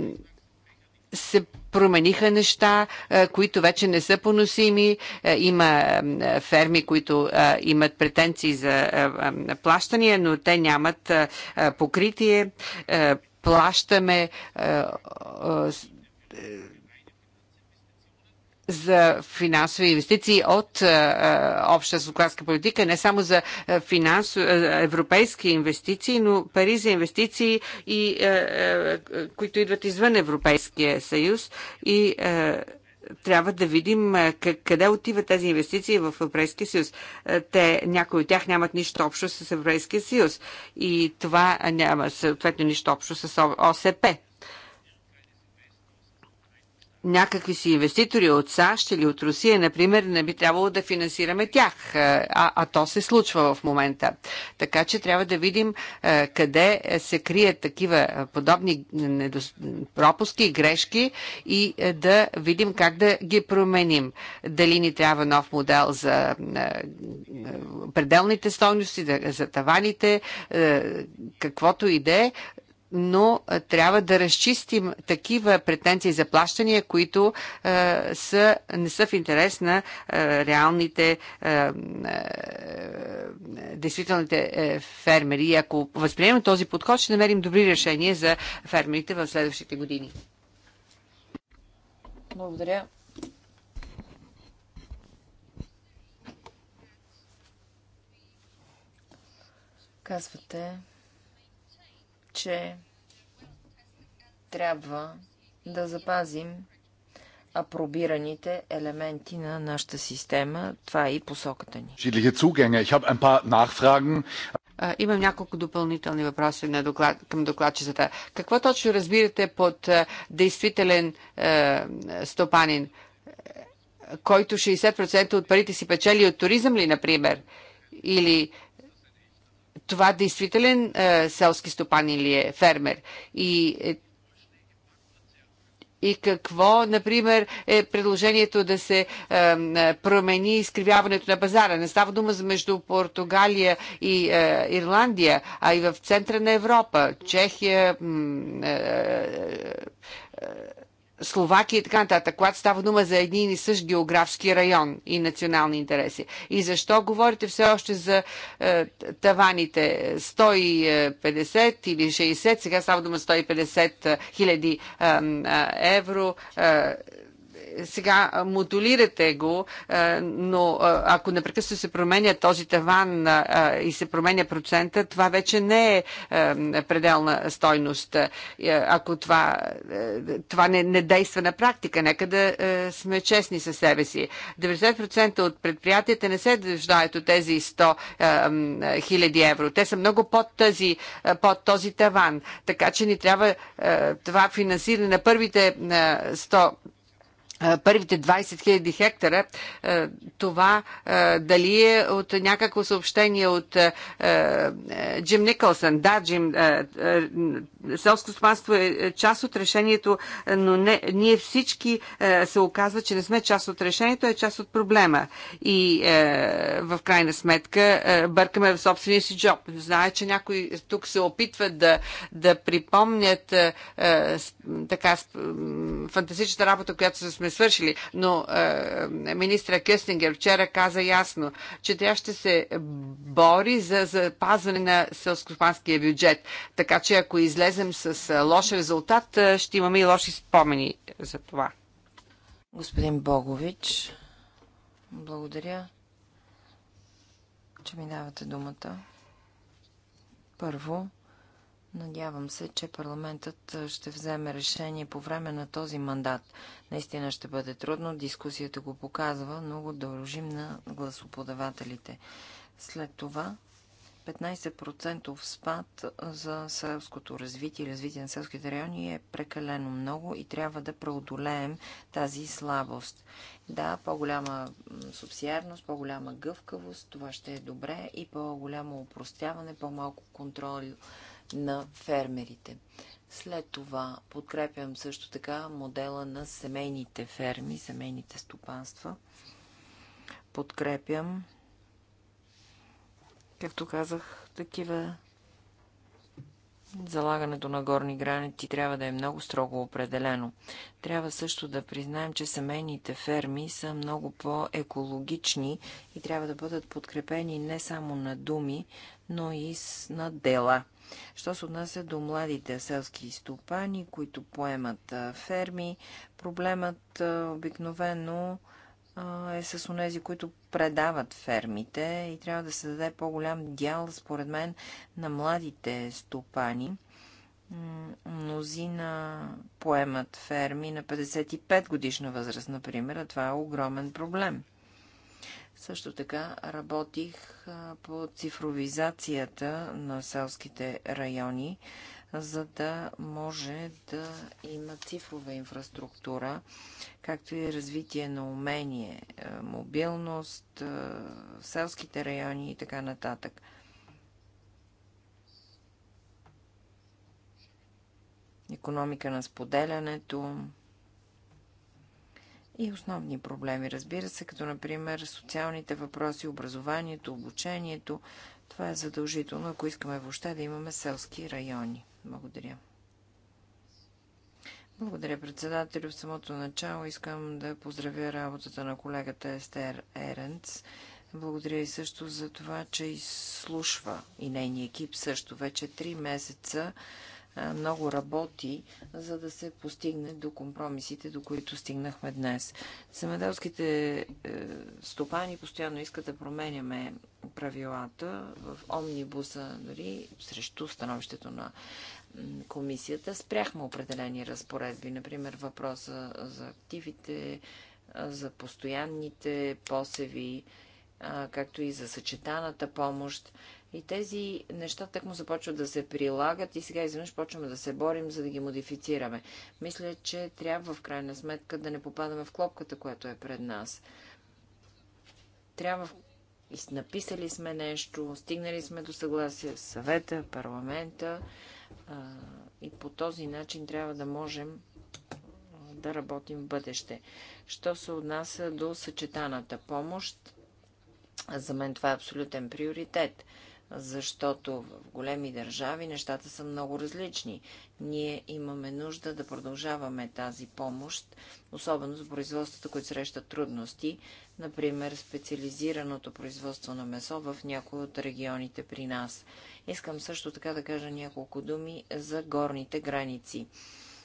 се промениха неща, които вече не са поносими. Има ферми, които имат претенции за плащания, но те нямат покритие. Плащаме за финансови инвестиции от е, е, обща стопанска политика, не само за е, финансови, европейски инвестиции, но пари за инвестиции, и, които идват извън Европейския съюз и трябва да видим къде отиват тези инвестиции в Европейския съюз. Те, някои от тях нямат нищо общо с Европейския съюз и това няма съответно нищо общо с ОСП някакви си инвеститори от САЩ или от Русия, например, не би трябвало да финансираме тях, а, а то се случва в момента. Така че трябва да видим а, къде се крият такива подобни недос... пропуски, грешки и а, да видим как да ги променим. Дали ни трябва нов модел за а, пределните стойности, за таваните, каквото и да е, но трябва да разчистим такива претенции за плащания, които а, са, не са в интерес на а, реалните, а, действителните фермери. И ако възприемем този подход, ще намерим добри решения за фермерите в следващите години. Благодаря. Казвате, че трябва да запазим апробираните елементи на нашата система. Това е и посоката ни. Имам няколко допълнителни въпроси на доклад, към докладчицата. Какво точно разбирате под действителен е, стопанин, който 60% от парите си печели от туризъм ли, например? Или това действителен е, селски стопан или е, фермер? И е, и какво, например, е предложението да се е, е, промени изкривяването на пазара. Не става дума за между Португалия и е, Ирландия, а и в центъра на Европа, Чехия, е, е Словакия и така нататък, когато става дума за един и същ географски район и национални интереси. И защо говорите все още за е, таваните 150 или 60, сега става дума 150 е, хиляди е, е, евро, е, сега модулирате го, е, но е, ако непрекъснато се променя този таван е, и се променя процента, това вече не е пределна стойност. Ако това, това не, не действа на практика, нека да сме честни със себе си. 90% от предприятията не се дъждаят от тези 100 000 евро. Те са много под, тази, под този таван. Така че ни трябва това финансиране на първите 100 първите 20 000 хектара, това дали е от някакво съобщение от Джим Николсън. Да, Джим, селско стопанство е част от решението, но не, ние всички се оказва, че не сме част от решението, е част от проблема. И в крайна сметка бъркаме в собствения си джоб. Знае, че някои тук се опитват да, да припомнят така фантастичната работа, която сме свършили, но е, министра Кюстингер вчера каза ясно, че тя ще се бори за запазване на селскостопанския бюджет. Така че ако излезем с е, лош резултат, е, ще имаме и лоши спомени за това. Господин Богович, благодаря, че ми давате думата. Първо, Надявам се, че парламентът ще вземе решение по време на този мандат. Наистина ще бъде трудно, дискусията го показва, но го дължим на гласоподавателите. След това 15% спад за селското развитие и развитие на селските райони е прекалено много и трябва да преодолеем тази слабост. Да, по-голяма субсидиарност, по-голяма гъвкавост, това ще е добре и по-голямо упростяване, по-малко контрол на фермерите. След това подкрепям също така модела на семейните ферми, семейните стопанства. Подкрепям, както казах, такива залагането на горни граници трябва да е много строго определено. Трябва също да признаем, че семейните ферми са много по-екологични и трябва да бъдат подкрепени не само на думи, но и на дела. Що се отнася до младите селски стопани, които поемат ферми, проблемът обикновено е с онези, които предават фермите и трябва да се даде по-голям дял, според мен, на младите стопани. Мнозина поемат ферми на 55 годишна възраст, например, а това е огромен проблем. Също така работих по цифровизацията на селските райони, за да може да има цифрова инфраструктура, както и развитие на умение, мобилност селските райони и така нататък. Економика на споделянето, и основни проблеми, разбира се, като например социалните въпроси, образованието, обучението. Това е задължително, ако искаме въобще да имаме селски райони. Благодаря. Благодаря, председателю. В самото начало искам да поздравя работата на колегата Естер Еренц. Благодаря и също за това, че изслушва и нейния екип също вече три месеца много работи, за да се постигне до компромисите, до които стигнахме днес. Семеделските е, стопани постоянно искат да променяме правилата в омнибуса, дори нали, срещу становището на комисията. Спряхме определени разпоредби, например въпроса за активите, за постоянните посеви, както и за съчетаната помощ. И тези неща так му започват да се прилагат и сега изведнъж почваме да се борим, за да ги модифицираме. Мисля, че трябва в крайна сметка да не попадаме в клопката, която е пред нас. Трябва написали сме нещо, стигнали сме до съгласие с съвета, парламента а, и по този начин трябва да можем да работим в бъдеще. Що се отнася до съчетаната помощ, за мен това е абсолютен приоритет защото в големи държави нещата са много различни. Ние имаме нужда да продължаваме тази помощ, особено за производствата, които срещат трудности, например специализираното производство на месо в някои от регионите при нас. Искам също така да кажа няколко думи за горните граници.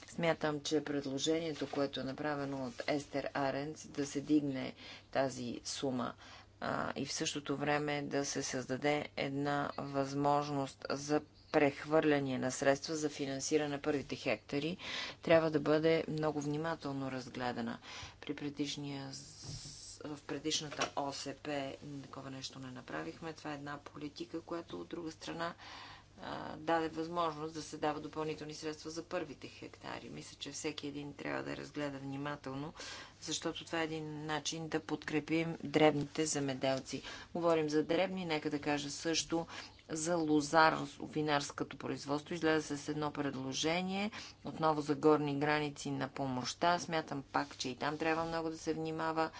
Смятам, че предложението, което е направено от Естер Аренц, да се дигне тази сума а, и в същото време да се създаде една възможност за прехвърляне на средства за финансиране на първите хектари, трябва да бъде много внимателно разгледана. При предишния в предишната ОСП такова нещо не направихме. Това е една политика, която от друга страна даде възможност да се дава допълнителни средства за първите хектари. Мисля, че всеки един трябва да разгледа внимателно, защото това е един начин да подкрепим дребните замеделци. Говорим за дребни, нека да кажа също за лозар, винарското производство. се с едно предложение, отново за горни граници на помощта. Смятам пак, че и там трябва много да се внимава,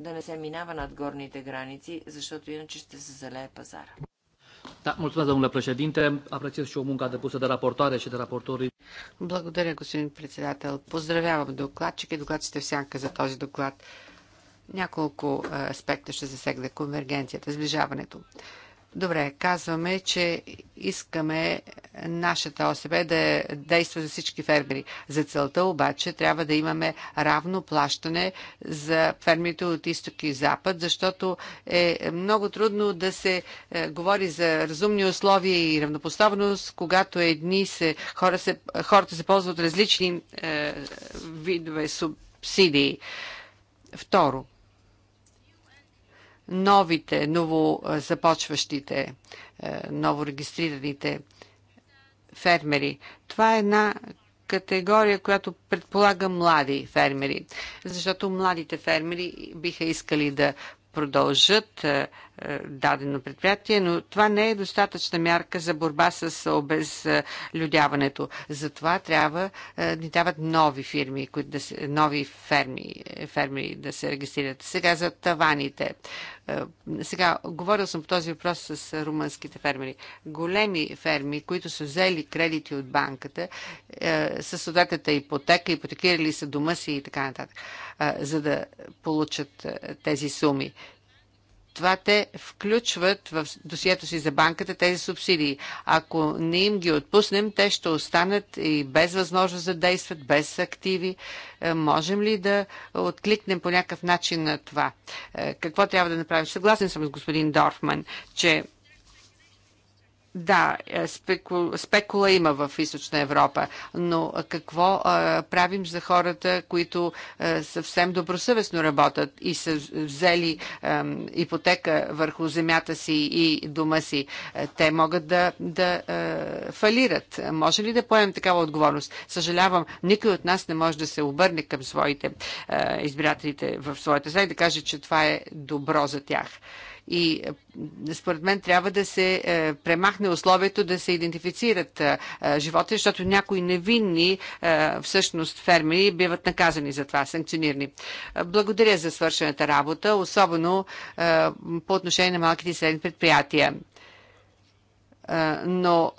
да не се минава над горните граници, защото иначе ще се залее пазара mulțumesc, domnule președinte. Apreciez și o muncă depusă de raportoare și de raportorii. Благодаря, господин председател. Поздравявам докладчика и докладците в сянка за този доклад. Няколко е, аспекта ще засегна. Конвергенцията, сближаването. Добре, казваме, че искаме нашата ОСБ да действа за всички фермери. За целта обаче трябва да имаме равно плащане за фермите от изток и запад, защото е много трудно да се е, говори за разумни условия и равнопоставеност, когато едни се, хора се, хората се ползват различни е, видове субсидии. Второ, новите, ново започващите, новорегистрираните фермери. Това е една категория, която предполага млади фермери, защото младите фермери биха искали да продължат е, дадено предприятие, но това не е достатъчна мярка за борба с обезлюдяването. Затова трябва да е, ни дават нови фирми, които да се, нови ферми, е, ферми да се регистрират. Сега за таваните. Сега, говорил съм по този въпрос с румънските фермери. Големи ферми, които са взели кредити от банката, с съответната ипотека, ипотекирали са дома си и така нататък, за да получат тези суми това те включват в досието си за банката тези субсидии. Ако не им ги отпуснем, те ще останат и без възможност да действат, без активи. Е, можем ли да откликнем по някакъв начин на това? Е, какво трябва да направим? Съгласен съм с господин Дорфман, че да, е, спекула, спекула има в Източна Европа, но какво а, е, правим за хората, които а, е, съвсем добросъвестно работят и са взели а, ипотека върху земята си и дома си? Те могат да, да а, фалират. Може ли да поемем такава отговорност? Съжалявам, никой от нас не може да се обърне към своите а, избирателите в своята среда и да каже, че това е добро за тях. И е, според мен трябва да се е, премахне условието да се идентифицират е, животни, защото някои невинни всъщност фермери биват наказани за това, санкционирани. Благодаря за свършената работа, особено по отношение на малките и средни предприятия но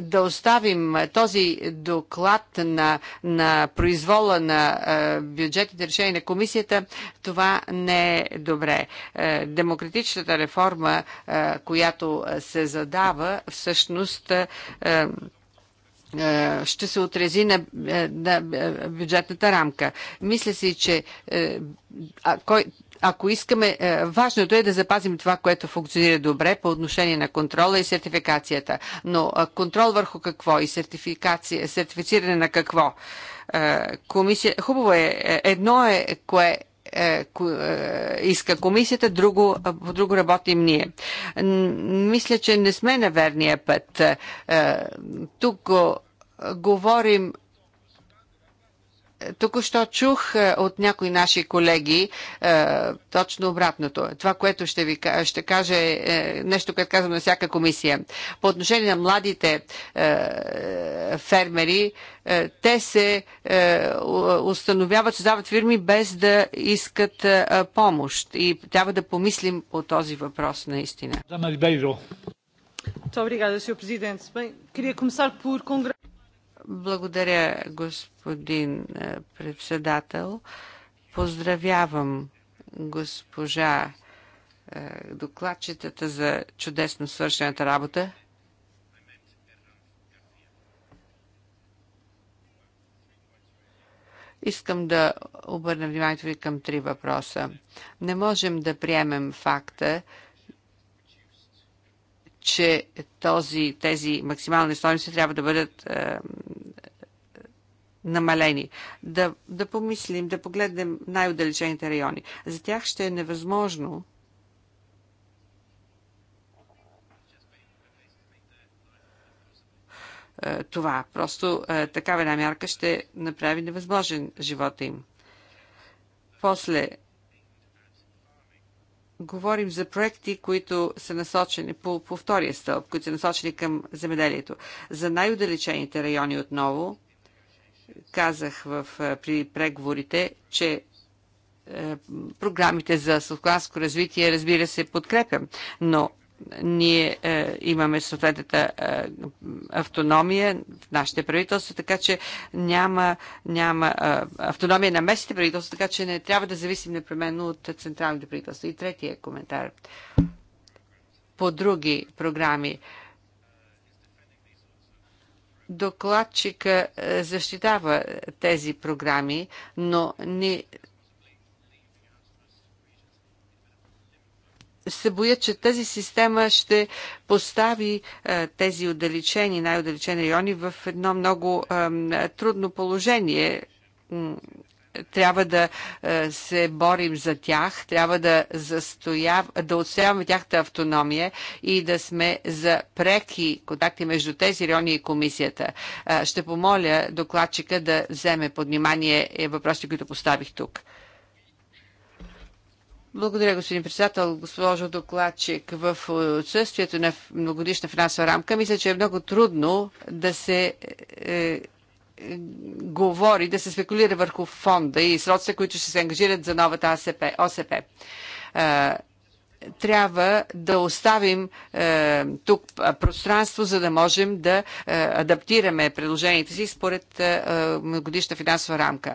да оставим този доклад на, на произвола на бюджетните решения на комисията, това не е добре. Демократичната реформа, която се задава, всъщност ще се отрези на, на бюджетната рамка. Мисля си, че а, кой, ако искаме, е, важното е да запазим това, което функционира добре по отношение на контрола и сертификацията. Но е, контрол върху какво и сертификация, сертифициране на какво? Е, комисия, хубаво е, едно е кое иска комисията, друго, по друго работим ние. Мисля, че не сме на верния път. Тук говорим Току-що чух е, от някои наши колеги е, точно обратното. Това, което ще ви ще кажа е нещо, което казвам на всяка комисия. По отношение на младите е, фермери, те се установяват, създават фирми без да искат помощ. И трябва да помислим по този въпрос наистина. Добре, господин президент. Presidente. queria começar por благодаря, господин е, председател. Поздравявам госпожа е, докладчетата за чудесно свършената работа. Искам да обърна вниманието ви към три въпроса. Не можем да приемем факта, че този, тези максимални стоимости трябва да бъдат е, намалени. Да, да помислим, да погледнем най-отдалечените райони. За тях ще е невъзможно е, това. Просто е, такава една мярка ще направи невъзможен живота им. После говорим за проекти, които са насочени по, по втория стълб, които са насочени към земеделието. За най-удалечените райони отново казах в, е, при преговорите, че е, програмите за селскостопанско развитие, разбира се, подкрепям, но ние е, имаме съответната е, автономия в нашите правителства, така че няма, няма е, автономия на местните правителства, така че не трябва да зависим непременно от централните правителства. И третия коментар. По други програми. Докладчика е, защитава тези програми, но не се боя, че тази система ще постави е, тези отдалечени, най-отдалечени райони в едно много трудно положение. Трябва да е, се борим за тях, трябва да, застояв, да отстояваме тяхната автономия и да сме за преки контакти между тези райони и комисията. Е, ще помоля докладчика да вземе под внимание въпросите, които поставих тук. Благодаря, господин председател, госпожо докладчик. В отсъствието на многодишна финансова рамка, мисля, че е много трудно да се е, е говори, да се спекулира върху фонда и сродства, които ще се ангажират за новата АСП, ОСП. Е, трябва да оставим е, тук пространство, за да можем да е, адаптираме предложенията си според е, е годишна финансова рамка. Е,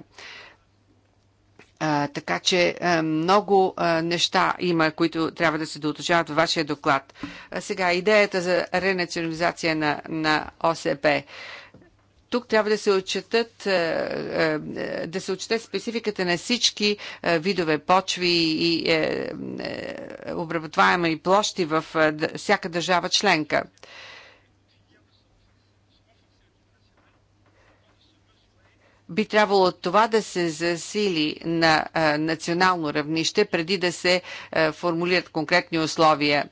така че много неща има, които трябва да се доточават във вашия доклад. Сега, идеята за ренационализация на, на ОСП. Тук трябва да се, отчетат, да се отчете спецификата на всички видове почви и е, е, обработваеми площи в всяка държава членка. би трябвало това да се засили на национално равнище, преди да се формулират конкретни условия.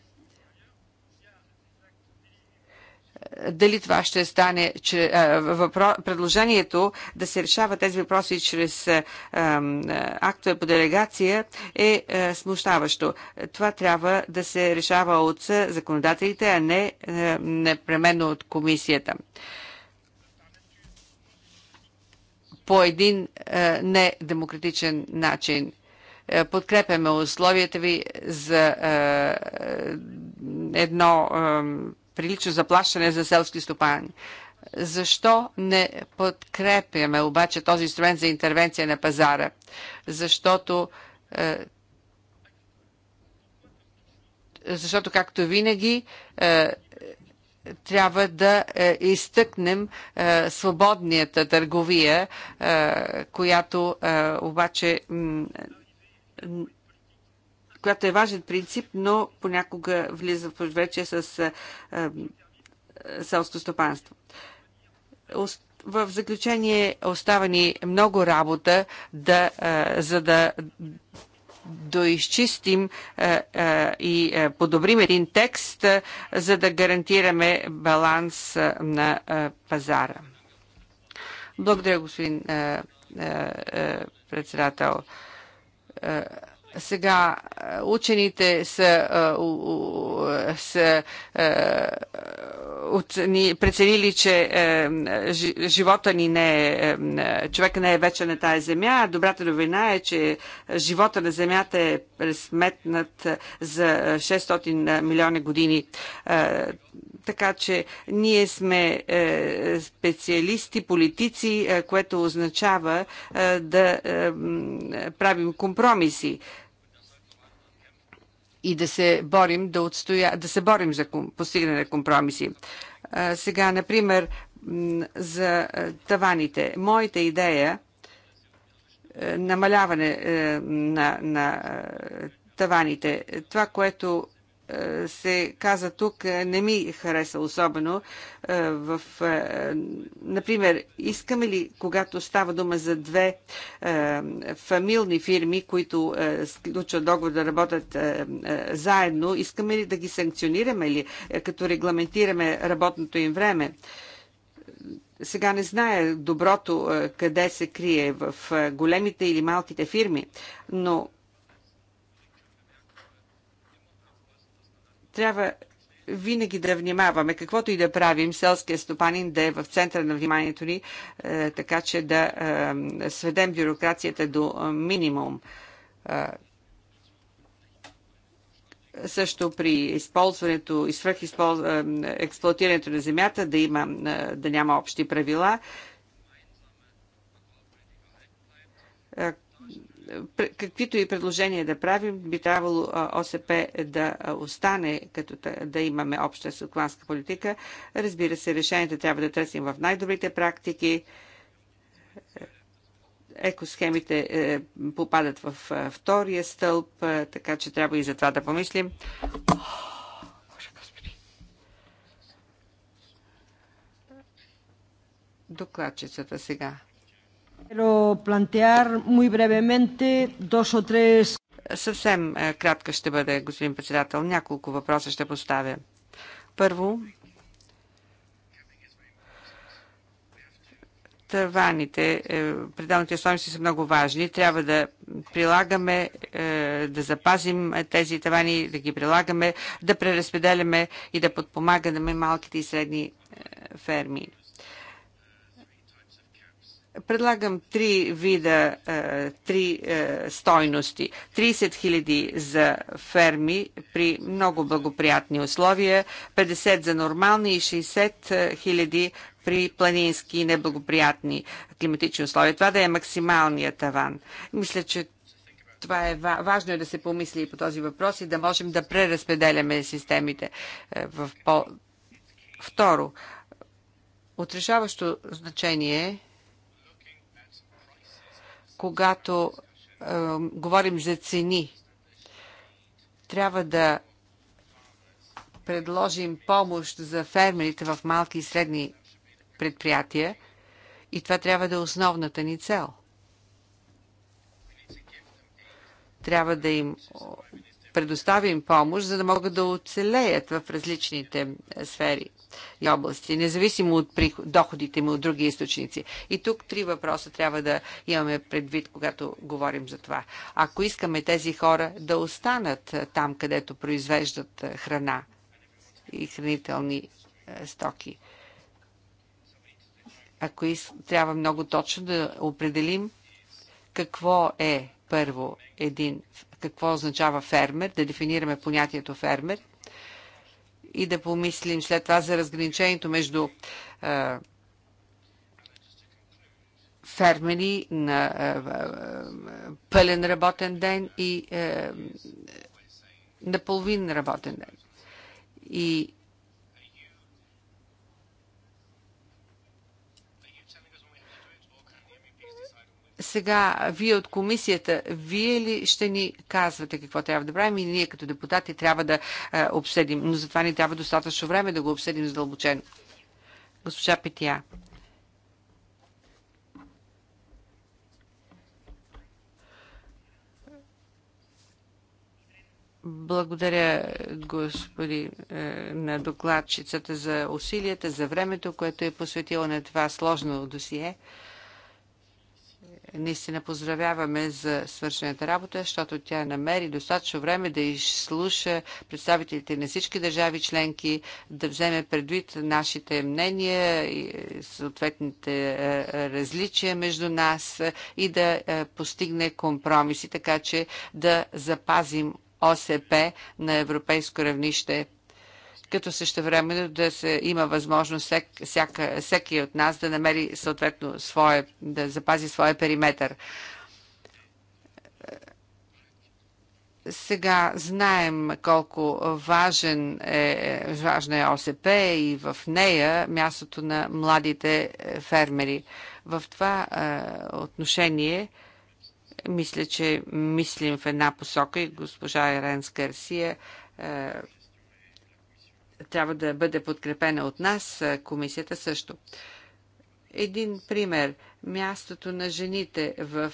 дали това ще стане че, а, въпро... предложението да се решава тези въпроси чрез а, а, актове по делегация е а, смущаващо. Това трябва да се решава от законодателите, а не а, непременно от комисията по един е, недемократичен начин. Е, подкрепяме условията ви за е, едно прилично заплащане за селски стопани. Защо не подкрепяме обаче този инструмент за интервенция на пазара? Защото защото както винаги трябва да е, изтъкнем е, свободнията търговия, е, която обаче която е важен принцип, но понякога влиза в вече с селско стопанство. В заключение остава ни много работа, да, за да доизчистим е, е, и е, подобрим един текст, за да гарантираме баланс на пазара. Благодаря, господин председател сега е, учените са, е, са е, преценили, че живота ни не е, Човек не е вече на тази земя. Добрата новина е, че живота на земята е сметнат за 600 милиона години. Така че ние сме специалисти, политици, което означава да правим компромиси и да се борим, да отстоя, да се борим за постигане на компромиси. Сега, например, за таваните. Моята идея е, намаляване е, на, на таваните. Това, което се каза тук, е, не ми хареса особено. Е, в, е, например, искаме ли, когато става дума за две фамилни фирми, които сключват договор да работят заедно, искаме ли да ги санкционираме ли, като регламентираме работното им време? Сега не знае доброто къде се крие в големите или малките фирми, но трябва винаги да внимаваме, каквото и да правим, селския стопанин да е в центъра на вниманието ни, е, така че да е, сведем бюрокрацията до е, минимум. Също при използването и свръхексплуатирането свръхизполз... на земята да, има, да няма общи правила каквито и предложения да правим, би трябвало ОСП да остане, като да имаме обща сукланска политика. Разбира се, решенията трябва да търсим в най-добрите практики. Екосхемите е, попадат в втория стълб, така че трябва и за това да помислим. Докладчицата сега. Съвсем е, кратка ще бъде, господин председател. Няколко въпроса ще поставя. Първо, таваните, е, пределните стойности са много важни. Трябва да прилагаме, е, да запазим тези тавани, да ги прилагаме, да преразпределяме и да подпомагаме малките и средни ферми. Предлагам три вида, е, три е, стойности. 30 хиляди за ферми при много благоприятни условия, 50 за нормални и 60 е, хиляди при планински и неблагоприятни климатични условия. Това да е максималният таван. Мисля, че това е важно е да се помисли и по този въпрос и да можем да преразпределяме системите в по... Второ, отрешаващо значение е когато е, говорим за цени. Трябва да предложим помощ за фермерите в малки и средни предприятия и това трябва да е основната ни цел. Трябва да им предоставим помощ, за да могат да оцелеят в различните сфери и области, независимо от доходите му от други източници. И тук три въпроса трябва да имаме предвид, когато говорим за това. Ако искаме тези хора да останат там, където произвеждат храна и хранителни стоки, ако из... трябва много точно да определим какво е първо един, какво означава фермер, да дефинираме понятието фермер – и да помислим след това за разграничението между фермери на пълен работен ден и на половин работен ден. И Сега, вие от комисията, вие ли ще ни казвате какво трябва да правим и ние като депутати трябва да е, обсъдим, но затова ни трябва достатъчно време да го обсъдим задълбочено. Госпожа Петия. Благодаря, господи, е, на докладчицата за усилията, за времето, което е посветила на това сложно досие. Наистина поздравяваме за свършената работа, защото тя намери достатъчно време да изслуша представителите на всички държави членки, да вземе предвид нашите мнения и е, съответните е, е, различия между нас и да постигне компромиси, така че да запазим ОСП на европейско равнище като същевременно да се има възможност всек, всяка, всеки от нас да намери съответно свое, да запази своя периметър. Сега знаем колко важен е, важна е ОСП и в нея мястото на младите фермери. В това е, отношение мисля, че мислим в една посока и госпожа Еренс Гарсия е, трябва да бъде подкрепена от нас, комисията също. Един пример. Мястото на жените в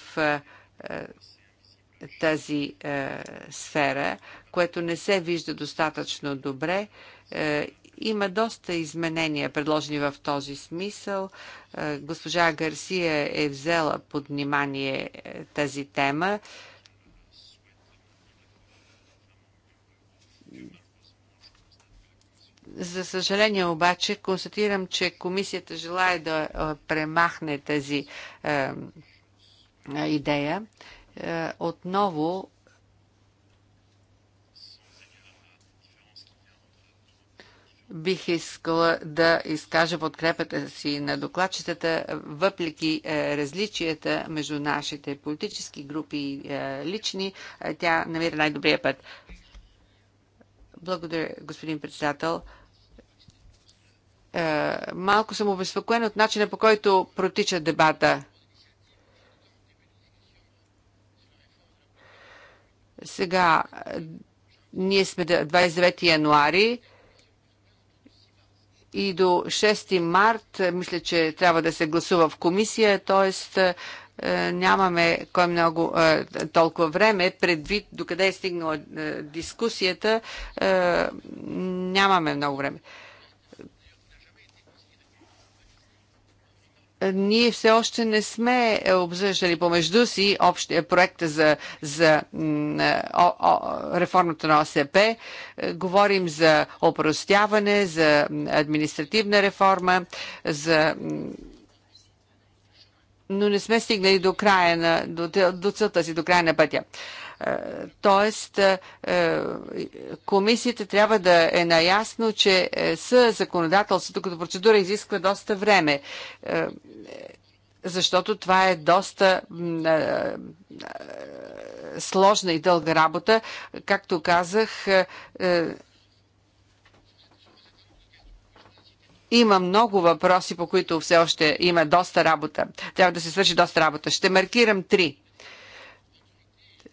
тази е, сфера, което не се вижда достатъчно добре. Е, има доста изменения, предложени в този смисъл. Е, госпожа Гарсия е взела под внимание тази тема. За съжаление обаче констатирам, че комисията желая да е, премахне тази е, идея. Е, отново бих искала да изкажа подкрепата си на докладчетата, въпреки е, различията между нашите политически групи и е, лични. Тя намира най-добрия път. Благодаря, господин председател. Е, малко съм обезпокоен от начина по който протича дебата. Сега, ние сме 29 януари и до 6 март, е, мисля, че трябва да се гласува в комисия, т.е е, нямаме кой много толкова време, предвид докъде е стигнала дискусията, нямаме много време. ние все още не сме е, обсъждали помежду си общия проект за, за е, о, о, реформата на ОСП. Е, говорим за опростяване, за административна реформа, за но не сме стигнали до края на, до, до целта си, до края на пътя. Е, тоест, е, комисията трябва да е наясно, че е, с законодателството като процедура изисква доста време защото това е доста сложна и дълга работа. Както казах, има много въпроси, по които все още има доста работа. Трябва да се свърши доста работа. Ще маркирам три.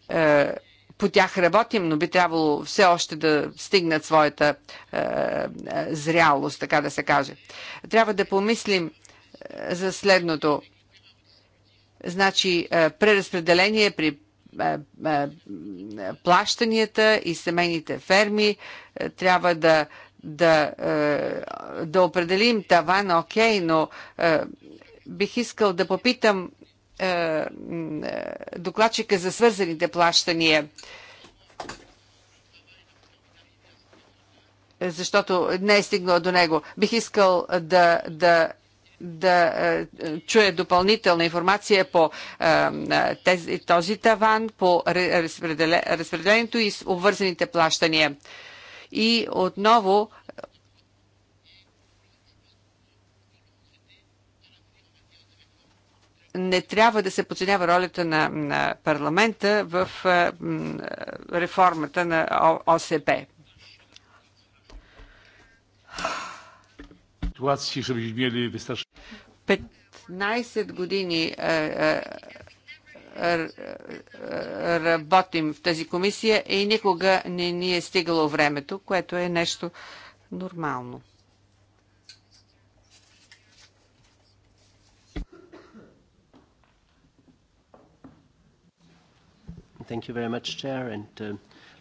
Е, по тях работим, но би трябвало все още да стигнат своята е, е зрялост, така да се каже. Трябва да помислим е, за следното. Значи, е, преразпределение при е, е, плащанията и семейните ферми е, трябва да, да, да определим таван, окей, но бих искал да попитам е, е, докладчика за свързаните плащания. Защото не е стигнала до него. Бих искал да, да да е, чуя допълнителна информация по тези, този таван, по разпределението и обвързаните плащания. И отново не трябва да се подценява ролята на, на парламента в е, е, реформата на ОСП. Пет 15 години е, работим в тази комисия и никога не ни е стигало времето, което е нещо нормално. Thank you very much, Chair, and uh,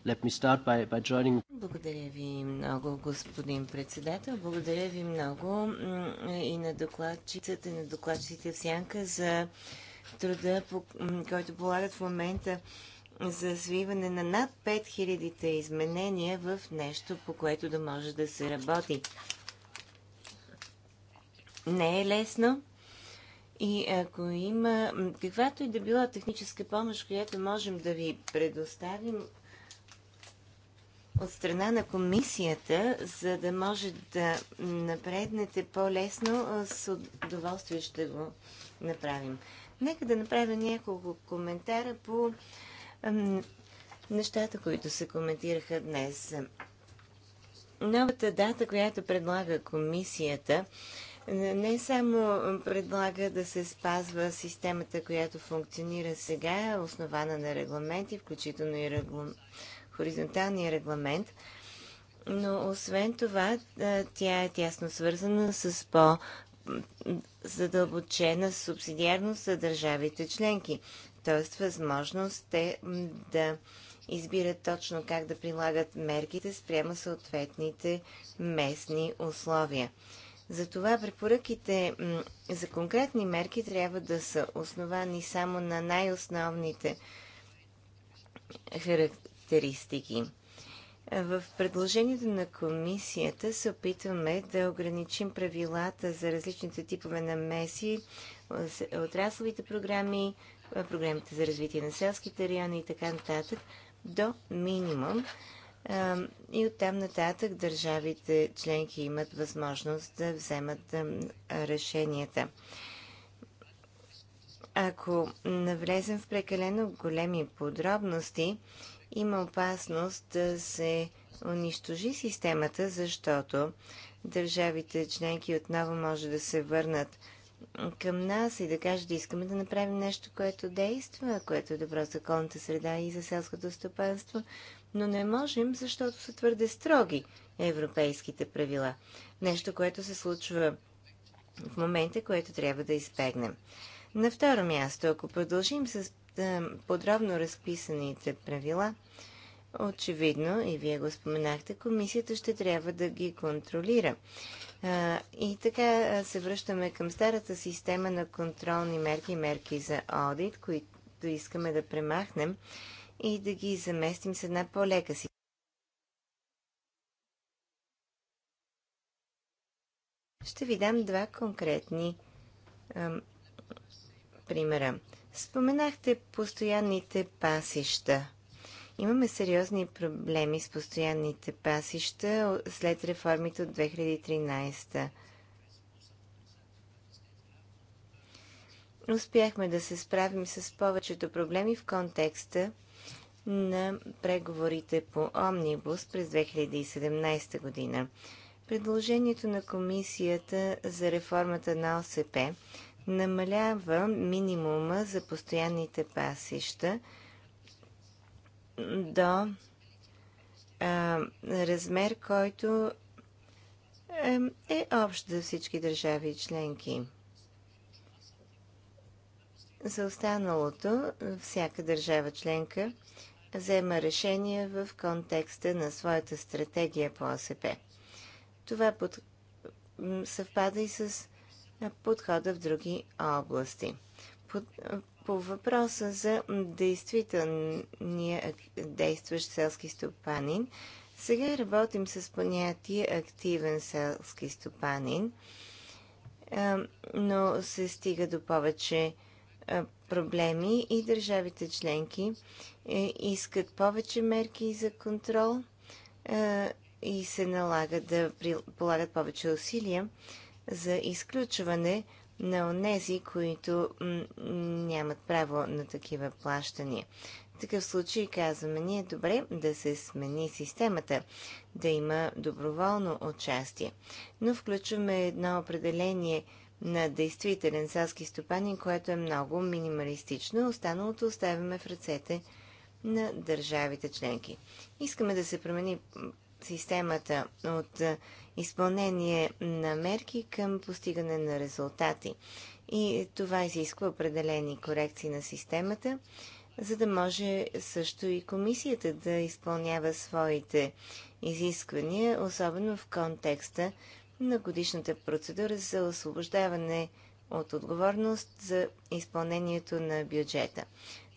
let me start by, by joining... Благодаря ви много, господин председател. Благодаря ви много и на докладчицата, и на докладчиците в Сянка за труда, по, който полагат в момента за свиване на над 5000 изменения в нещо, по което да може да се работи. Не е лесно. И ако има каквато и да била техническа помощ, която можем да ви предоставим от страна на комисията, за да може да напреднете по-лесно, с удоволствие ще го направим. Нека да направя няколко коментара по нещата, които се коментираха днес. Новата дата, която предлага комисията, не само предлага да се спазва системата, която функционира сега, основана на регламенти, включително и реглам... хоризонталния регламент, но освен това тя е тясно свързана с по- задълбочена субсидиарност за държавите членки, т.е. възможност те да избират точно как да прилагат мерките спрямо съответните местни условия. Затова препоръките за конкретни мерки трябва да са основани само на най-основните характеристики. В предложението на комисията се опитваме да ограничим правилата за различните типове на меси, отрасловите програми, програмите за развитие на селските райони и така нататък до минимум, и оттам нататък държавите членки имат възможност да вземат решенията. Ако навлезем в прекалено големи подробности, има опасност да се унищожи системата, защото държавите членки отново може да се върнат към нас и да кажат, да искаме да направим нещо, което действа, което е добро за околната среда и за селското стопанство, но не можем, защото са твърде строги европейските правила. Нещо, което се случва в момента, което трябва да избегнем. На второ място, ако продължим с подробно разписаните правила, очевидно, и вие го споменахте, комисията ще трябва да ги контролира. И така се връщаме към старата система на контролни мерки и мерки за аудит, които искаме да премахнем и да ги заместим с една по-лека си. Ще ви дам два конкретни ам, примера. Споменахте постоянните пасища. Имаме сериозни проблеми с постоянните пасища след реформите от 2013. Успяхме да се справим с повечето проблеми в контекста на преговорите по Омнибус през 2017 година. Предложението на Комисията за реформата на ОСП намалява минимума за постоянните пасища до а, размер, който а, е общ за всички държави и членки. За останалото, всяка държава членка взема решения в контекста на своята стратегия по ОСП. Това под... съвпада и с подхода в други области. По, По въпроса за действителния действащ селски стопанин, сега работим с понятие активен селски стопанин, но се стига до повече проблеми и държавите членки е, искат повече мерки за контрол е, и се налага да полагат повече усилия за изключване на онези, които нямат право на такива плащания. В такъв случай казваме ние добре да се смени системата, да има доброволно участие. Но включваме едно определение – на действителен селски стопанин, което е много минималистично. Останалото оставяме в ръцете на държавите членки. Искаме да се промени системата от изпълнение на мерки към постигане на резултати. И това изисква определени корекции на системата, за да може също и комисията да изпълнява своите изисквания, особено в контекста на годишната процедура за освобождаване от отговорност за изпълнението на бюджета.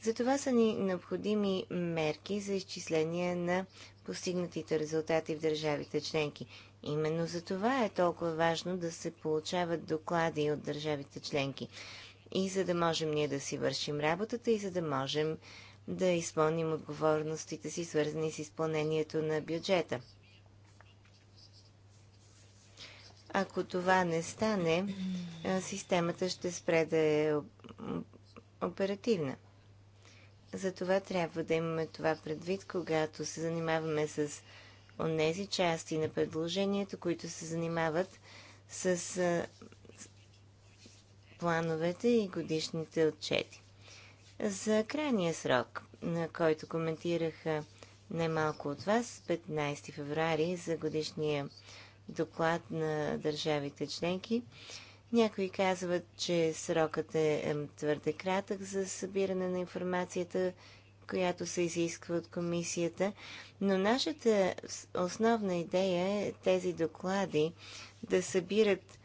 За това са ни необходими мерки за изчисление на постигнатите резултати в държавите членки. Именно за това е толкова важно да се получават доклади от държавите членки. И за да можем ние да си вършим работата и за да можем да изпълним отговорностите си, свързани с изпълнението на бюджета. Ако това не стане, системата ще спре да е оперативна. Затова трябва да имаме това предвид, когато се занимаваме с онези части на предложението, които се занимават с плановете и годишните отчети. За крайния срок, на който коментираха немалко от вас, 15 феврари за годишния доклад на държавите членки. Някои казват, че срокът е, е твърде кратък за събиране на информацията, която се изисква от комисията, но нашата основна идея е тези доклади да събират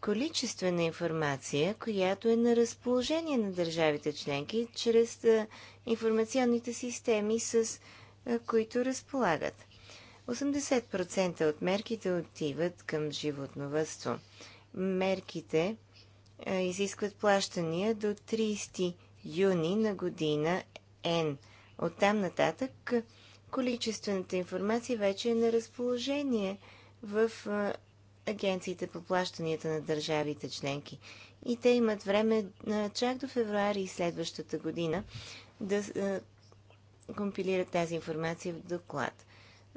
количествена информация, която е на разположение на държавите членки чрез информационните системи, с които разполагат. 80% от мерките отиват към животновътство. Мерките а, изискват плащания до 30 юни на година От Оттам нататък количествената информация вече е на разположение в а, агенциите по плащанията на държавите членки. И те имат време а, чак до февруари следващата година да компилират тази информация в доклад.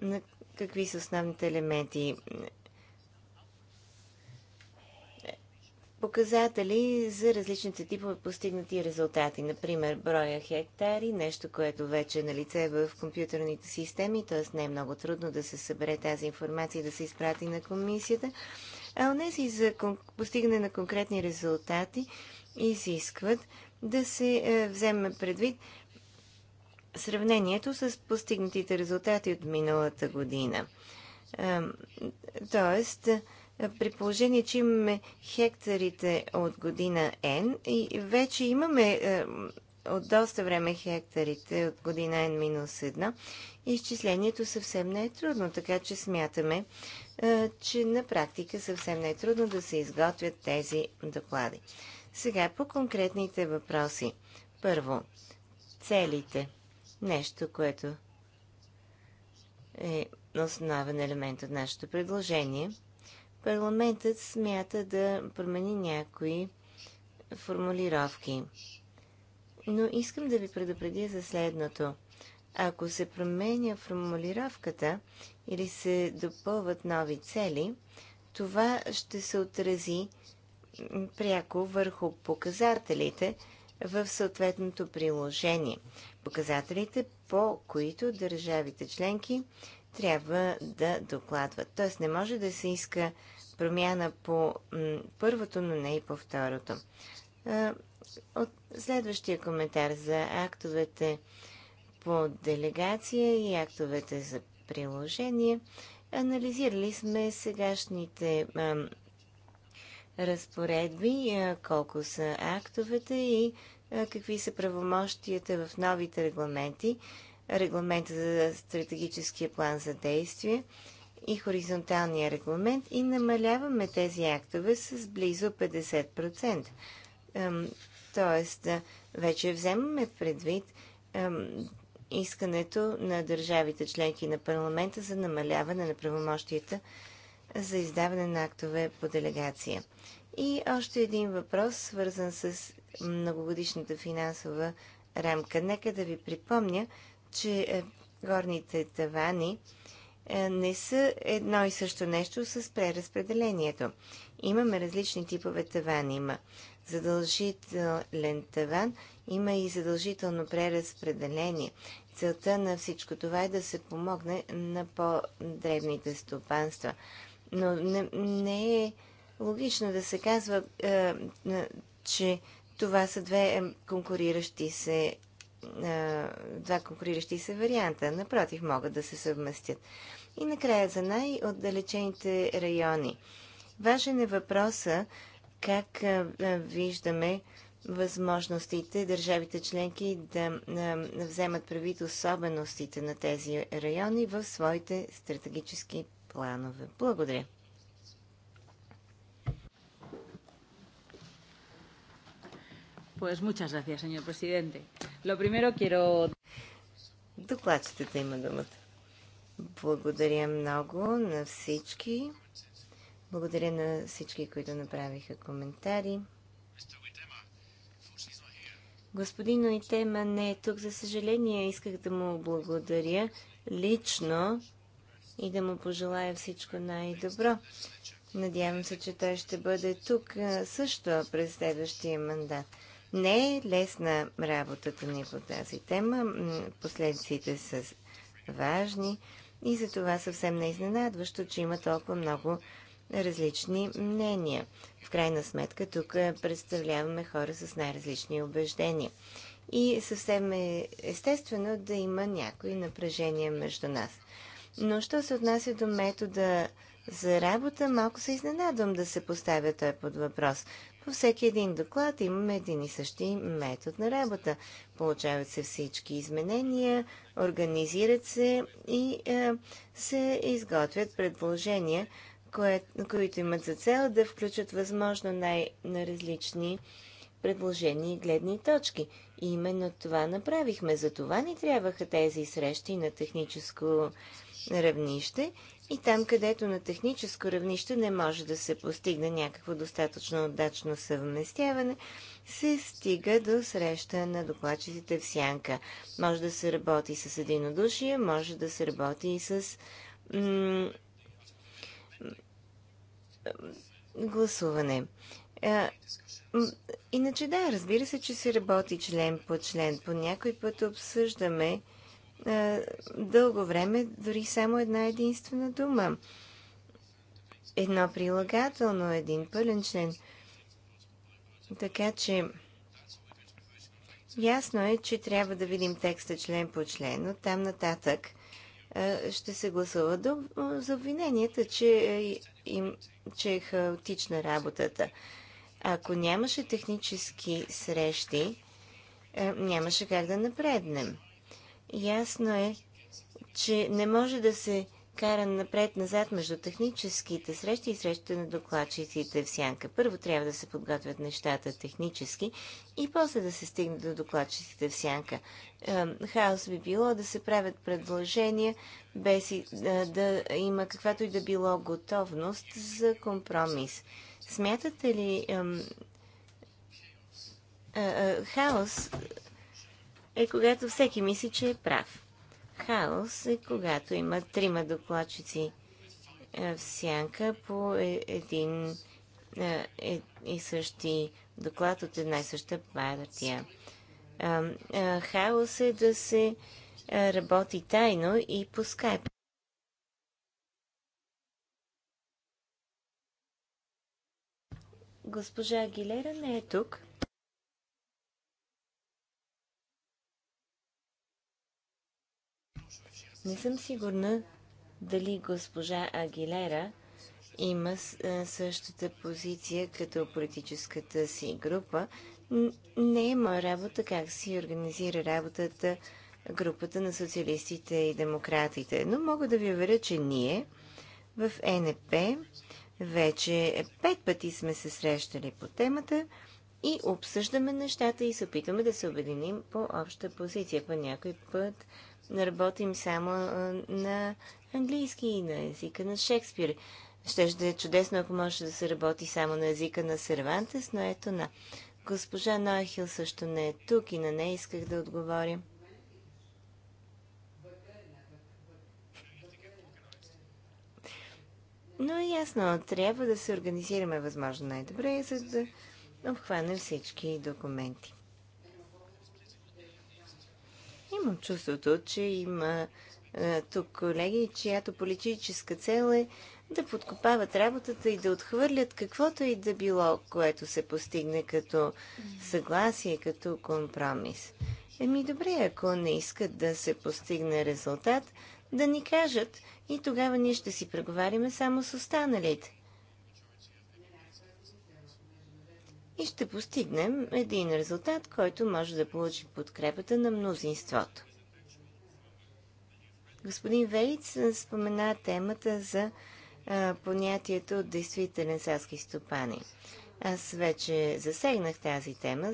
На какви са основните елементи. Показатели за различните типове постигнати резултати. Например, броя хектари, нещо, което вече е на лице в компютърните системи, т.е. не е много трудно да се събере тази информация и да се изпрати на комисията. А онези за постигане на конкретни резултати изискват да се е, вземе предвид сравнението с постигнатите резултати от миналата година. Тоест, при положение, че имаме хектарите от година N и вече имаме от доста време хектарите от година N минус 1, изчислението съвсем не е трудно, така че смятаме, че на практика съвсем не е трудно да се изготвят тези доклади. Сега по конкретните въпроси. Първо, целите – Нещо, което е основен елемент от нашето предложение. Парламентът смята да промени някои формулировки. Но искам да ви предупредя за следното. Ако се променя формулировката или се допълват нови цели, това ще се отрази пряко върху показателите, в съответното приложение. Показателите, по които държавите членки трябва да докладват. Т.е. не може да се иска промяна по първото, но не и по второто. От следващия коментар за актовете по делегация и актовете за приложение. Анализирали сме сегашните разпоредби, колко са актовете и какви са правомощията в новите регламенти, регламента за стратегическия план за действие и хоризонталния регламент и намаляваме тези актове с близо 50%. Тоест, вече вземаме предвид искането на държавите членки на парламента за намаляване на правомощията за издаване на актове по делегация. И още един въпрос, свързан с многогодишната финансова рамка. Нека да ви припомня, че е, горните тавани е, не са едно и също нещо с преразпределението. Имаме различни типове тавани. Има задължителен таван, има и задължително преразпределение. Целта на всичко това е да се помогне на по-древните стопанства. Но не, не е логично да се казва, е, че това са две конкуриращи се е, два конкуриращи се варианта. Напротив, могат да се съвместят. И накрая за най-отдалечените райони. Важен е въпроса как е, виждаме възможностите държавите членки да вземат правит особеностите на тези райони в своите стратегически планове. Благодаря. Pues muchas gracias, señor presidente. Lo primero quiero... Докладчетата има думата. Благодаря много на всички. Благодаря на всички, които направиха коментари. Господин Уитема не е тук, за съжаление. Исках да му благодаря лично и да му пожелая всичко най-добро. Надявам се, че той ще бъде тук също през следващия мандат. Не е лесна работата ни по тази тема. Последиците са важни и за това съвсем не е изненадващо, че има толкова много различни мнения. В крайна сметка тук представляваме хора с най-различни убеждения. И съвсем е естествено да има някои напрежения между нас. Но що се отнася до метода за работа, малко се изненадвам да се поставя той под въпрос. По всеки един доклад имаме един и същи метод на работа. Получават се всички изменения, организират се и е, се изготвят предложения, кое, които имат за цел да включат възможно най-различни предложения и гледни точки. И именно това направихме. За това ни трябваха тези срещи на техническо равнище и там, където на техническо равнище не може да се постигне някакво достатъчно отдачно съвместяване, се стига до среща на докладчиците в сянка. Може да се работи с единодушие, може да се работи и с гласуване. иначе да, разбира се, че се работи член по член. По някой път обсъждаме е, дълго време дори само една единствена дума. Едно прилагателно, един пълен член. Така че ясно е, че трябва да видим текста член по член. От там нататък е, ще се гласува за обвиненията, че, е, им, че е хаотична работата. Ако нямаше технически срещи, нямаше как да напреднем. Ясно е, че не може да се кара напред-назад между техническите срещи и срещите на докладчиците в сянка. Първо трябва да се подготвят нещата технически и после да се стигне до докладчиците в сянка. Хаос би било да се правят предложения без е, да има каквато и да било готовност за компромис. Смятате ли е, е, хаос е когато всеки мисли, че е прав. Хаос е когато има трима докладчици е, в сянка по е, един е, и същи доклад от една и съща партия. Хаос е да се работи тайно и по скайп. Госпожа Агилера не е тук. Не съм сигурна дали госпожа Агилера има е, същата позиция като политическата си група. Не е моя работа как си организира работата групата на социалистите и демократите. Но мога да ви уверя, че ние в НП вече пет пъти сме се срещали по темата и обсъждаме нещата и се опитваме да се обединим по обща позиция. По някой път работим само на английски и на езика на Шекспир. Ще ще е чудесно, ако може да се работи само на езика на Сервантес, но ето на. Госпожа Нойхил също не е тук и на нея исках да отговоря. Но е ясно, трябва да се организираме възможно най-добре, за да обхванем всички документи. Имам чувството, че има е, тук колеги, чиято политическа цел е да подкопават работата и да отхвърлят каквото и да било, което се постигне като съгласие, като компромис. Еми добре, ако не искат да се постигне резултат, да ни кажат и тогава ние ще си преговариме само с останалите. и ще постигнем един резултат, който може да получи подкрепата на мнозинството. Господин Велиц спомена темата за понятието понятието действителен селски стопани. Аз вече засегнах тази тема.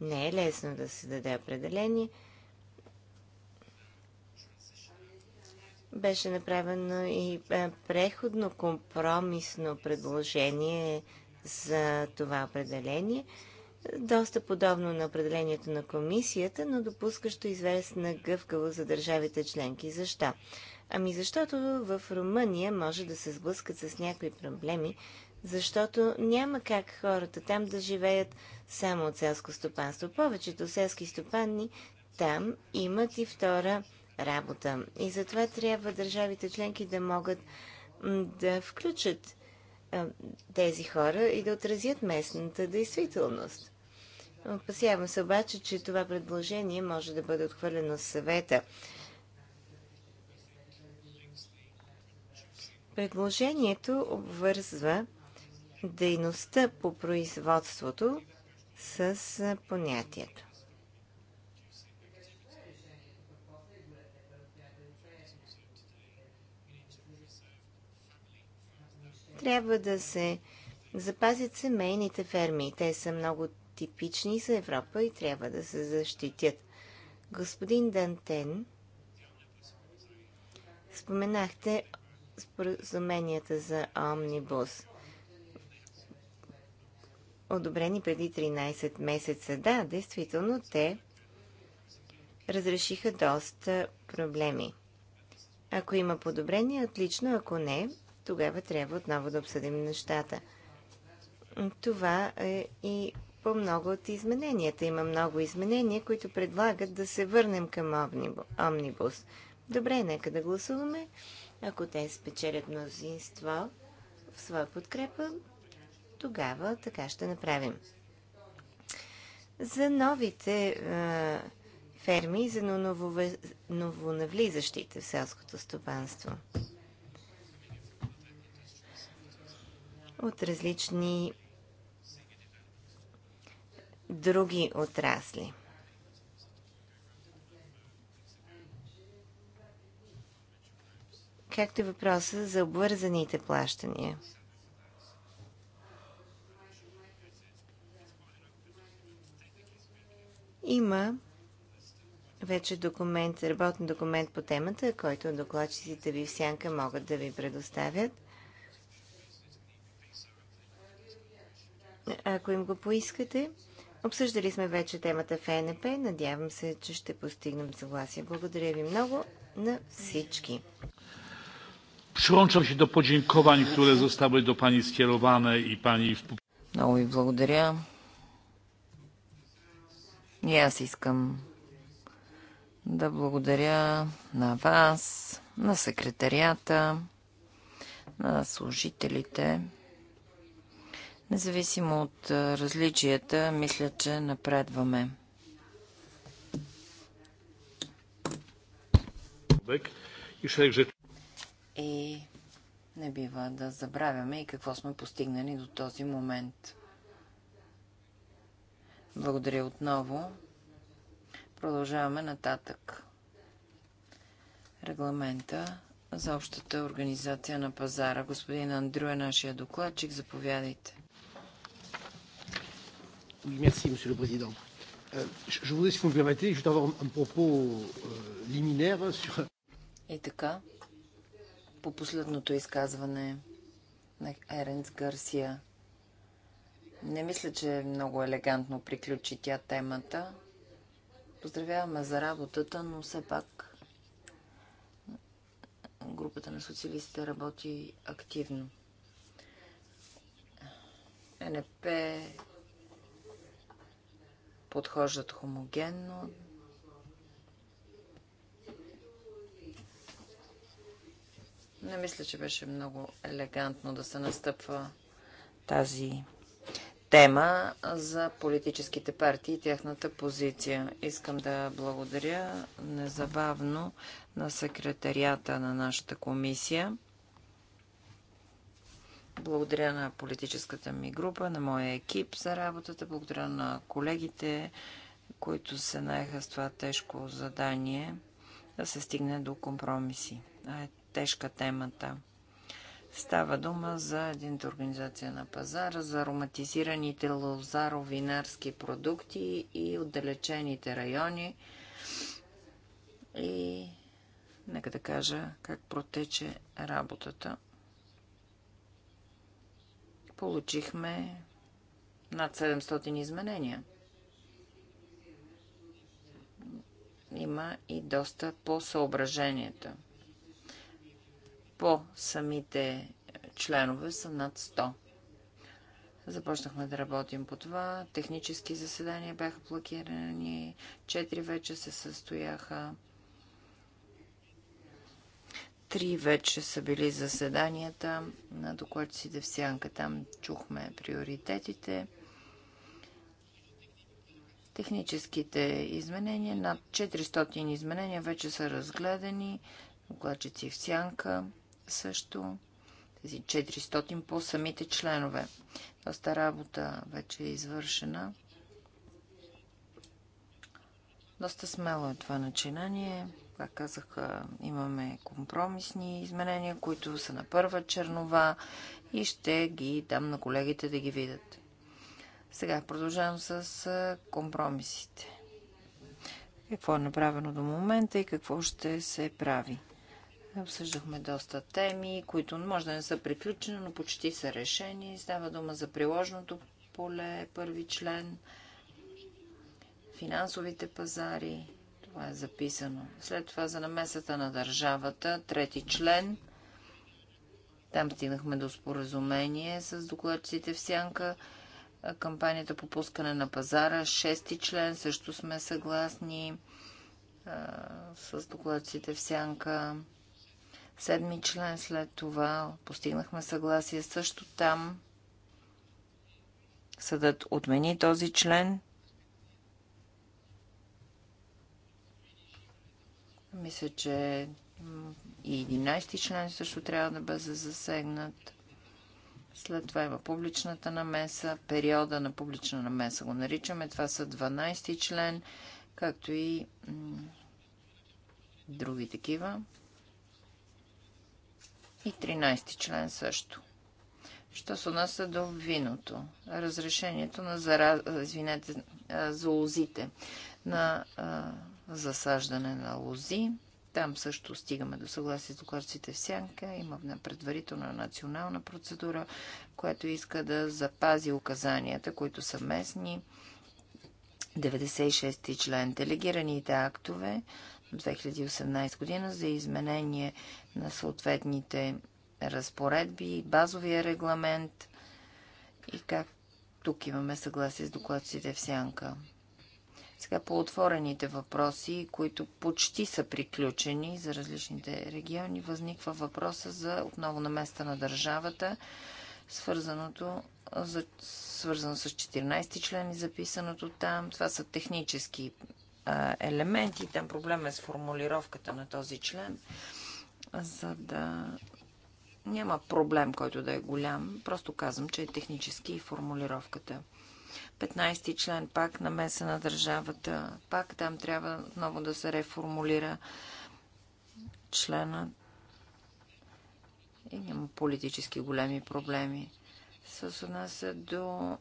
Не е лесно да се даде определение. Беше направено и преходно компромисно предложение за това определение, доста подобно на определението на комисията, но допускащо известна гъвкаво за държавите членки. Защо? Ами защото в Румъния може да се сблъскат с някои проблеми, защото няма как хората там да живеят само от селско стопанство. Повечето селски стопани там имат и втора работа. И затова трябва държавите членки да могат да включат тези хора и да отразят местната действителност. Опасявам се обаче, че това предложение може да бъде отхвърлено с съвета. Предложението обвързва дейността по производството с понятието. Трябва да се запазят семейните ферми. Те са много типични за Европа и трябва да се защитят. Господин Дантен, споменахте споразуменията за Омнибус. Одобрени преди 13 месеца. Да, действително, те разрешиха доста проблеми. Ако има подобрение, отлично, ако не, тогава трябва отново да обсъдим нещата. Това е и по много от измененията. Има много изменения, които предлагат да се върнем към омнибус. Добре, нека да гласуваме. Ако те спечелят мнозинство в своя подкрепа, тогава така ще направим. За новите е, ферми за новонавлизащите в селското стопанство. от различни други отрасли. Както и въпроса за обвързаните плащания. Има вече документ, работен документ по темата, който докладчиците ви в сянка могат да ви предоставят – ако им го поискате. Обсъждали сме вече темата в ЕНП. Надявам се, че ще постигнем съгласие. Благодаря ви много на всички. Przyłączam się do podziękowań, które zostały do Pani skierowane i Pani... Много ви благодаря. И аз искам да благодаря на вас, на секретарията, на служителите, Независимо от различията, мисля, че напредваме. И не бива да забравяме и какво сме постигнали до този момент. Благодаря отново. Продължаваме нататък. Регламента за общата организация на пазара. Господин Андрю е нашия докладчик. Заповядайте. Oui, merci, Monsieur le Président. Euh, je voudrais, si vous me permettez, juste avoir un propos euh, liminaire sur... И така, по последното изказване на Еренс Гарсия, не мисля, че е много елегантно приключи тя темата. Поздравяваме за работата, но все пак групата на социалистите работи активно. Е, НП подхождат хомогенно. Не мисля, че беше много елегантно да се настъпва тази тема за политическите партии и тяхната позиция. Искам да благодаря незабавно на секретарията на нашата комисия благодаря на политическата ми група, на моя екип за работата, благодаря на колегите, които се наеха с това тежко задание да се стигне до компромиси. А е тежка темата. Става дума за единта организация на пазара, за ароматизираните лозаро-винарски продукти и отдалечените райони. И нека да кажа как протече работата Получихме над 700 изменения. Има и доста по съображенията. По самите членове са над 100. Започнахме да работим по това. Технически заседания бяха блокирани. Четири вече се състояха. Три вече са били заседанията на докладците в Сянка. Там чухме приоритетите. Техническите изменения, над 400 изменения вече са разгледани. Докладчици в Сянка също. Тези 400 по самите членове. Доста работа вече е извършена. Доста смело е това начинание. Как казах, имаме компромисни изменения, които са на първа чернова и ще ги дам на колегите да ги видят. Сега продължавам с компромисите. Какво е направено до момента и какво ще се прави? Обсъждахме доста теми, които може да не са приключени, но почти са решени. Става дума за приложното поле, първи член, финансовите пазари, това е записано. След това за намесата на държавата, трети член. Там стигнахме до споразумение с докладците в Сянка. Кампанията по пускане на пазара, шести член, също сме съгласни а, с Докладците в Сянка. Седми член след това постигнахме съгласие също там. Съдът отмени този член Мисля, че и 11-ти член също трябва да бъде засегнат. След това има публичната намеса, периода на публична намеса го наричаме. Това са 12-ти член, както и други такива. И 13-ти член също. Що се отнася до виното? Разрешението на зараз... извинете, зоозите на засаждане на лози. Там също стигаме до съгласие с докладците в сянка. Имаме предварителна национална процедура, която иска да запази указанията, които са местни. 96 ти член. Делегираните актове 2018 година за изменение на съответните разпоредби, базовия регламент и как тук имаме съгласие с докладците в сянка. Сега по отворените въпроси, които почти са приключени за различните региони, възниква въпроса за отново на места на държавата, свързаното за, свързано с 14 член и записаното там. Това са технически а, елементи. Там проблема е с формулировката на този член, за да няма проблем, който да е голям. Просто казвам, че е технически и формулировката. 15 член пак на меса на държавата. Пак там трябва отново да се реформулира члена. И няма политически големи проблеми. С отнася до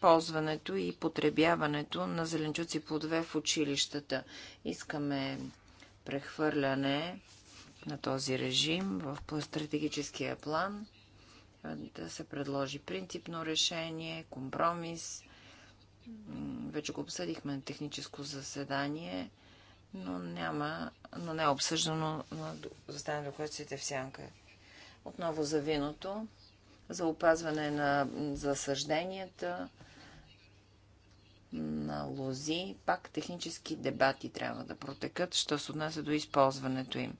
ползването и потребяването на зеленчуци плодове в училищата. Искаме прехвърляне на този режим в стратегическия план да се предложи принципно решение, компромис. Вече го обсъдихме на техническо заседание, но, няма, но не е обсъждано на заседание на доходците в Сянка. Отново за виното, за опазване на засъжденията, на лози, пак технически дебати трябва да протекат, що се отнася до използването им.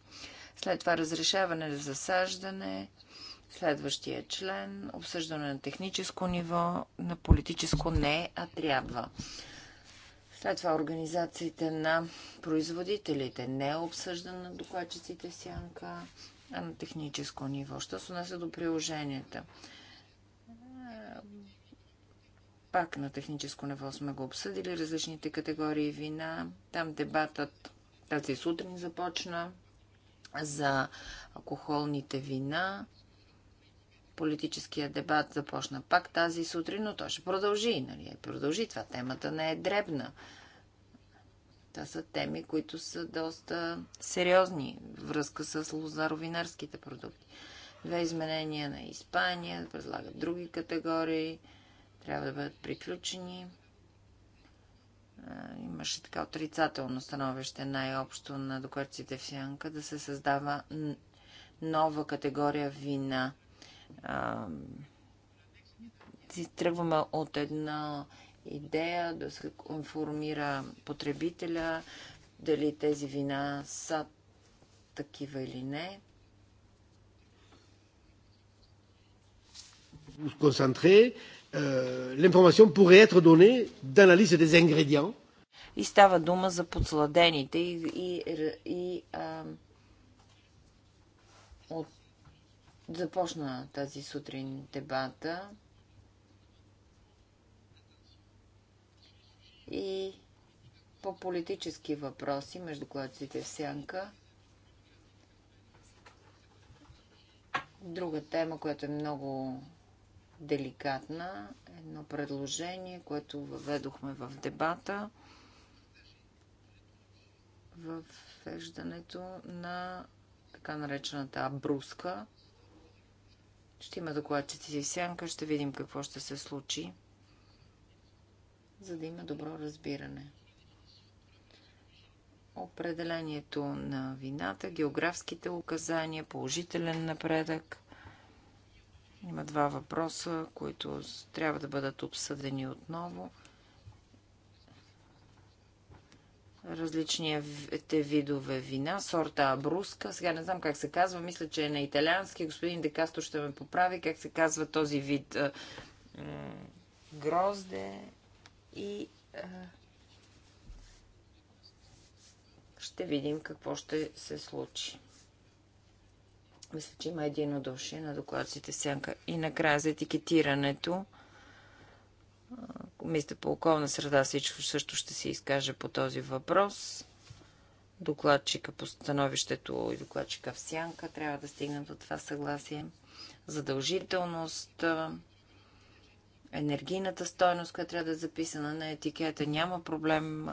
След това разрешаване за засаждане, Следващия член – обсъждане на техническо ниво, на политическо не, а трябва. След това организациите на производителите не е обсъждан на докладчиците в сянка, а на техническо ниво. Що се отнася до приложенията? Пак на техническо ниво сме го обсъдили, различните категории вина. Там дебатът тази сутрин започна за алкохолните вина. Политическия дебат започна пак тази сутрин, но то ще продължи. Нали? Е, продължи това. Темата не е дребна. Та са теми, които са доста сериозни връзка с лозаровинарските продукти. Две изменения на Испания, предлагат други категории, трябва да бъдат приключени. Имаше така отрицателно становище най-общо на докладците в Сянка да се създава нова категория вина – си тръгваме от една идея да се информира потребителя дали тези вина са такива или не. Vous concentrer, euh, l'information pourrait être donnée dans la liste des ingrédients. И става дума за подсладените и, и, и а, от Започна тази сутрин дебата и по политически въпроси между кладците в сянка. Друга тема, която е много деликатна, едно предложение, което въведохме в дебата в веждането на така наречената бруска – ще има докладчици и сянка, ще видим какво ще се случи, за да има добро разбиране. Определението на вината, географските указания, положителен напредък. Има два въпроса, които трябва да бъдат обсъдени отново – различните видове вина, сорта Абруска. Сега не знам как се казва, мисля, че е на италиански. Господин Декасто ще ме поправи как се казва този вид а, грозде и а, ще видим какво ще се случи. Мисля, че има един удовши на докладците сянка. И накрая за етикетирането. Комисията по околна среда всичко също ще се изкаже по този въпрос. Докладчика по становището и докладчика в сянка трябва да стигнат до това съгласие. Задължителност, енергийната стойност, която трябва да е записана на етикета. Няма проблем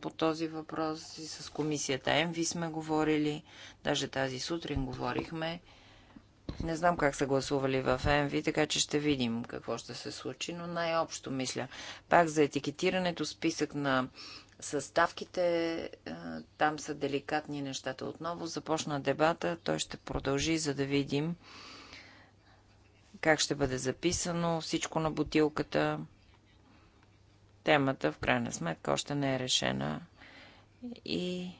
по този въпрос. И с комисията ЕМВИ сме говорили. Даже тази сутрин говорихме. Не знам как са гласували в МВ, така че ще видим какво ще се случи, но най-общо мисля. Пак за етикетирането, списък на съставките, там са деликатни нещата отново. Започна дебата, той ще продължи, за да видим как ще бъде записано всичко на бутилката. Темата, в крайна сметка, още не е решена. И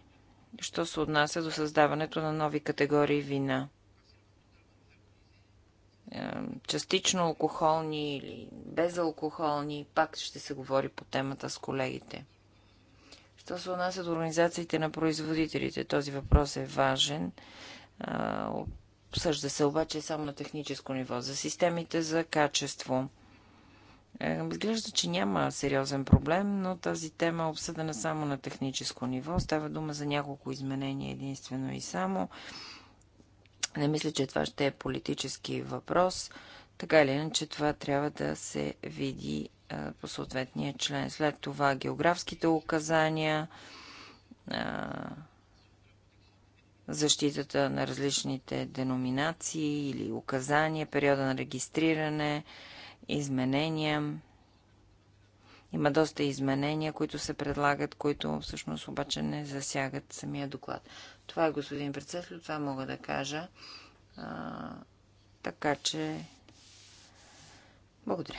що се отнася до създаването на нови категории вина. Е, частично алкохолни или безалкохолни, пак ще се говори по темата с колегите. Що се отнася до организациите на производителите, този въпрос е важен. Е, обсъжда се обаче само на техническо ниво. За системите за качество. Е, изглежда, че няма сериозен проблем, но тази тема е обсъдена само на техническо ниво. Става дума за няколко изменения единствено и само. Не мисля, че това ще е политически въпрос. Така или иначе, това трябва да се види по съответния член. След това географските указания, защитата на различните деноминации или указания, периода на регистриране, изменения. Има доста изменения, които се предлагат, които всъщност обаче не засягат самия доклад. Това е, господин председател, това мога да кажа. А, така че, благодаря.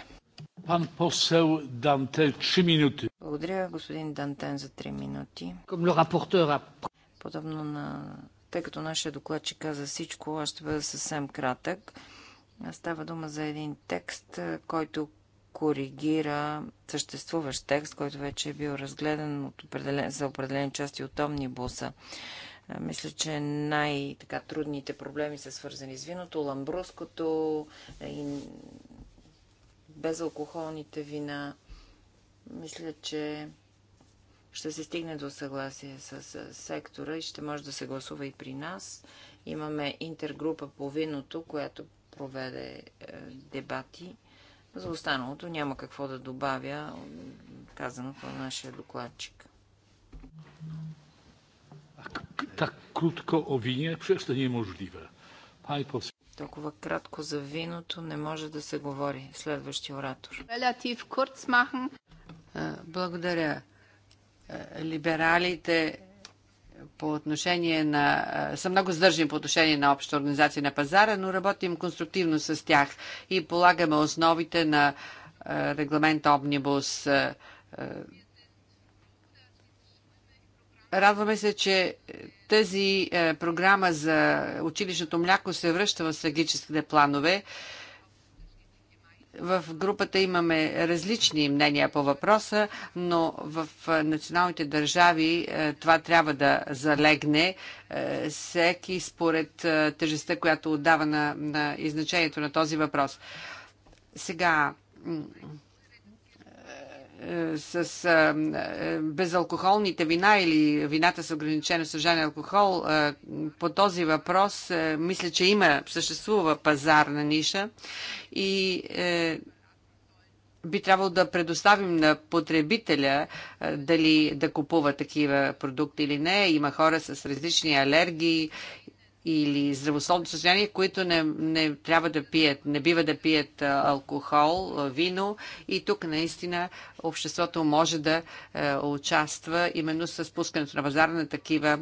Пан посел Данте, 3 минути. Благодаря, господин Дантен, за 3 минути. Подобно на... Тъй като нашия докладчик каза всичко, аз ще бъда съвсем кратък. Става дума за един текст, който коригира съществуващ текст, който вече е бил разгледан от определен, за определени части от Омнибуса. Мисля, че най-трудните проблеми са свързани с виното, ламбруското и безалкохолните вина. Мисля, че ще се стигне до съгласие с сектора и ще може да се гласува и при нас. Имаме интергрупа по виното, която проведе дебати. За останалото няма какво да добавя казаното на нашия докладчик. Так крутко о вине, przecież to niemożliwe. Pani Толкова кратко за виното не може да се говори. Следващия оратор. Релатив курц махн. Благодаря. Е, либералите по отношение на... Е, са много сдържани по отношение на общата организация на пазара, но работим конструктивно с тях и полагаме основите на е, регламент Омнибус Радваме се, че тази е, програма за училищното мляко се връща в стратегическите планове. В групата имаме различни мнения по въпроса, но в е, националните държави е, това трябва да залегне е, всеки според тежестта, която отдава на, на изначението на този въпрос. Сега, с а, безалкохолните вина или вината с ограничено съдържание алкохол, а, по този въпрос а, мисля, че има, съществува пазарна ниша и а, е, би трябвало да предоставим на потребителя дали да купува такива продукти или не. Има хора с различни алергии или здравословно състояние, които не, не трябва да пият, не бива да пият алкохол, вино и тук наистина обществото може да участва именно с пускането на пазара на такива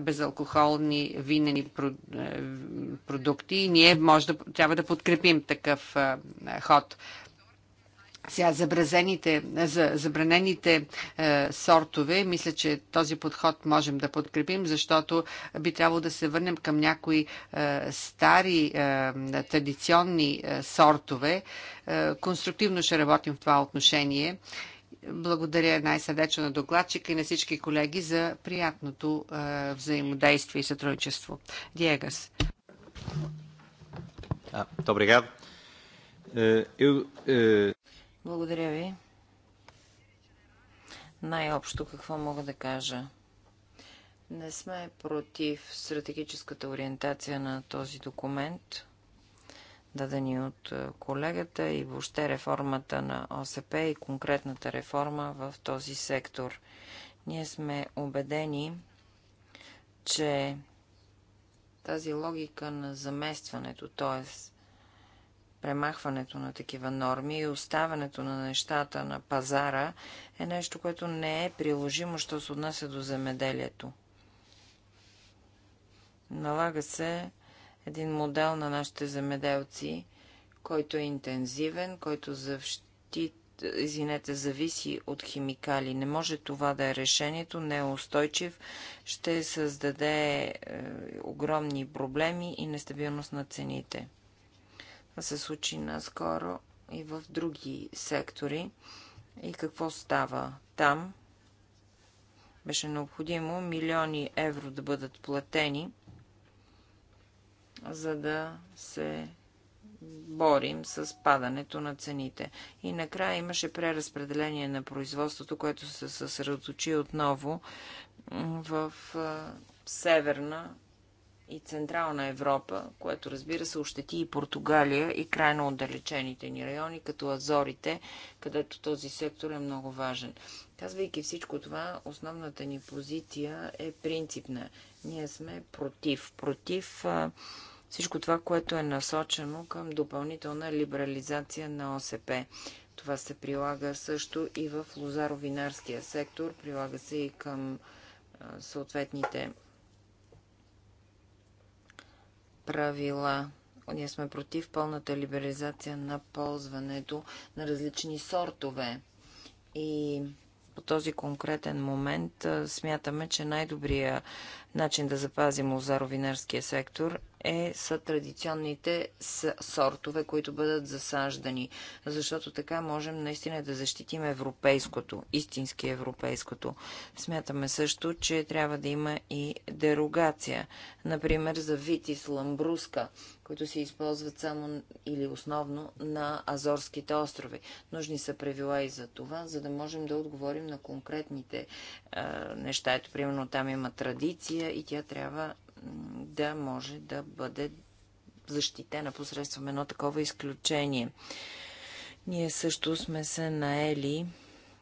безалкохолни винени продукти и ние може да, трябва да подкрепим такъв ход. Сега забразените, за, забранените е, сортове, мисля, че този подход можем да подкрепим, защото би трябвало да се върнем към някои е, стари е, традиционни е, сортове. Е, конструктивно ще работим в това отношение. Благодаря най-сърдечно на докладчика и на всички колеги за приятното е, взаимодействие и сътрудничество. Диегас. Добре, благодаря ви. Най-общо какво мога да кажа? Не сме против стратегическата ориентация на този документ, дадени от е, колегата и въобще реформата на ОСП и конкретната реформа в този сектор. Ние сме убедени, че тази логика на заместването, т.е премахването на такива норми и оставането на нещата на пазара е нещо, което не е приложимо, що се отнася до земеделието. Налага се един модел на нашите земеделци, който е интензивен, който защит, извинете, зависи от химикали. Не може това да е решението, не е устойчив, ще създаде е, огромни проблеми и нестабилност на цените се случи наскоро и в други сектори и какво става там. Беше необходимо милиони евро да бъдат платени, за да се борим с падането на цените. И накрая имаше преразпределение на производството, което се съсредоточи отново в Северна и Централна Европа, което разбира се ощети и Португалия и крайно отдалечените ни райони, като Азорите, където този сектор е много важен. Казвайки всичко това, основната ни позиция е принципна. Ние сме против. Против всичко това, което е насочено към допълнителна либерализация на ОСП. Това се прилага също и в лозаровинарския сектор, прилага се и към съответните правила. Ние сме против пълната либерализация на ползването на различни сортове. И по този конкретен момент смятаме, че най-добрият начин да запазим лозаровинарския сектор е, са традиционните сортове, които бъдат засаждани. Защото така можем наистина да защитим европейското, истински европейското. Смятаме също, че трябва да има и дерогация. Например, за витис ламбруска, които се използват само или основно на Азорските острови. Нужни са правила и за това, за да можем да отговорим на конкретните е, неща. Ето, примерно, там има традиция и тя трябва да може да бъде защитена посредством едно такова изключение. Ние също сме се наели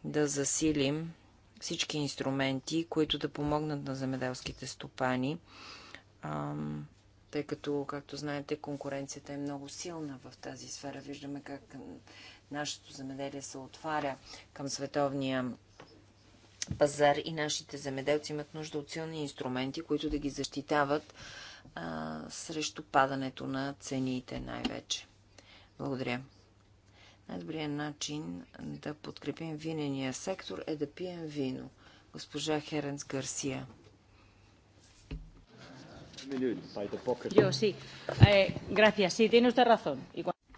да засилим всички инструменти, които да помогнат на земеделските стопани, тъй като, както знаете, конкуренцията е много силна в тази сфера. Виждаме как нашето земеделие се отваря към световния пазар и нашите земеделци имат нужда от силни инструменти, които да ги защитават а, срещу падането на цените най-вече. Благодаря. Най-добрият начин да подкрепим винения сектор е да пием вино. Госпожа Херенс Гарсия. Eh,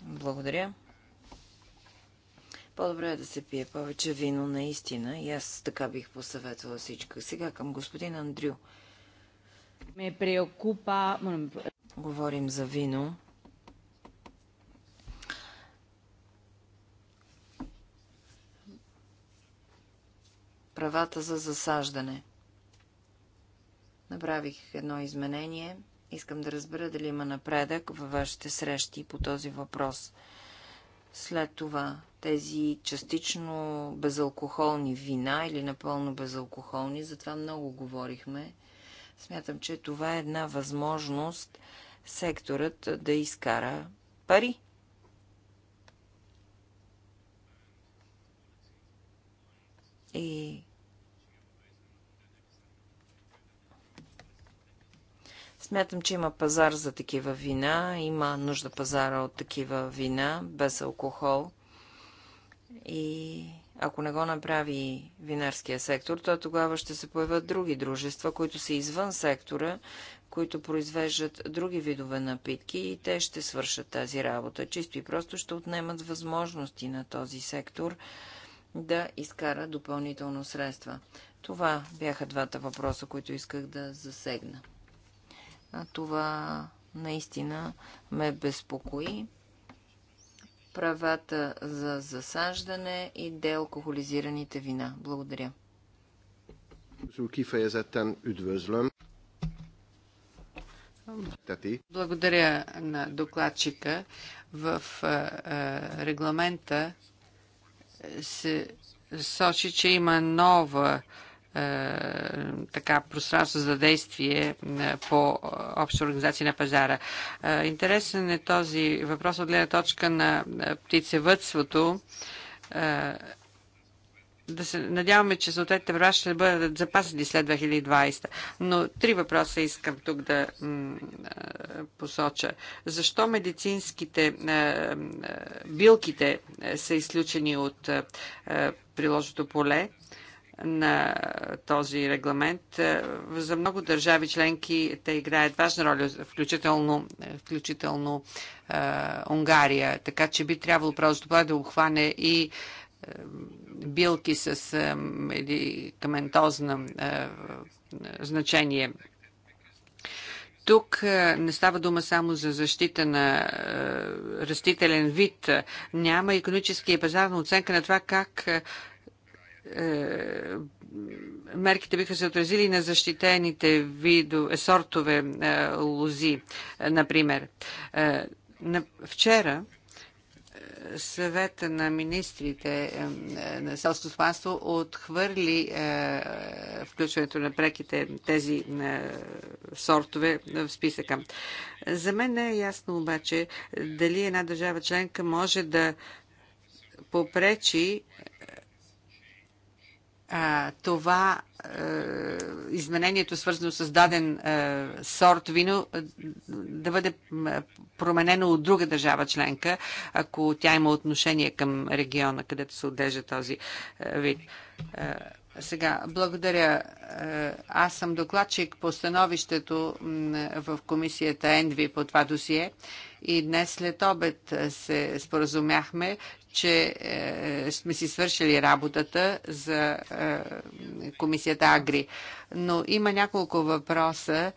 Благодаря. По-добре е да се пие повече вино, наистина. И аз така бих посъветвала всичко. Сега към господин Андрю. Ме преокупа... Говорим за вино. Правата за засаждане. Направих едно изменение. Искам да разбера дали има напредък във вашите срещи по този въпрос. След това тези частично безалкохолни вина или напълно безалкохолни, затова много говорихме. Смятам, че това е една възможност секторът да изкара пари. И Смятам, че има пазар за такива вина, има нужда пазара от такива вина без алкохол. И ако не го направи винарския сектор, то тогава ще се появят други дружества, които са извън сектора, които произвеждат други видове напитки и те ще свършат тази работа. Чисто и просто ще отнемат възможности на този сектор да изкара допълнително средства. Това бяха двата въпроса, които исках да засегна. Това наистина ме безпокои. Правата за засаждане и деалкохолизираните вина. Благодаря. Благодаря на докладчика. В регламента се сочи, че има нова е, така пространство за действие е, по е, обща организация на пазара. Интересен е този въпрос от гледна точка на птицевътството да се надяваме, че съответните права ще бъдат запасени след 2020. Но три въпроса искам тук да посоча. Защо медицинските билките са изключени от приложното поле? на този регламент. Е, за много държави членки те играят важна роля, включително, включително е, Унгария, така че би трябвало просто да обхване и е, билки с е, медикаментозно е, значение. Тук е, не става дума само за защита на е, растителен вид. Няма економическия и пазарна оценка на това как е, мерките биха се отразили на защитените виду, е, сортове е, лози, например. Вчера съвета на министрите на селското спанство отхвърли включването на преките тези сортове в списъка. За мен не е ясно обаче дали една държава членка може да попречи а, това а, е, изменението, свързано с даден а, е, сорт вино, а, е, да бъде променено от друга държава членка, ако тя има отношение към региона, където се отдежда този а, вид. А, сега, благодаря. Аз съм докладчик по становището в комисията ЕНДВИ по това досие. А, и днес след обед е, се споразумяхме, че е, сме си свършили работата за е, комисията Агри. Но има няколко въпроса,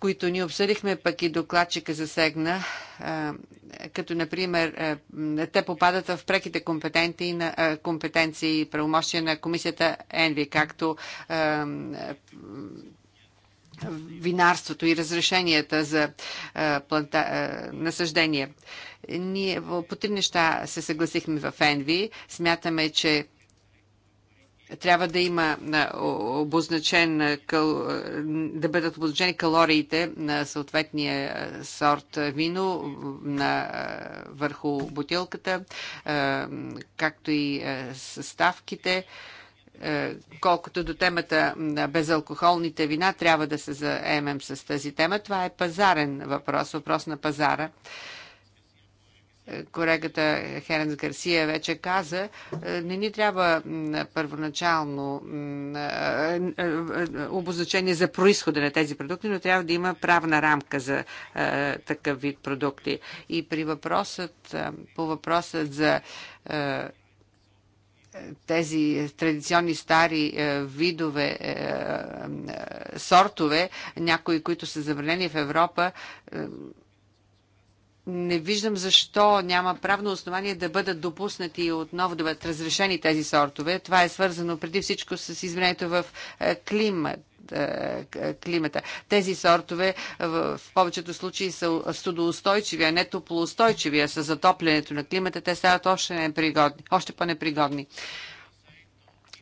които ни обсъдихме, пък и докладчика засегна, е, като например е, те попадат в преките компетенции, на, е, компетенции и правомощия на комисията Енви, както е, винарството и разрешенията за планта, насъждение. Ние по три неща се съгласихме в Енви. Смятаме, че трябва да има обозначен, да бъдат обозначени калориите на съответния сорт вино на, върху бутилката, както и съставките. Е, колкото до темата на безалкохолните вина, трябва да се заемем с тази тема. Това е пазарен въпрос, въпрос на пазара. Е, колегата Херенс Гарсия вече каза, е, не ни трябва първоначално обозначение за происхода на тези продукти, но трябва да има правна рамка за такъв вид продукти. И при въпросът, по въпросът за тези традиционни стари е, видове, е, е, сортове, някои, които са забранени в Европа, не виждам защо няма правно основание да бъдат допуснати и отново да бъдат разрешени тези сортове. Това е свързано преди всичко с изменението в климат е, е, климата. Тези сортове е, в повечето случаи са студоустойчиви, а не топлоустойчиви, а с затоплянето на климата те стават още, непригодни, още по-непригодни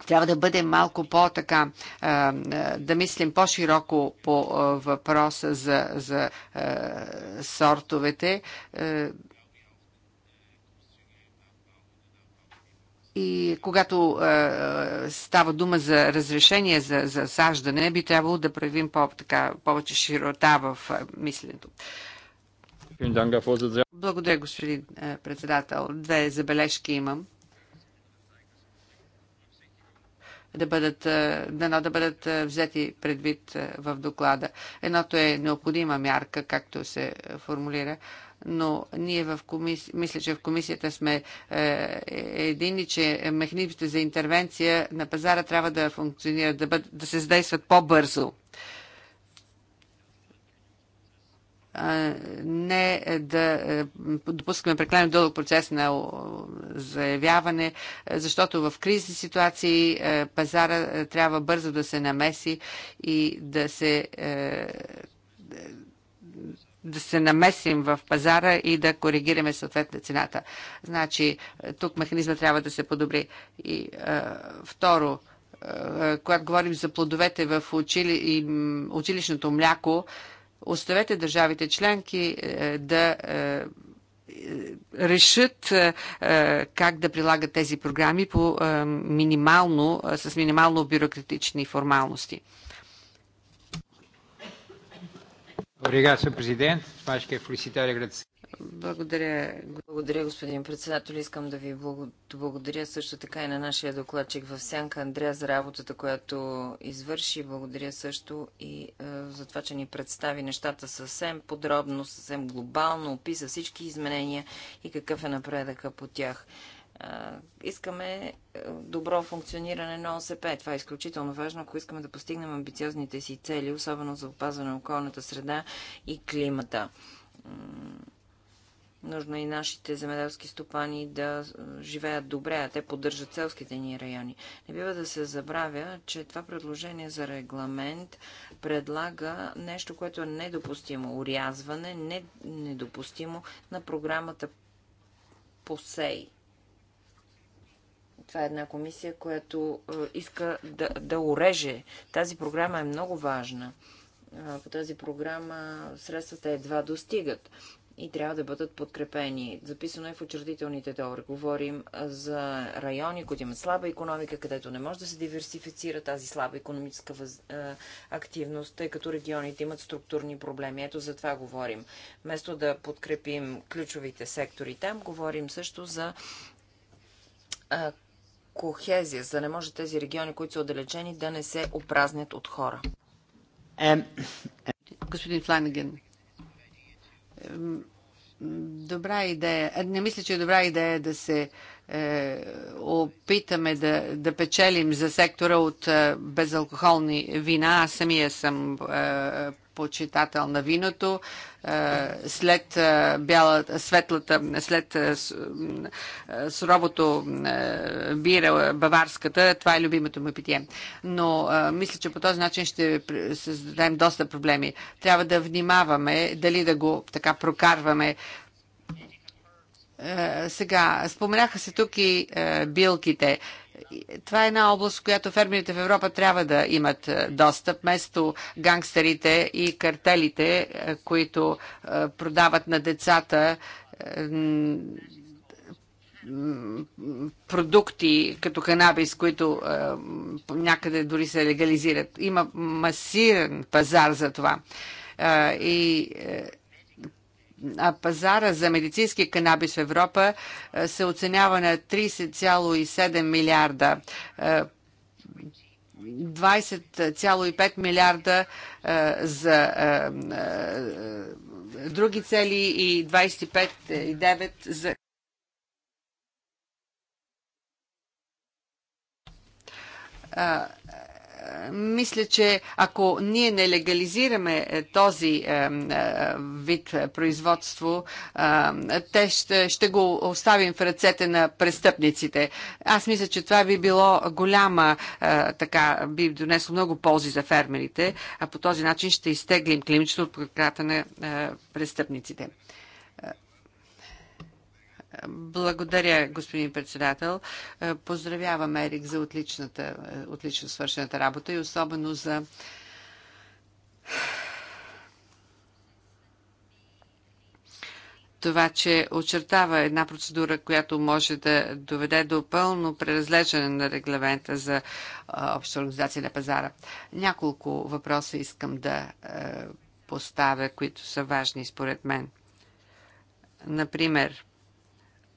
трябва да бъдем малко по-така, да мислим по-широко по въпроса за, за сортовете. И когато е, е, става дума за разрешение за, за саждане, би трябвало да проявим по, така, повече широта в е, мисленето. Благодаря, господин е, председател. Две забележки имам. Да бъдат, е, да, да бъдат е, взети предвид в доклада. Едното е необходима мярка, както се формулира но ние в комисия, мисля, че в комисията сме е, едини, че механизмите за интервенция на пазара трябва да функционират, да, бъд, да се задействат по-бързо. не да е, допускаме прекалено дълъг процес на заявяване, защото в кризисни ситуации е, пазара е, трябва бързо да се намеси и да се да се намесим в пазара и да коригираме съответно цената. Значи, тук механизма трябва да се подобри. И а, второ, а, когато говорим за плодовете в учили... и, училищното мляко, оставете държавите членки а, е, да. А, е, е, решат а, как да прилагат тези програми по а, минимално, с минимално бюрократични формалности. E благодаря. Благодаря, господин председател. Искам да ви благодаря също така и на нашия докладчик в Сянка Андрея за работата, която извърши. Благодаря също и е, за това, че ни представи нещата съвсем подробно, съвсем глобално, описа всички изменения и какъв е напредъка по тях искаме е, добро функциониране на ОСП. Това е изключително важно, ако искаме да постигнем амбициозните си цели, особено за опазване на околната среда и климата. Нужно е и нашите земеделски стопани да е, живеят добре, а те поддържат селските ни райони. Не бива да се забравя, че това предложение за регламент предлага нещо, което е недопустимо. Урязване, недопустимо на програмата ПОСЕЙ това е една комисия, която е, иска да, да уреже. Тази програма е много важна. По тази програма средствата едва достигат и трябва да бъдат подкрепени. Записано е в очертителните договори. Говорим за райони, които имат слаба економика, където не може да се диверсифицира тази слаба економическа въз... активност, тъй като регионите имат структурни проблеми. Ето за това говорим. Вместо да подкрепим ключовите сектори там, говорим също за кохезия, за да не може тези региони, които са отдалечени, да не се опразнят от хора. Господин Фланаген, добра идея. Е, не мисля, че е добра идея да се е, опитаме да, да печелим за сектора от е, безалкохолни вина. Аз самия съм е, почитател на виното. След бяла, светлата, след суровото бира, баварската, това е любимото ми питие. Но мисля, че по този начин ще създадем доста проблеми. Трябва да внимаваме дали да го така прокарваме е, сега, споменаха се тук и е, билките. Това е една област, в която фермерите в Европа трябва да имат е, достъп, вместо гангстерите и картелите, които продават на децата продукти като канабис, които някъде дори се легализират. Има масиран пазар за това. И а пазара за медицински канабис в Европа е, се оценява на 30,7 милиарда. 20,5 е, милиарда е, за други цели и 25,9 за мисля, че ако ние не легализираме е, този е, е, вид производство, те ще, ще го оставим в ръцете на престъпниците. Аз мисля, че това би било голяма, така, би донесло много ползи за фермерите, а по този начин ще изтеглим климичното от краката на престъпниците. Благодаря, господин председател. Е, поздравявам Ерик за отличната, е, отлично свършената работа и особено за това, че очертава една процедура, която може да доведе до пълно преразглеждане на регламента за е, обща организация на пазара. Няколко въпроса искам да поставя, които са важни според мен. Например,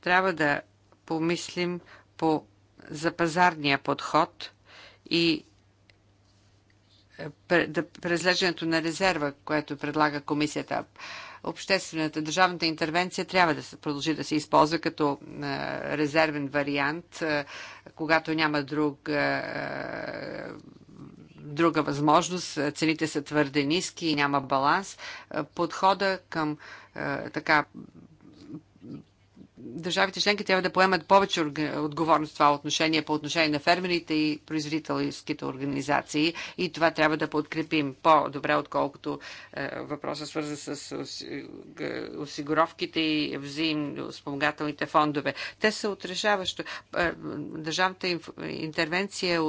трябва да помислим по, за пазарния подход и е, презлежането на резерва, което предлага комисията. Обществената, държавната интервенция трябва да се продължи да се използва като е, резервен вариант, е, когато няма друг друга възможност. Цените са твърде ниски и няма баланс. Подхода към така държавите членки трябва да поемат повече отговорност в това отношение по отношение на фермерите и производителските организации и това трябва да подкрепим по-добре, отколкото е, въпроса свързан с осигуровките и взаимно спомагателните фондове. Те са отрешаващо. Е, държавната интервенция е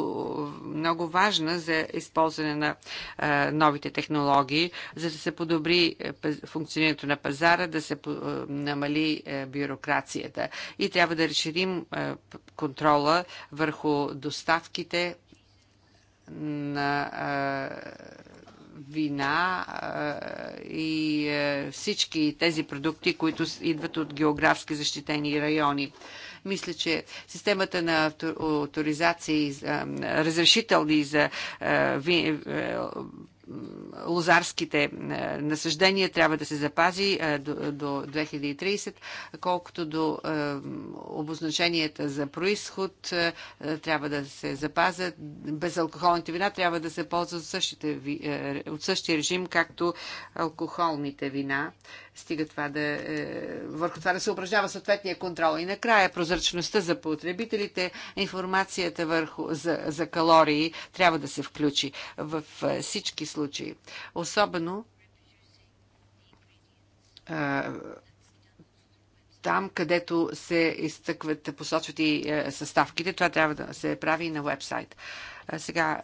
много важна за използване на е, новите технологии, за да се подобри е, функционирането на пазара, да се е, намали бюрократ ситуацията и трябва да разширим е, контрола върху доставките на е, вина е, и всички тези продукти, които идват от географски защитени райони. Мисля, че системата на авторизации, разрешителни за лозарските е, насъждения трябва да се запази е, до, 2030, колкото до е, обозначенията за происход трябва да се запазят. Безалкохолните вина трябва да се ползват от същия режим, както алкохолните вина стига това да, е, върху това да се упражнява съответния контрол. И накрая прозрачността за потребителите, информацията върху, за, за калории трябва да се включи в е, всички случаи. Особено е, там, където се изтъкват, посочват и е, съставките, това трябва да се прави и на вебсайт. сега,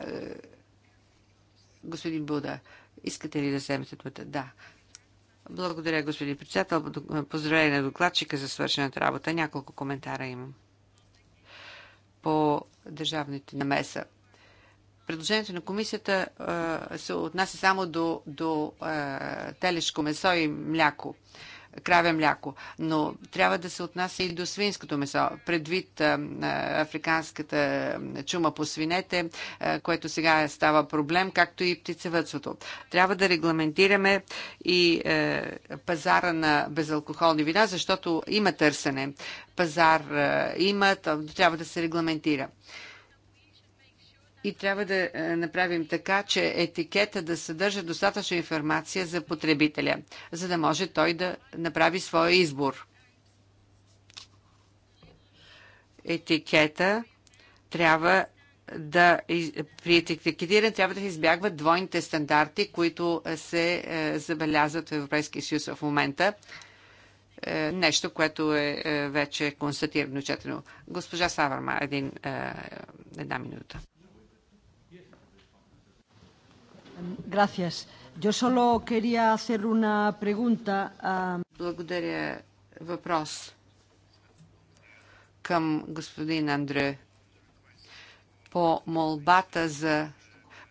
господин Буда, искате ли да вземете думата? Да. Благодаря, господин председател. Поздравление на докладчика за свършената работа. Няколко коментара имам по държавните намеса. Предложението на комисията се отнася само до, до телешко месо и мляко краве мляко, но трябва да се отнася и до свинското месо, предвид африканската чума по свинете, което сега става проблем, както и птицевътството. Трябва да регламентираме и е, пазара на безалкохолни вина, защото има търсене. Пазар имат, е, има, трябва да се регламентира и трябва да е, направим така, че етикета да съдържа достатъчна информация за потребителя, за да може той да направи своя избор. Етикета трябва да, при етикетиране трябва да се избягват двойните стандарти, които се е, забелязват в Европейския съюз в момента. Е, нещо, което е вече констатирано, четено. Госпожа Саварма, един, една минута. Gracias. Yo solo quería hacer una pregunta. A... Ah, Благодаря. Въпрос към господин Андре. По молбата за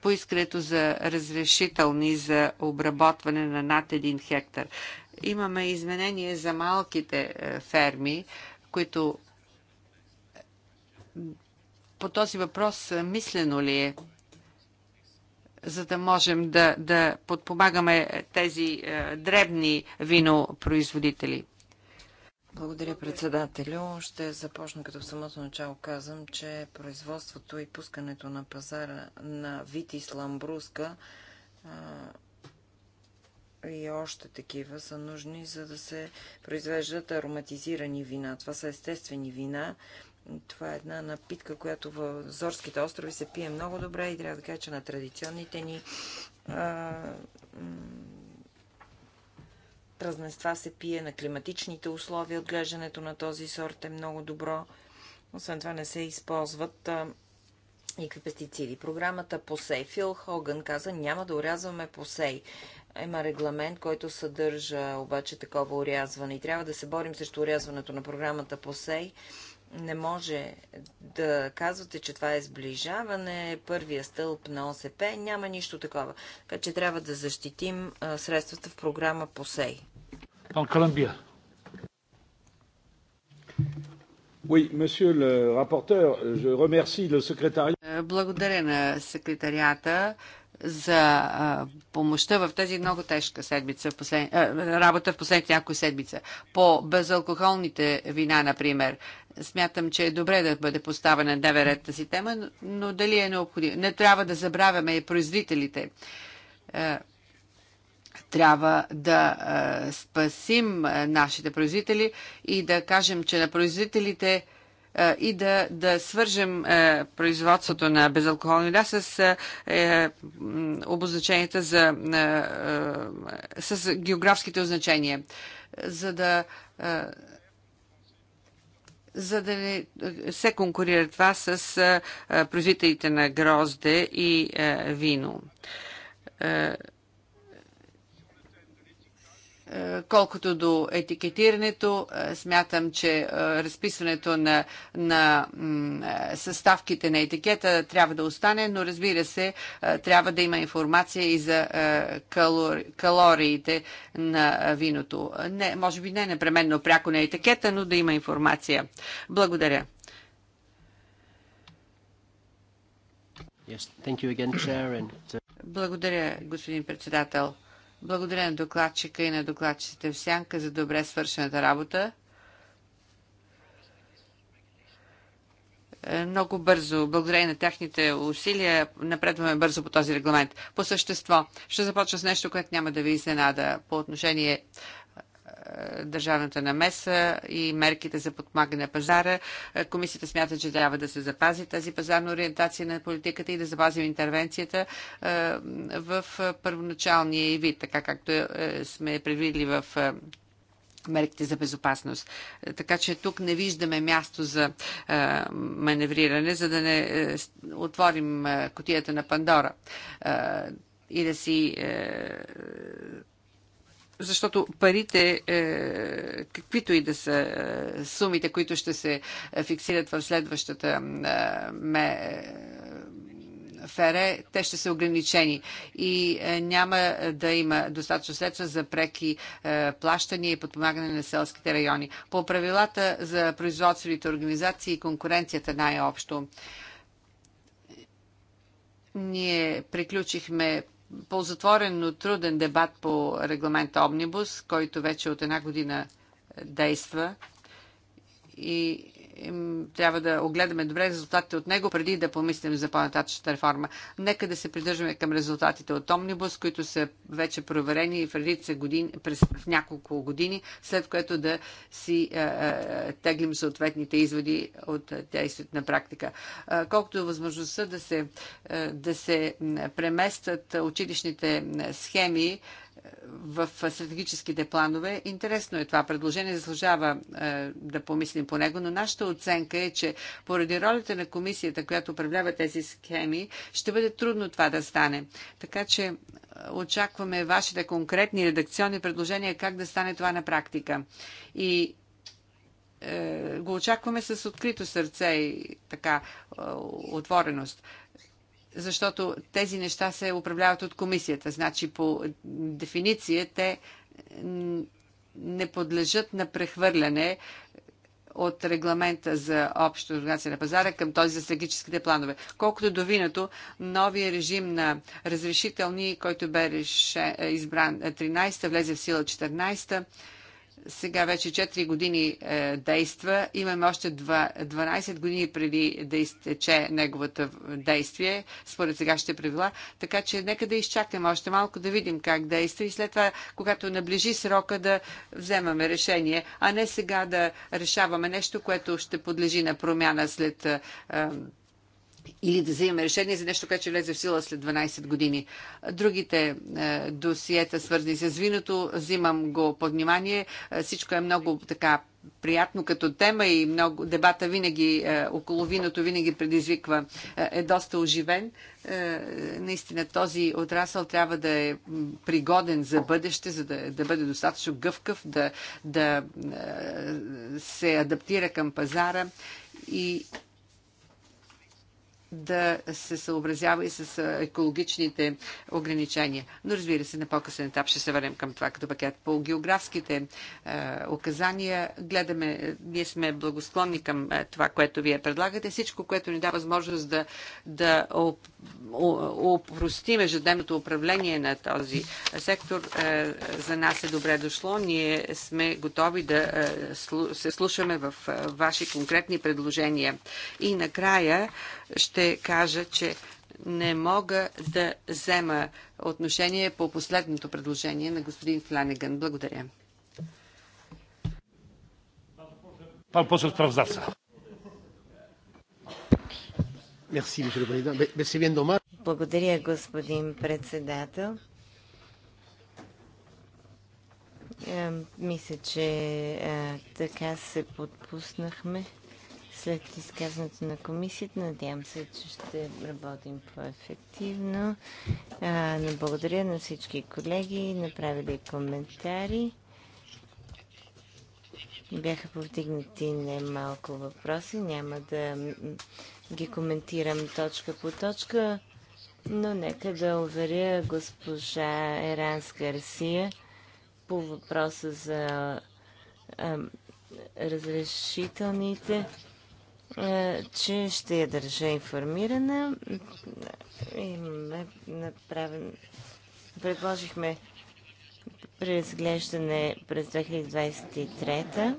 по искрето за разрешителни за обработване на над 1 хектар. Имаме изменение за малките е, ферми, които по този въпрос е, мислено ли е? за да можем да, да подпомагаме тези е, дребни винопроизводители. Благодаря, председателю. Ще започна като в самото начало казвам, че производството и пускането на пазара на Витис Ламбруска а, и още такива са нужни, за да се произвеждат ароматизирани вина. Това са естествени вина, това е една напитка, която в Зорските острови се пие много добре и трябва да кажа, че на традиционните ни празненства се пие, на климатичните условия отглеждането на този сорт е много добро. Освен това не се използват а, никакви пестициди. Програмата посей. Фил Хоган каза, няма да урязваме посей. Има регламент, който съдържа обаче такова урязване и трябва да се борим срещу урязването на програмата посей. сей не може да казвате, че това е сближаване, първия стълб на ОСП, няма нищо такова. Така че трябва да защитим средствата в програма ПОСЕЙ. Пан Colombia. Oui, monsieur le rapporteur, je remercie le secrétariat. Благодаря на секретарията за а, помощта в тази много тежка седмица, в послед... а, работа в последните някои седмица. По безалкохолните вина, например, смятам, че е добре да бъде поставена дневен ред тази тема, но, но дали е необходимо? Не трябва да забравяме и производителите. А, трябва да а, спасим нашите производители и да кажем, че на производителите а, е, и да, да свържем е, производството на безалкохолни вина с е, е обозначенията за е, е, с географските означения, за да за да не се конкурира това с производителите на грозде и вино Колкото до етикетирането, е, смятам, че е, разписването на, на е, съставките на етикета трябва да остане, но разбира се, трябва да има информация и за калориите на виното. Не, може би не непременно пряко на етикета, но да има информация. Благодаря. Yes, again, uh, Благодаря, господин председател. Благодаря на докладчика и на докладчите в сянка за добре свършената работа. Е, много бързо, благодарение на техните усилия, напредваме бързо по този регламент. По същество, ще започна с нещо, което няма да ви изненада по отношение държавната намеса и мерките за подмагане на пазара. Е, комисията смята, че трябва да се запази тази пазарна ориентация на политиката и да запазим интервенцията е, в първоначалния вид, така както е, сме предвидили в мерките за безопасност. Така че тук не виждаме място за маневриране, за да не отворим котията на Пандора и да си защото парите, е, каквито и да са е, сумите, които ще се е, фиксират в следващата ме, ФРЕ, те ще са ограничени и няма да има достатъчно средства за преки плащания и подпомагане на селските райони. По правилата за производствените организации и конкуренцията най-общо. Ние приключихме ползотворен, но труден дебат по регламента Омнибус, който вече от една година действа и трябва да огледаме добре резултатите от него, преди да помислим за по-нататъчната реформа. Нека да се придържаме към резултатите от Омнибус, които са вече проверени в редица години, през в няколко години, след което да си е, е, теглим съответните изводи от действието на практика. Е, колкото е възможността да се, да се преместят училищните схеми, в стратегическите планове. Интересно е това предложение, заслужава е, да помислим по него, но нашата оценка е, че поради ролята на комисията, която управлява тези схеми, ще бъде трудно това да стане. Така че е, очакваме вашите конкретни редакционни предложения как да стане това на практика. И е, го очакваме с открито сърце и така отвореност защото тези неща се управляват от комисията. Значи по дефиниция те не подлежат на прехвърляне от регламента за общата организация на пазара към този за стратегическите планове. Колкото до виното, новия режим на разрешителни, който бе е, избран 13-та, е, влезе в сила 14-та, сега вече 4 години е, действа. Имаме още 2, 12 години преди да изтече неговото действие, според сегашните правила. Така че нека да изчакаме още малко да видим как действа и след това, когато наближи срока, да вземаме решение, а не сега да решаваме нещо, което ще подлежи на промяна след. Е, или да вземем решение за нещо, което ще влезе в сила след 12 години. Другите е, досиета, свързани с виното, взимам го под внимание. Е, всичко е много така приятно като тема и много дебата винаги е, около виното винаги предизвиква е, е доста оживен. Е, наистина този отрасъл трябва да е пригоден за бъдеще, за да, да бъде достатъчно гъвкав, да, да е, се адаптира към пазара и да се съобразява и с екологичните ограничения. Но разбира се, на по-късен етап ще се върнем към това като пакет. По географските е, указания гледаме, ние сме благосклонни към това, което вие предлагате. Всичко, което ни дава възможност да, да опростим ежедневното управление на този сектор, е, за нас е добре дошло. Ние сме готови да е, се слушаме в ваши конкретни предложения. И накрая, ще кажа, че не мога да взема отношение по последното предложение на господин Фланеган. Благодаря. Благодаря, господин председател. Е, мисля, че е, така се подпуснахме след изказването на комисията. Надявам се, че ще работим по-ефективно. но благодаря на всички колеги, направили коментари. Бяха повдигнати немалко въпроси. Няма да ги коментирам точка по точка, но нека да уверя госпожа Еранс Гарсия по въпроса за разрешителните е, че ще я държа информирана. Е направен... Предложихме преразглеждане през 2023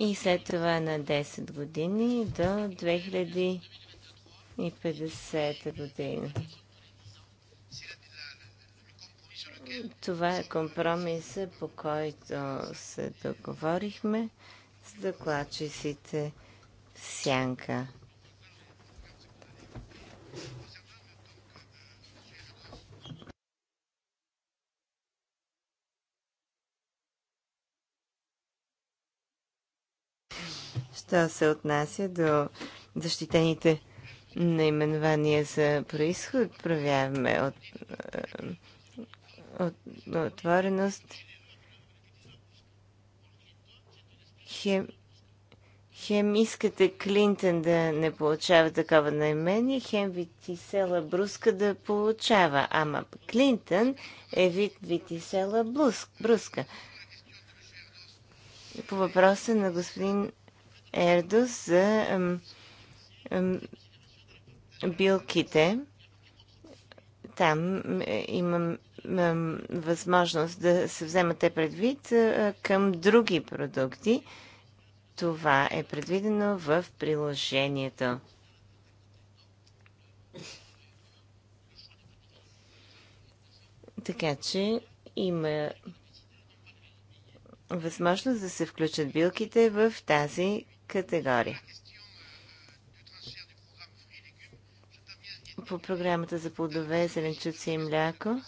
и след това на 10 години до 2050 година. Това е компромиса, по който се договорихме докладчиците Сянка. Що се отнася до защитените наименования за происход, проявяваме от, е, от, отвореност Хем, хем искате Клинтън да не получава такова наимение, хем Витисела Бруска да получава. Ама Клинтън е вид Витисела Бруска. По въпроса на господин Ердос за ам, ам, билките, там е, имам възможност да се вземат те предвид към други продукти. Това е предвидено в приложението. Така че има възможност да се включат билките в тази категория. По програмата за плодове, зеленчуци и мляко.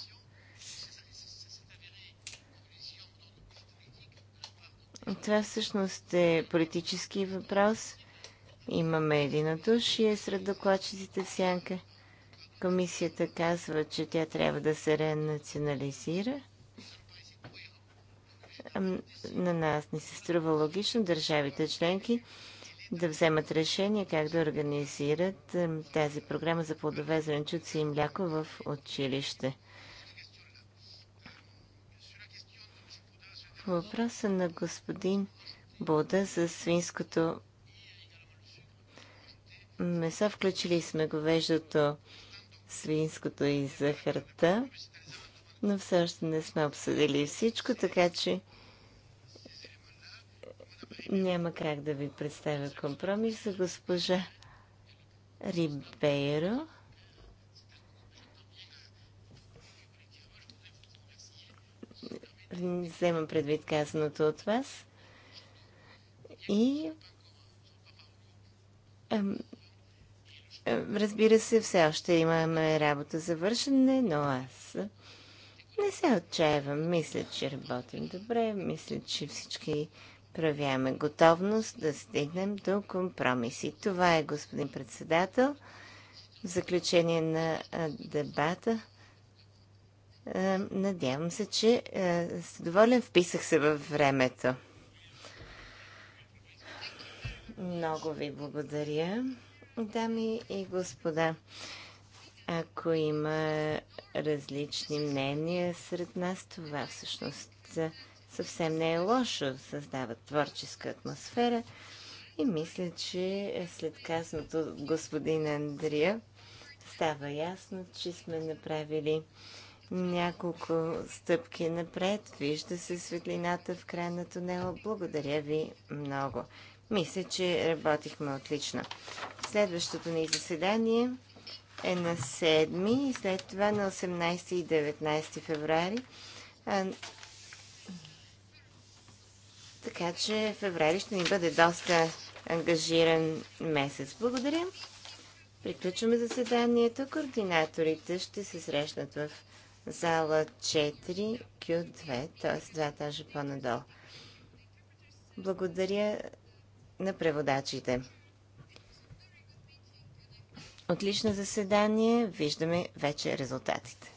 Това всъщност е политически въпрос. Имаме един е сред докладчиците в сянка. Комисията казва, че тя трябва да се ренационализира. На нас не се струва логично държавите членки да вземат решение как да организират тази програма за плодове, зеленчуци и мляко в училище. Въпросът въпроса на господин Бода за свинското месо, включили сме говеждото, свинското и захарта, но все още не сме обсъдили всичко, така че няма как да ви представя компромис за госпожа Рибейро. вземам предвид казаното от вас. И Разбира се, все още имаме работа за вършене, но аз не се отчаявам. Мисля, че работим добре, мисля, че всички правяме готовност да стигнем до компромиси. Това е, господин председател. В заключение на дебата Надявам се, че е, сте доволен. Вписах се във времето. Много ви благодаря, дами и господа. Ако има различни мнения сред нас, това всъщност е, съвсем не е лошо. Създава творческа атмосфера и мисля, че след казаното господин Андрия става ясно, че сме направили няколко стъпки напред. Вижда се светлината в края на тунела. Благодаря ви много. Мисля, че работихме отлично. Следващото ни заседание е на 7 и след това на 18 и 19 феврари. А... Така че феврари ще ни бъде доста ангажиран месец. Благодаря. Приключваме заседанието. Координаторите ще се срещнат в зала 4, Q2, т.е. два етажа по-надолу. Благодаря на преводачите. Отлично заседание. Виждаме вече резултатите.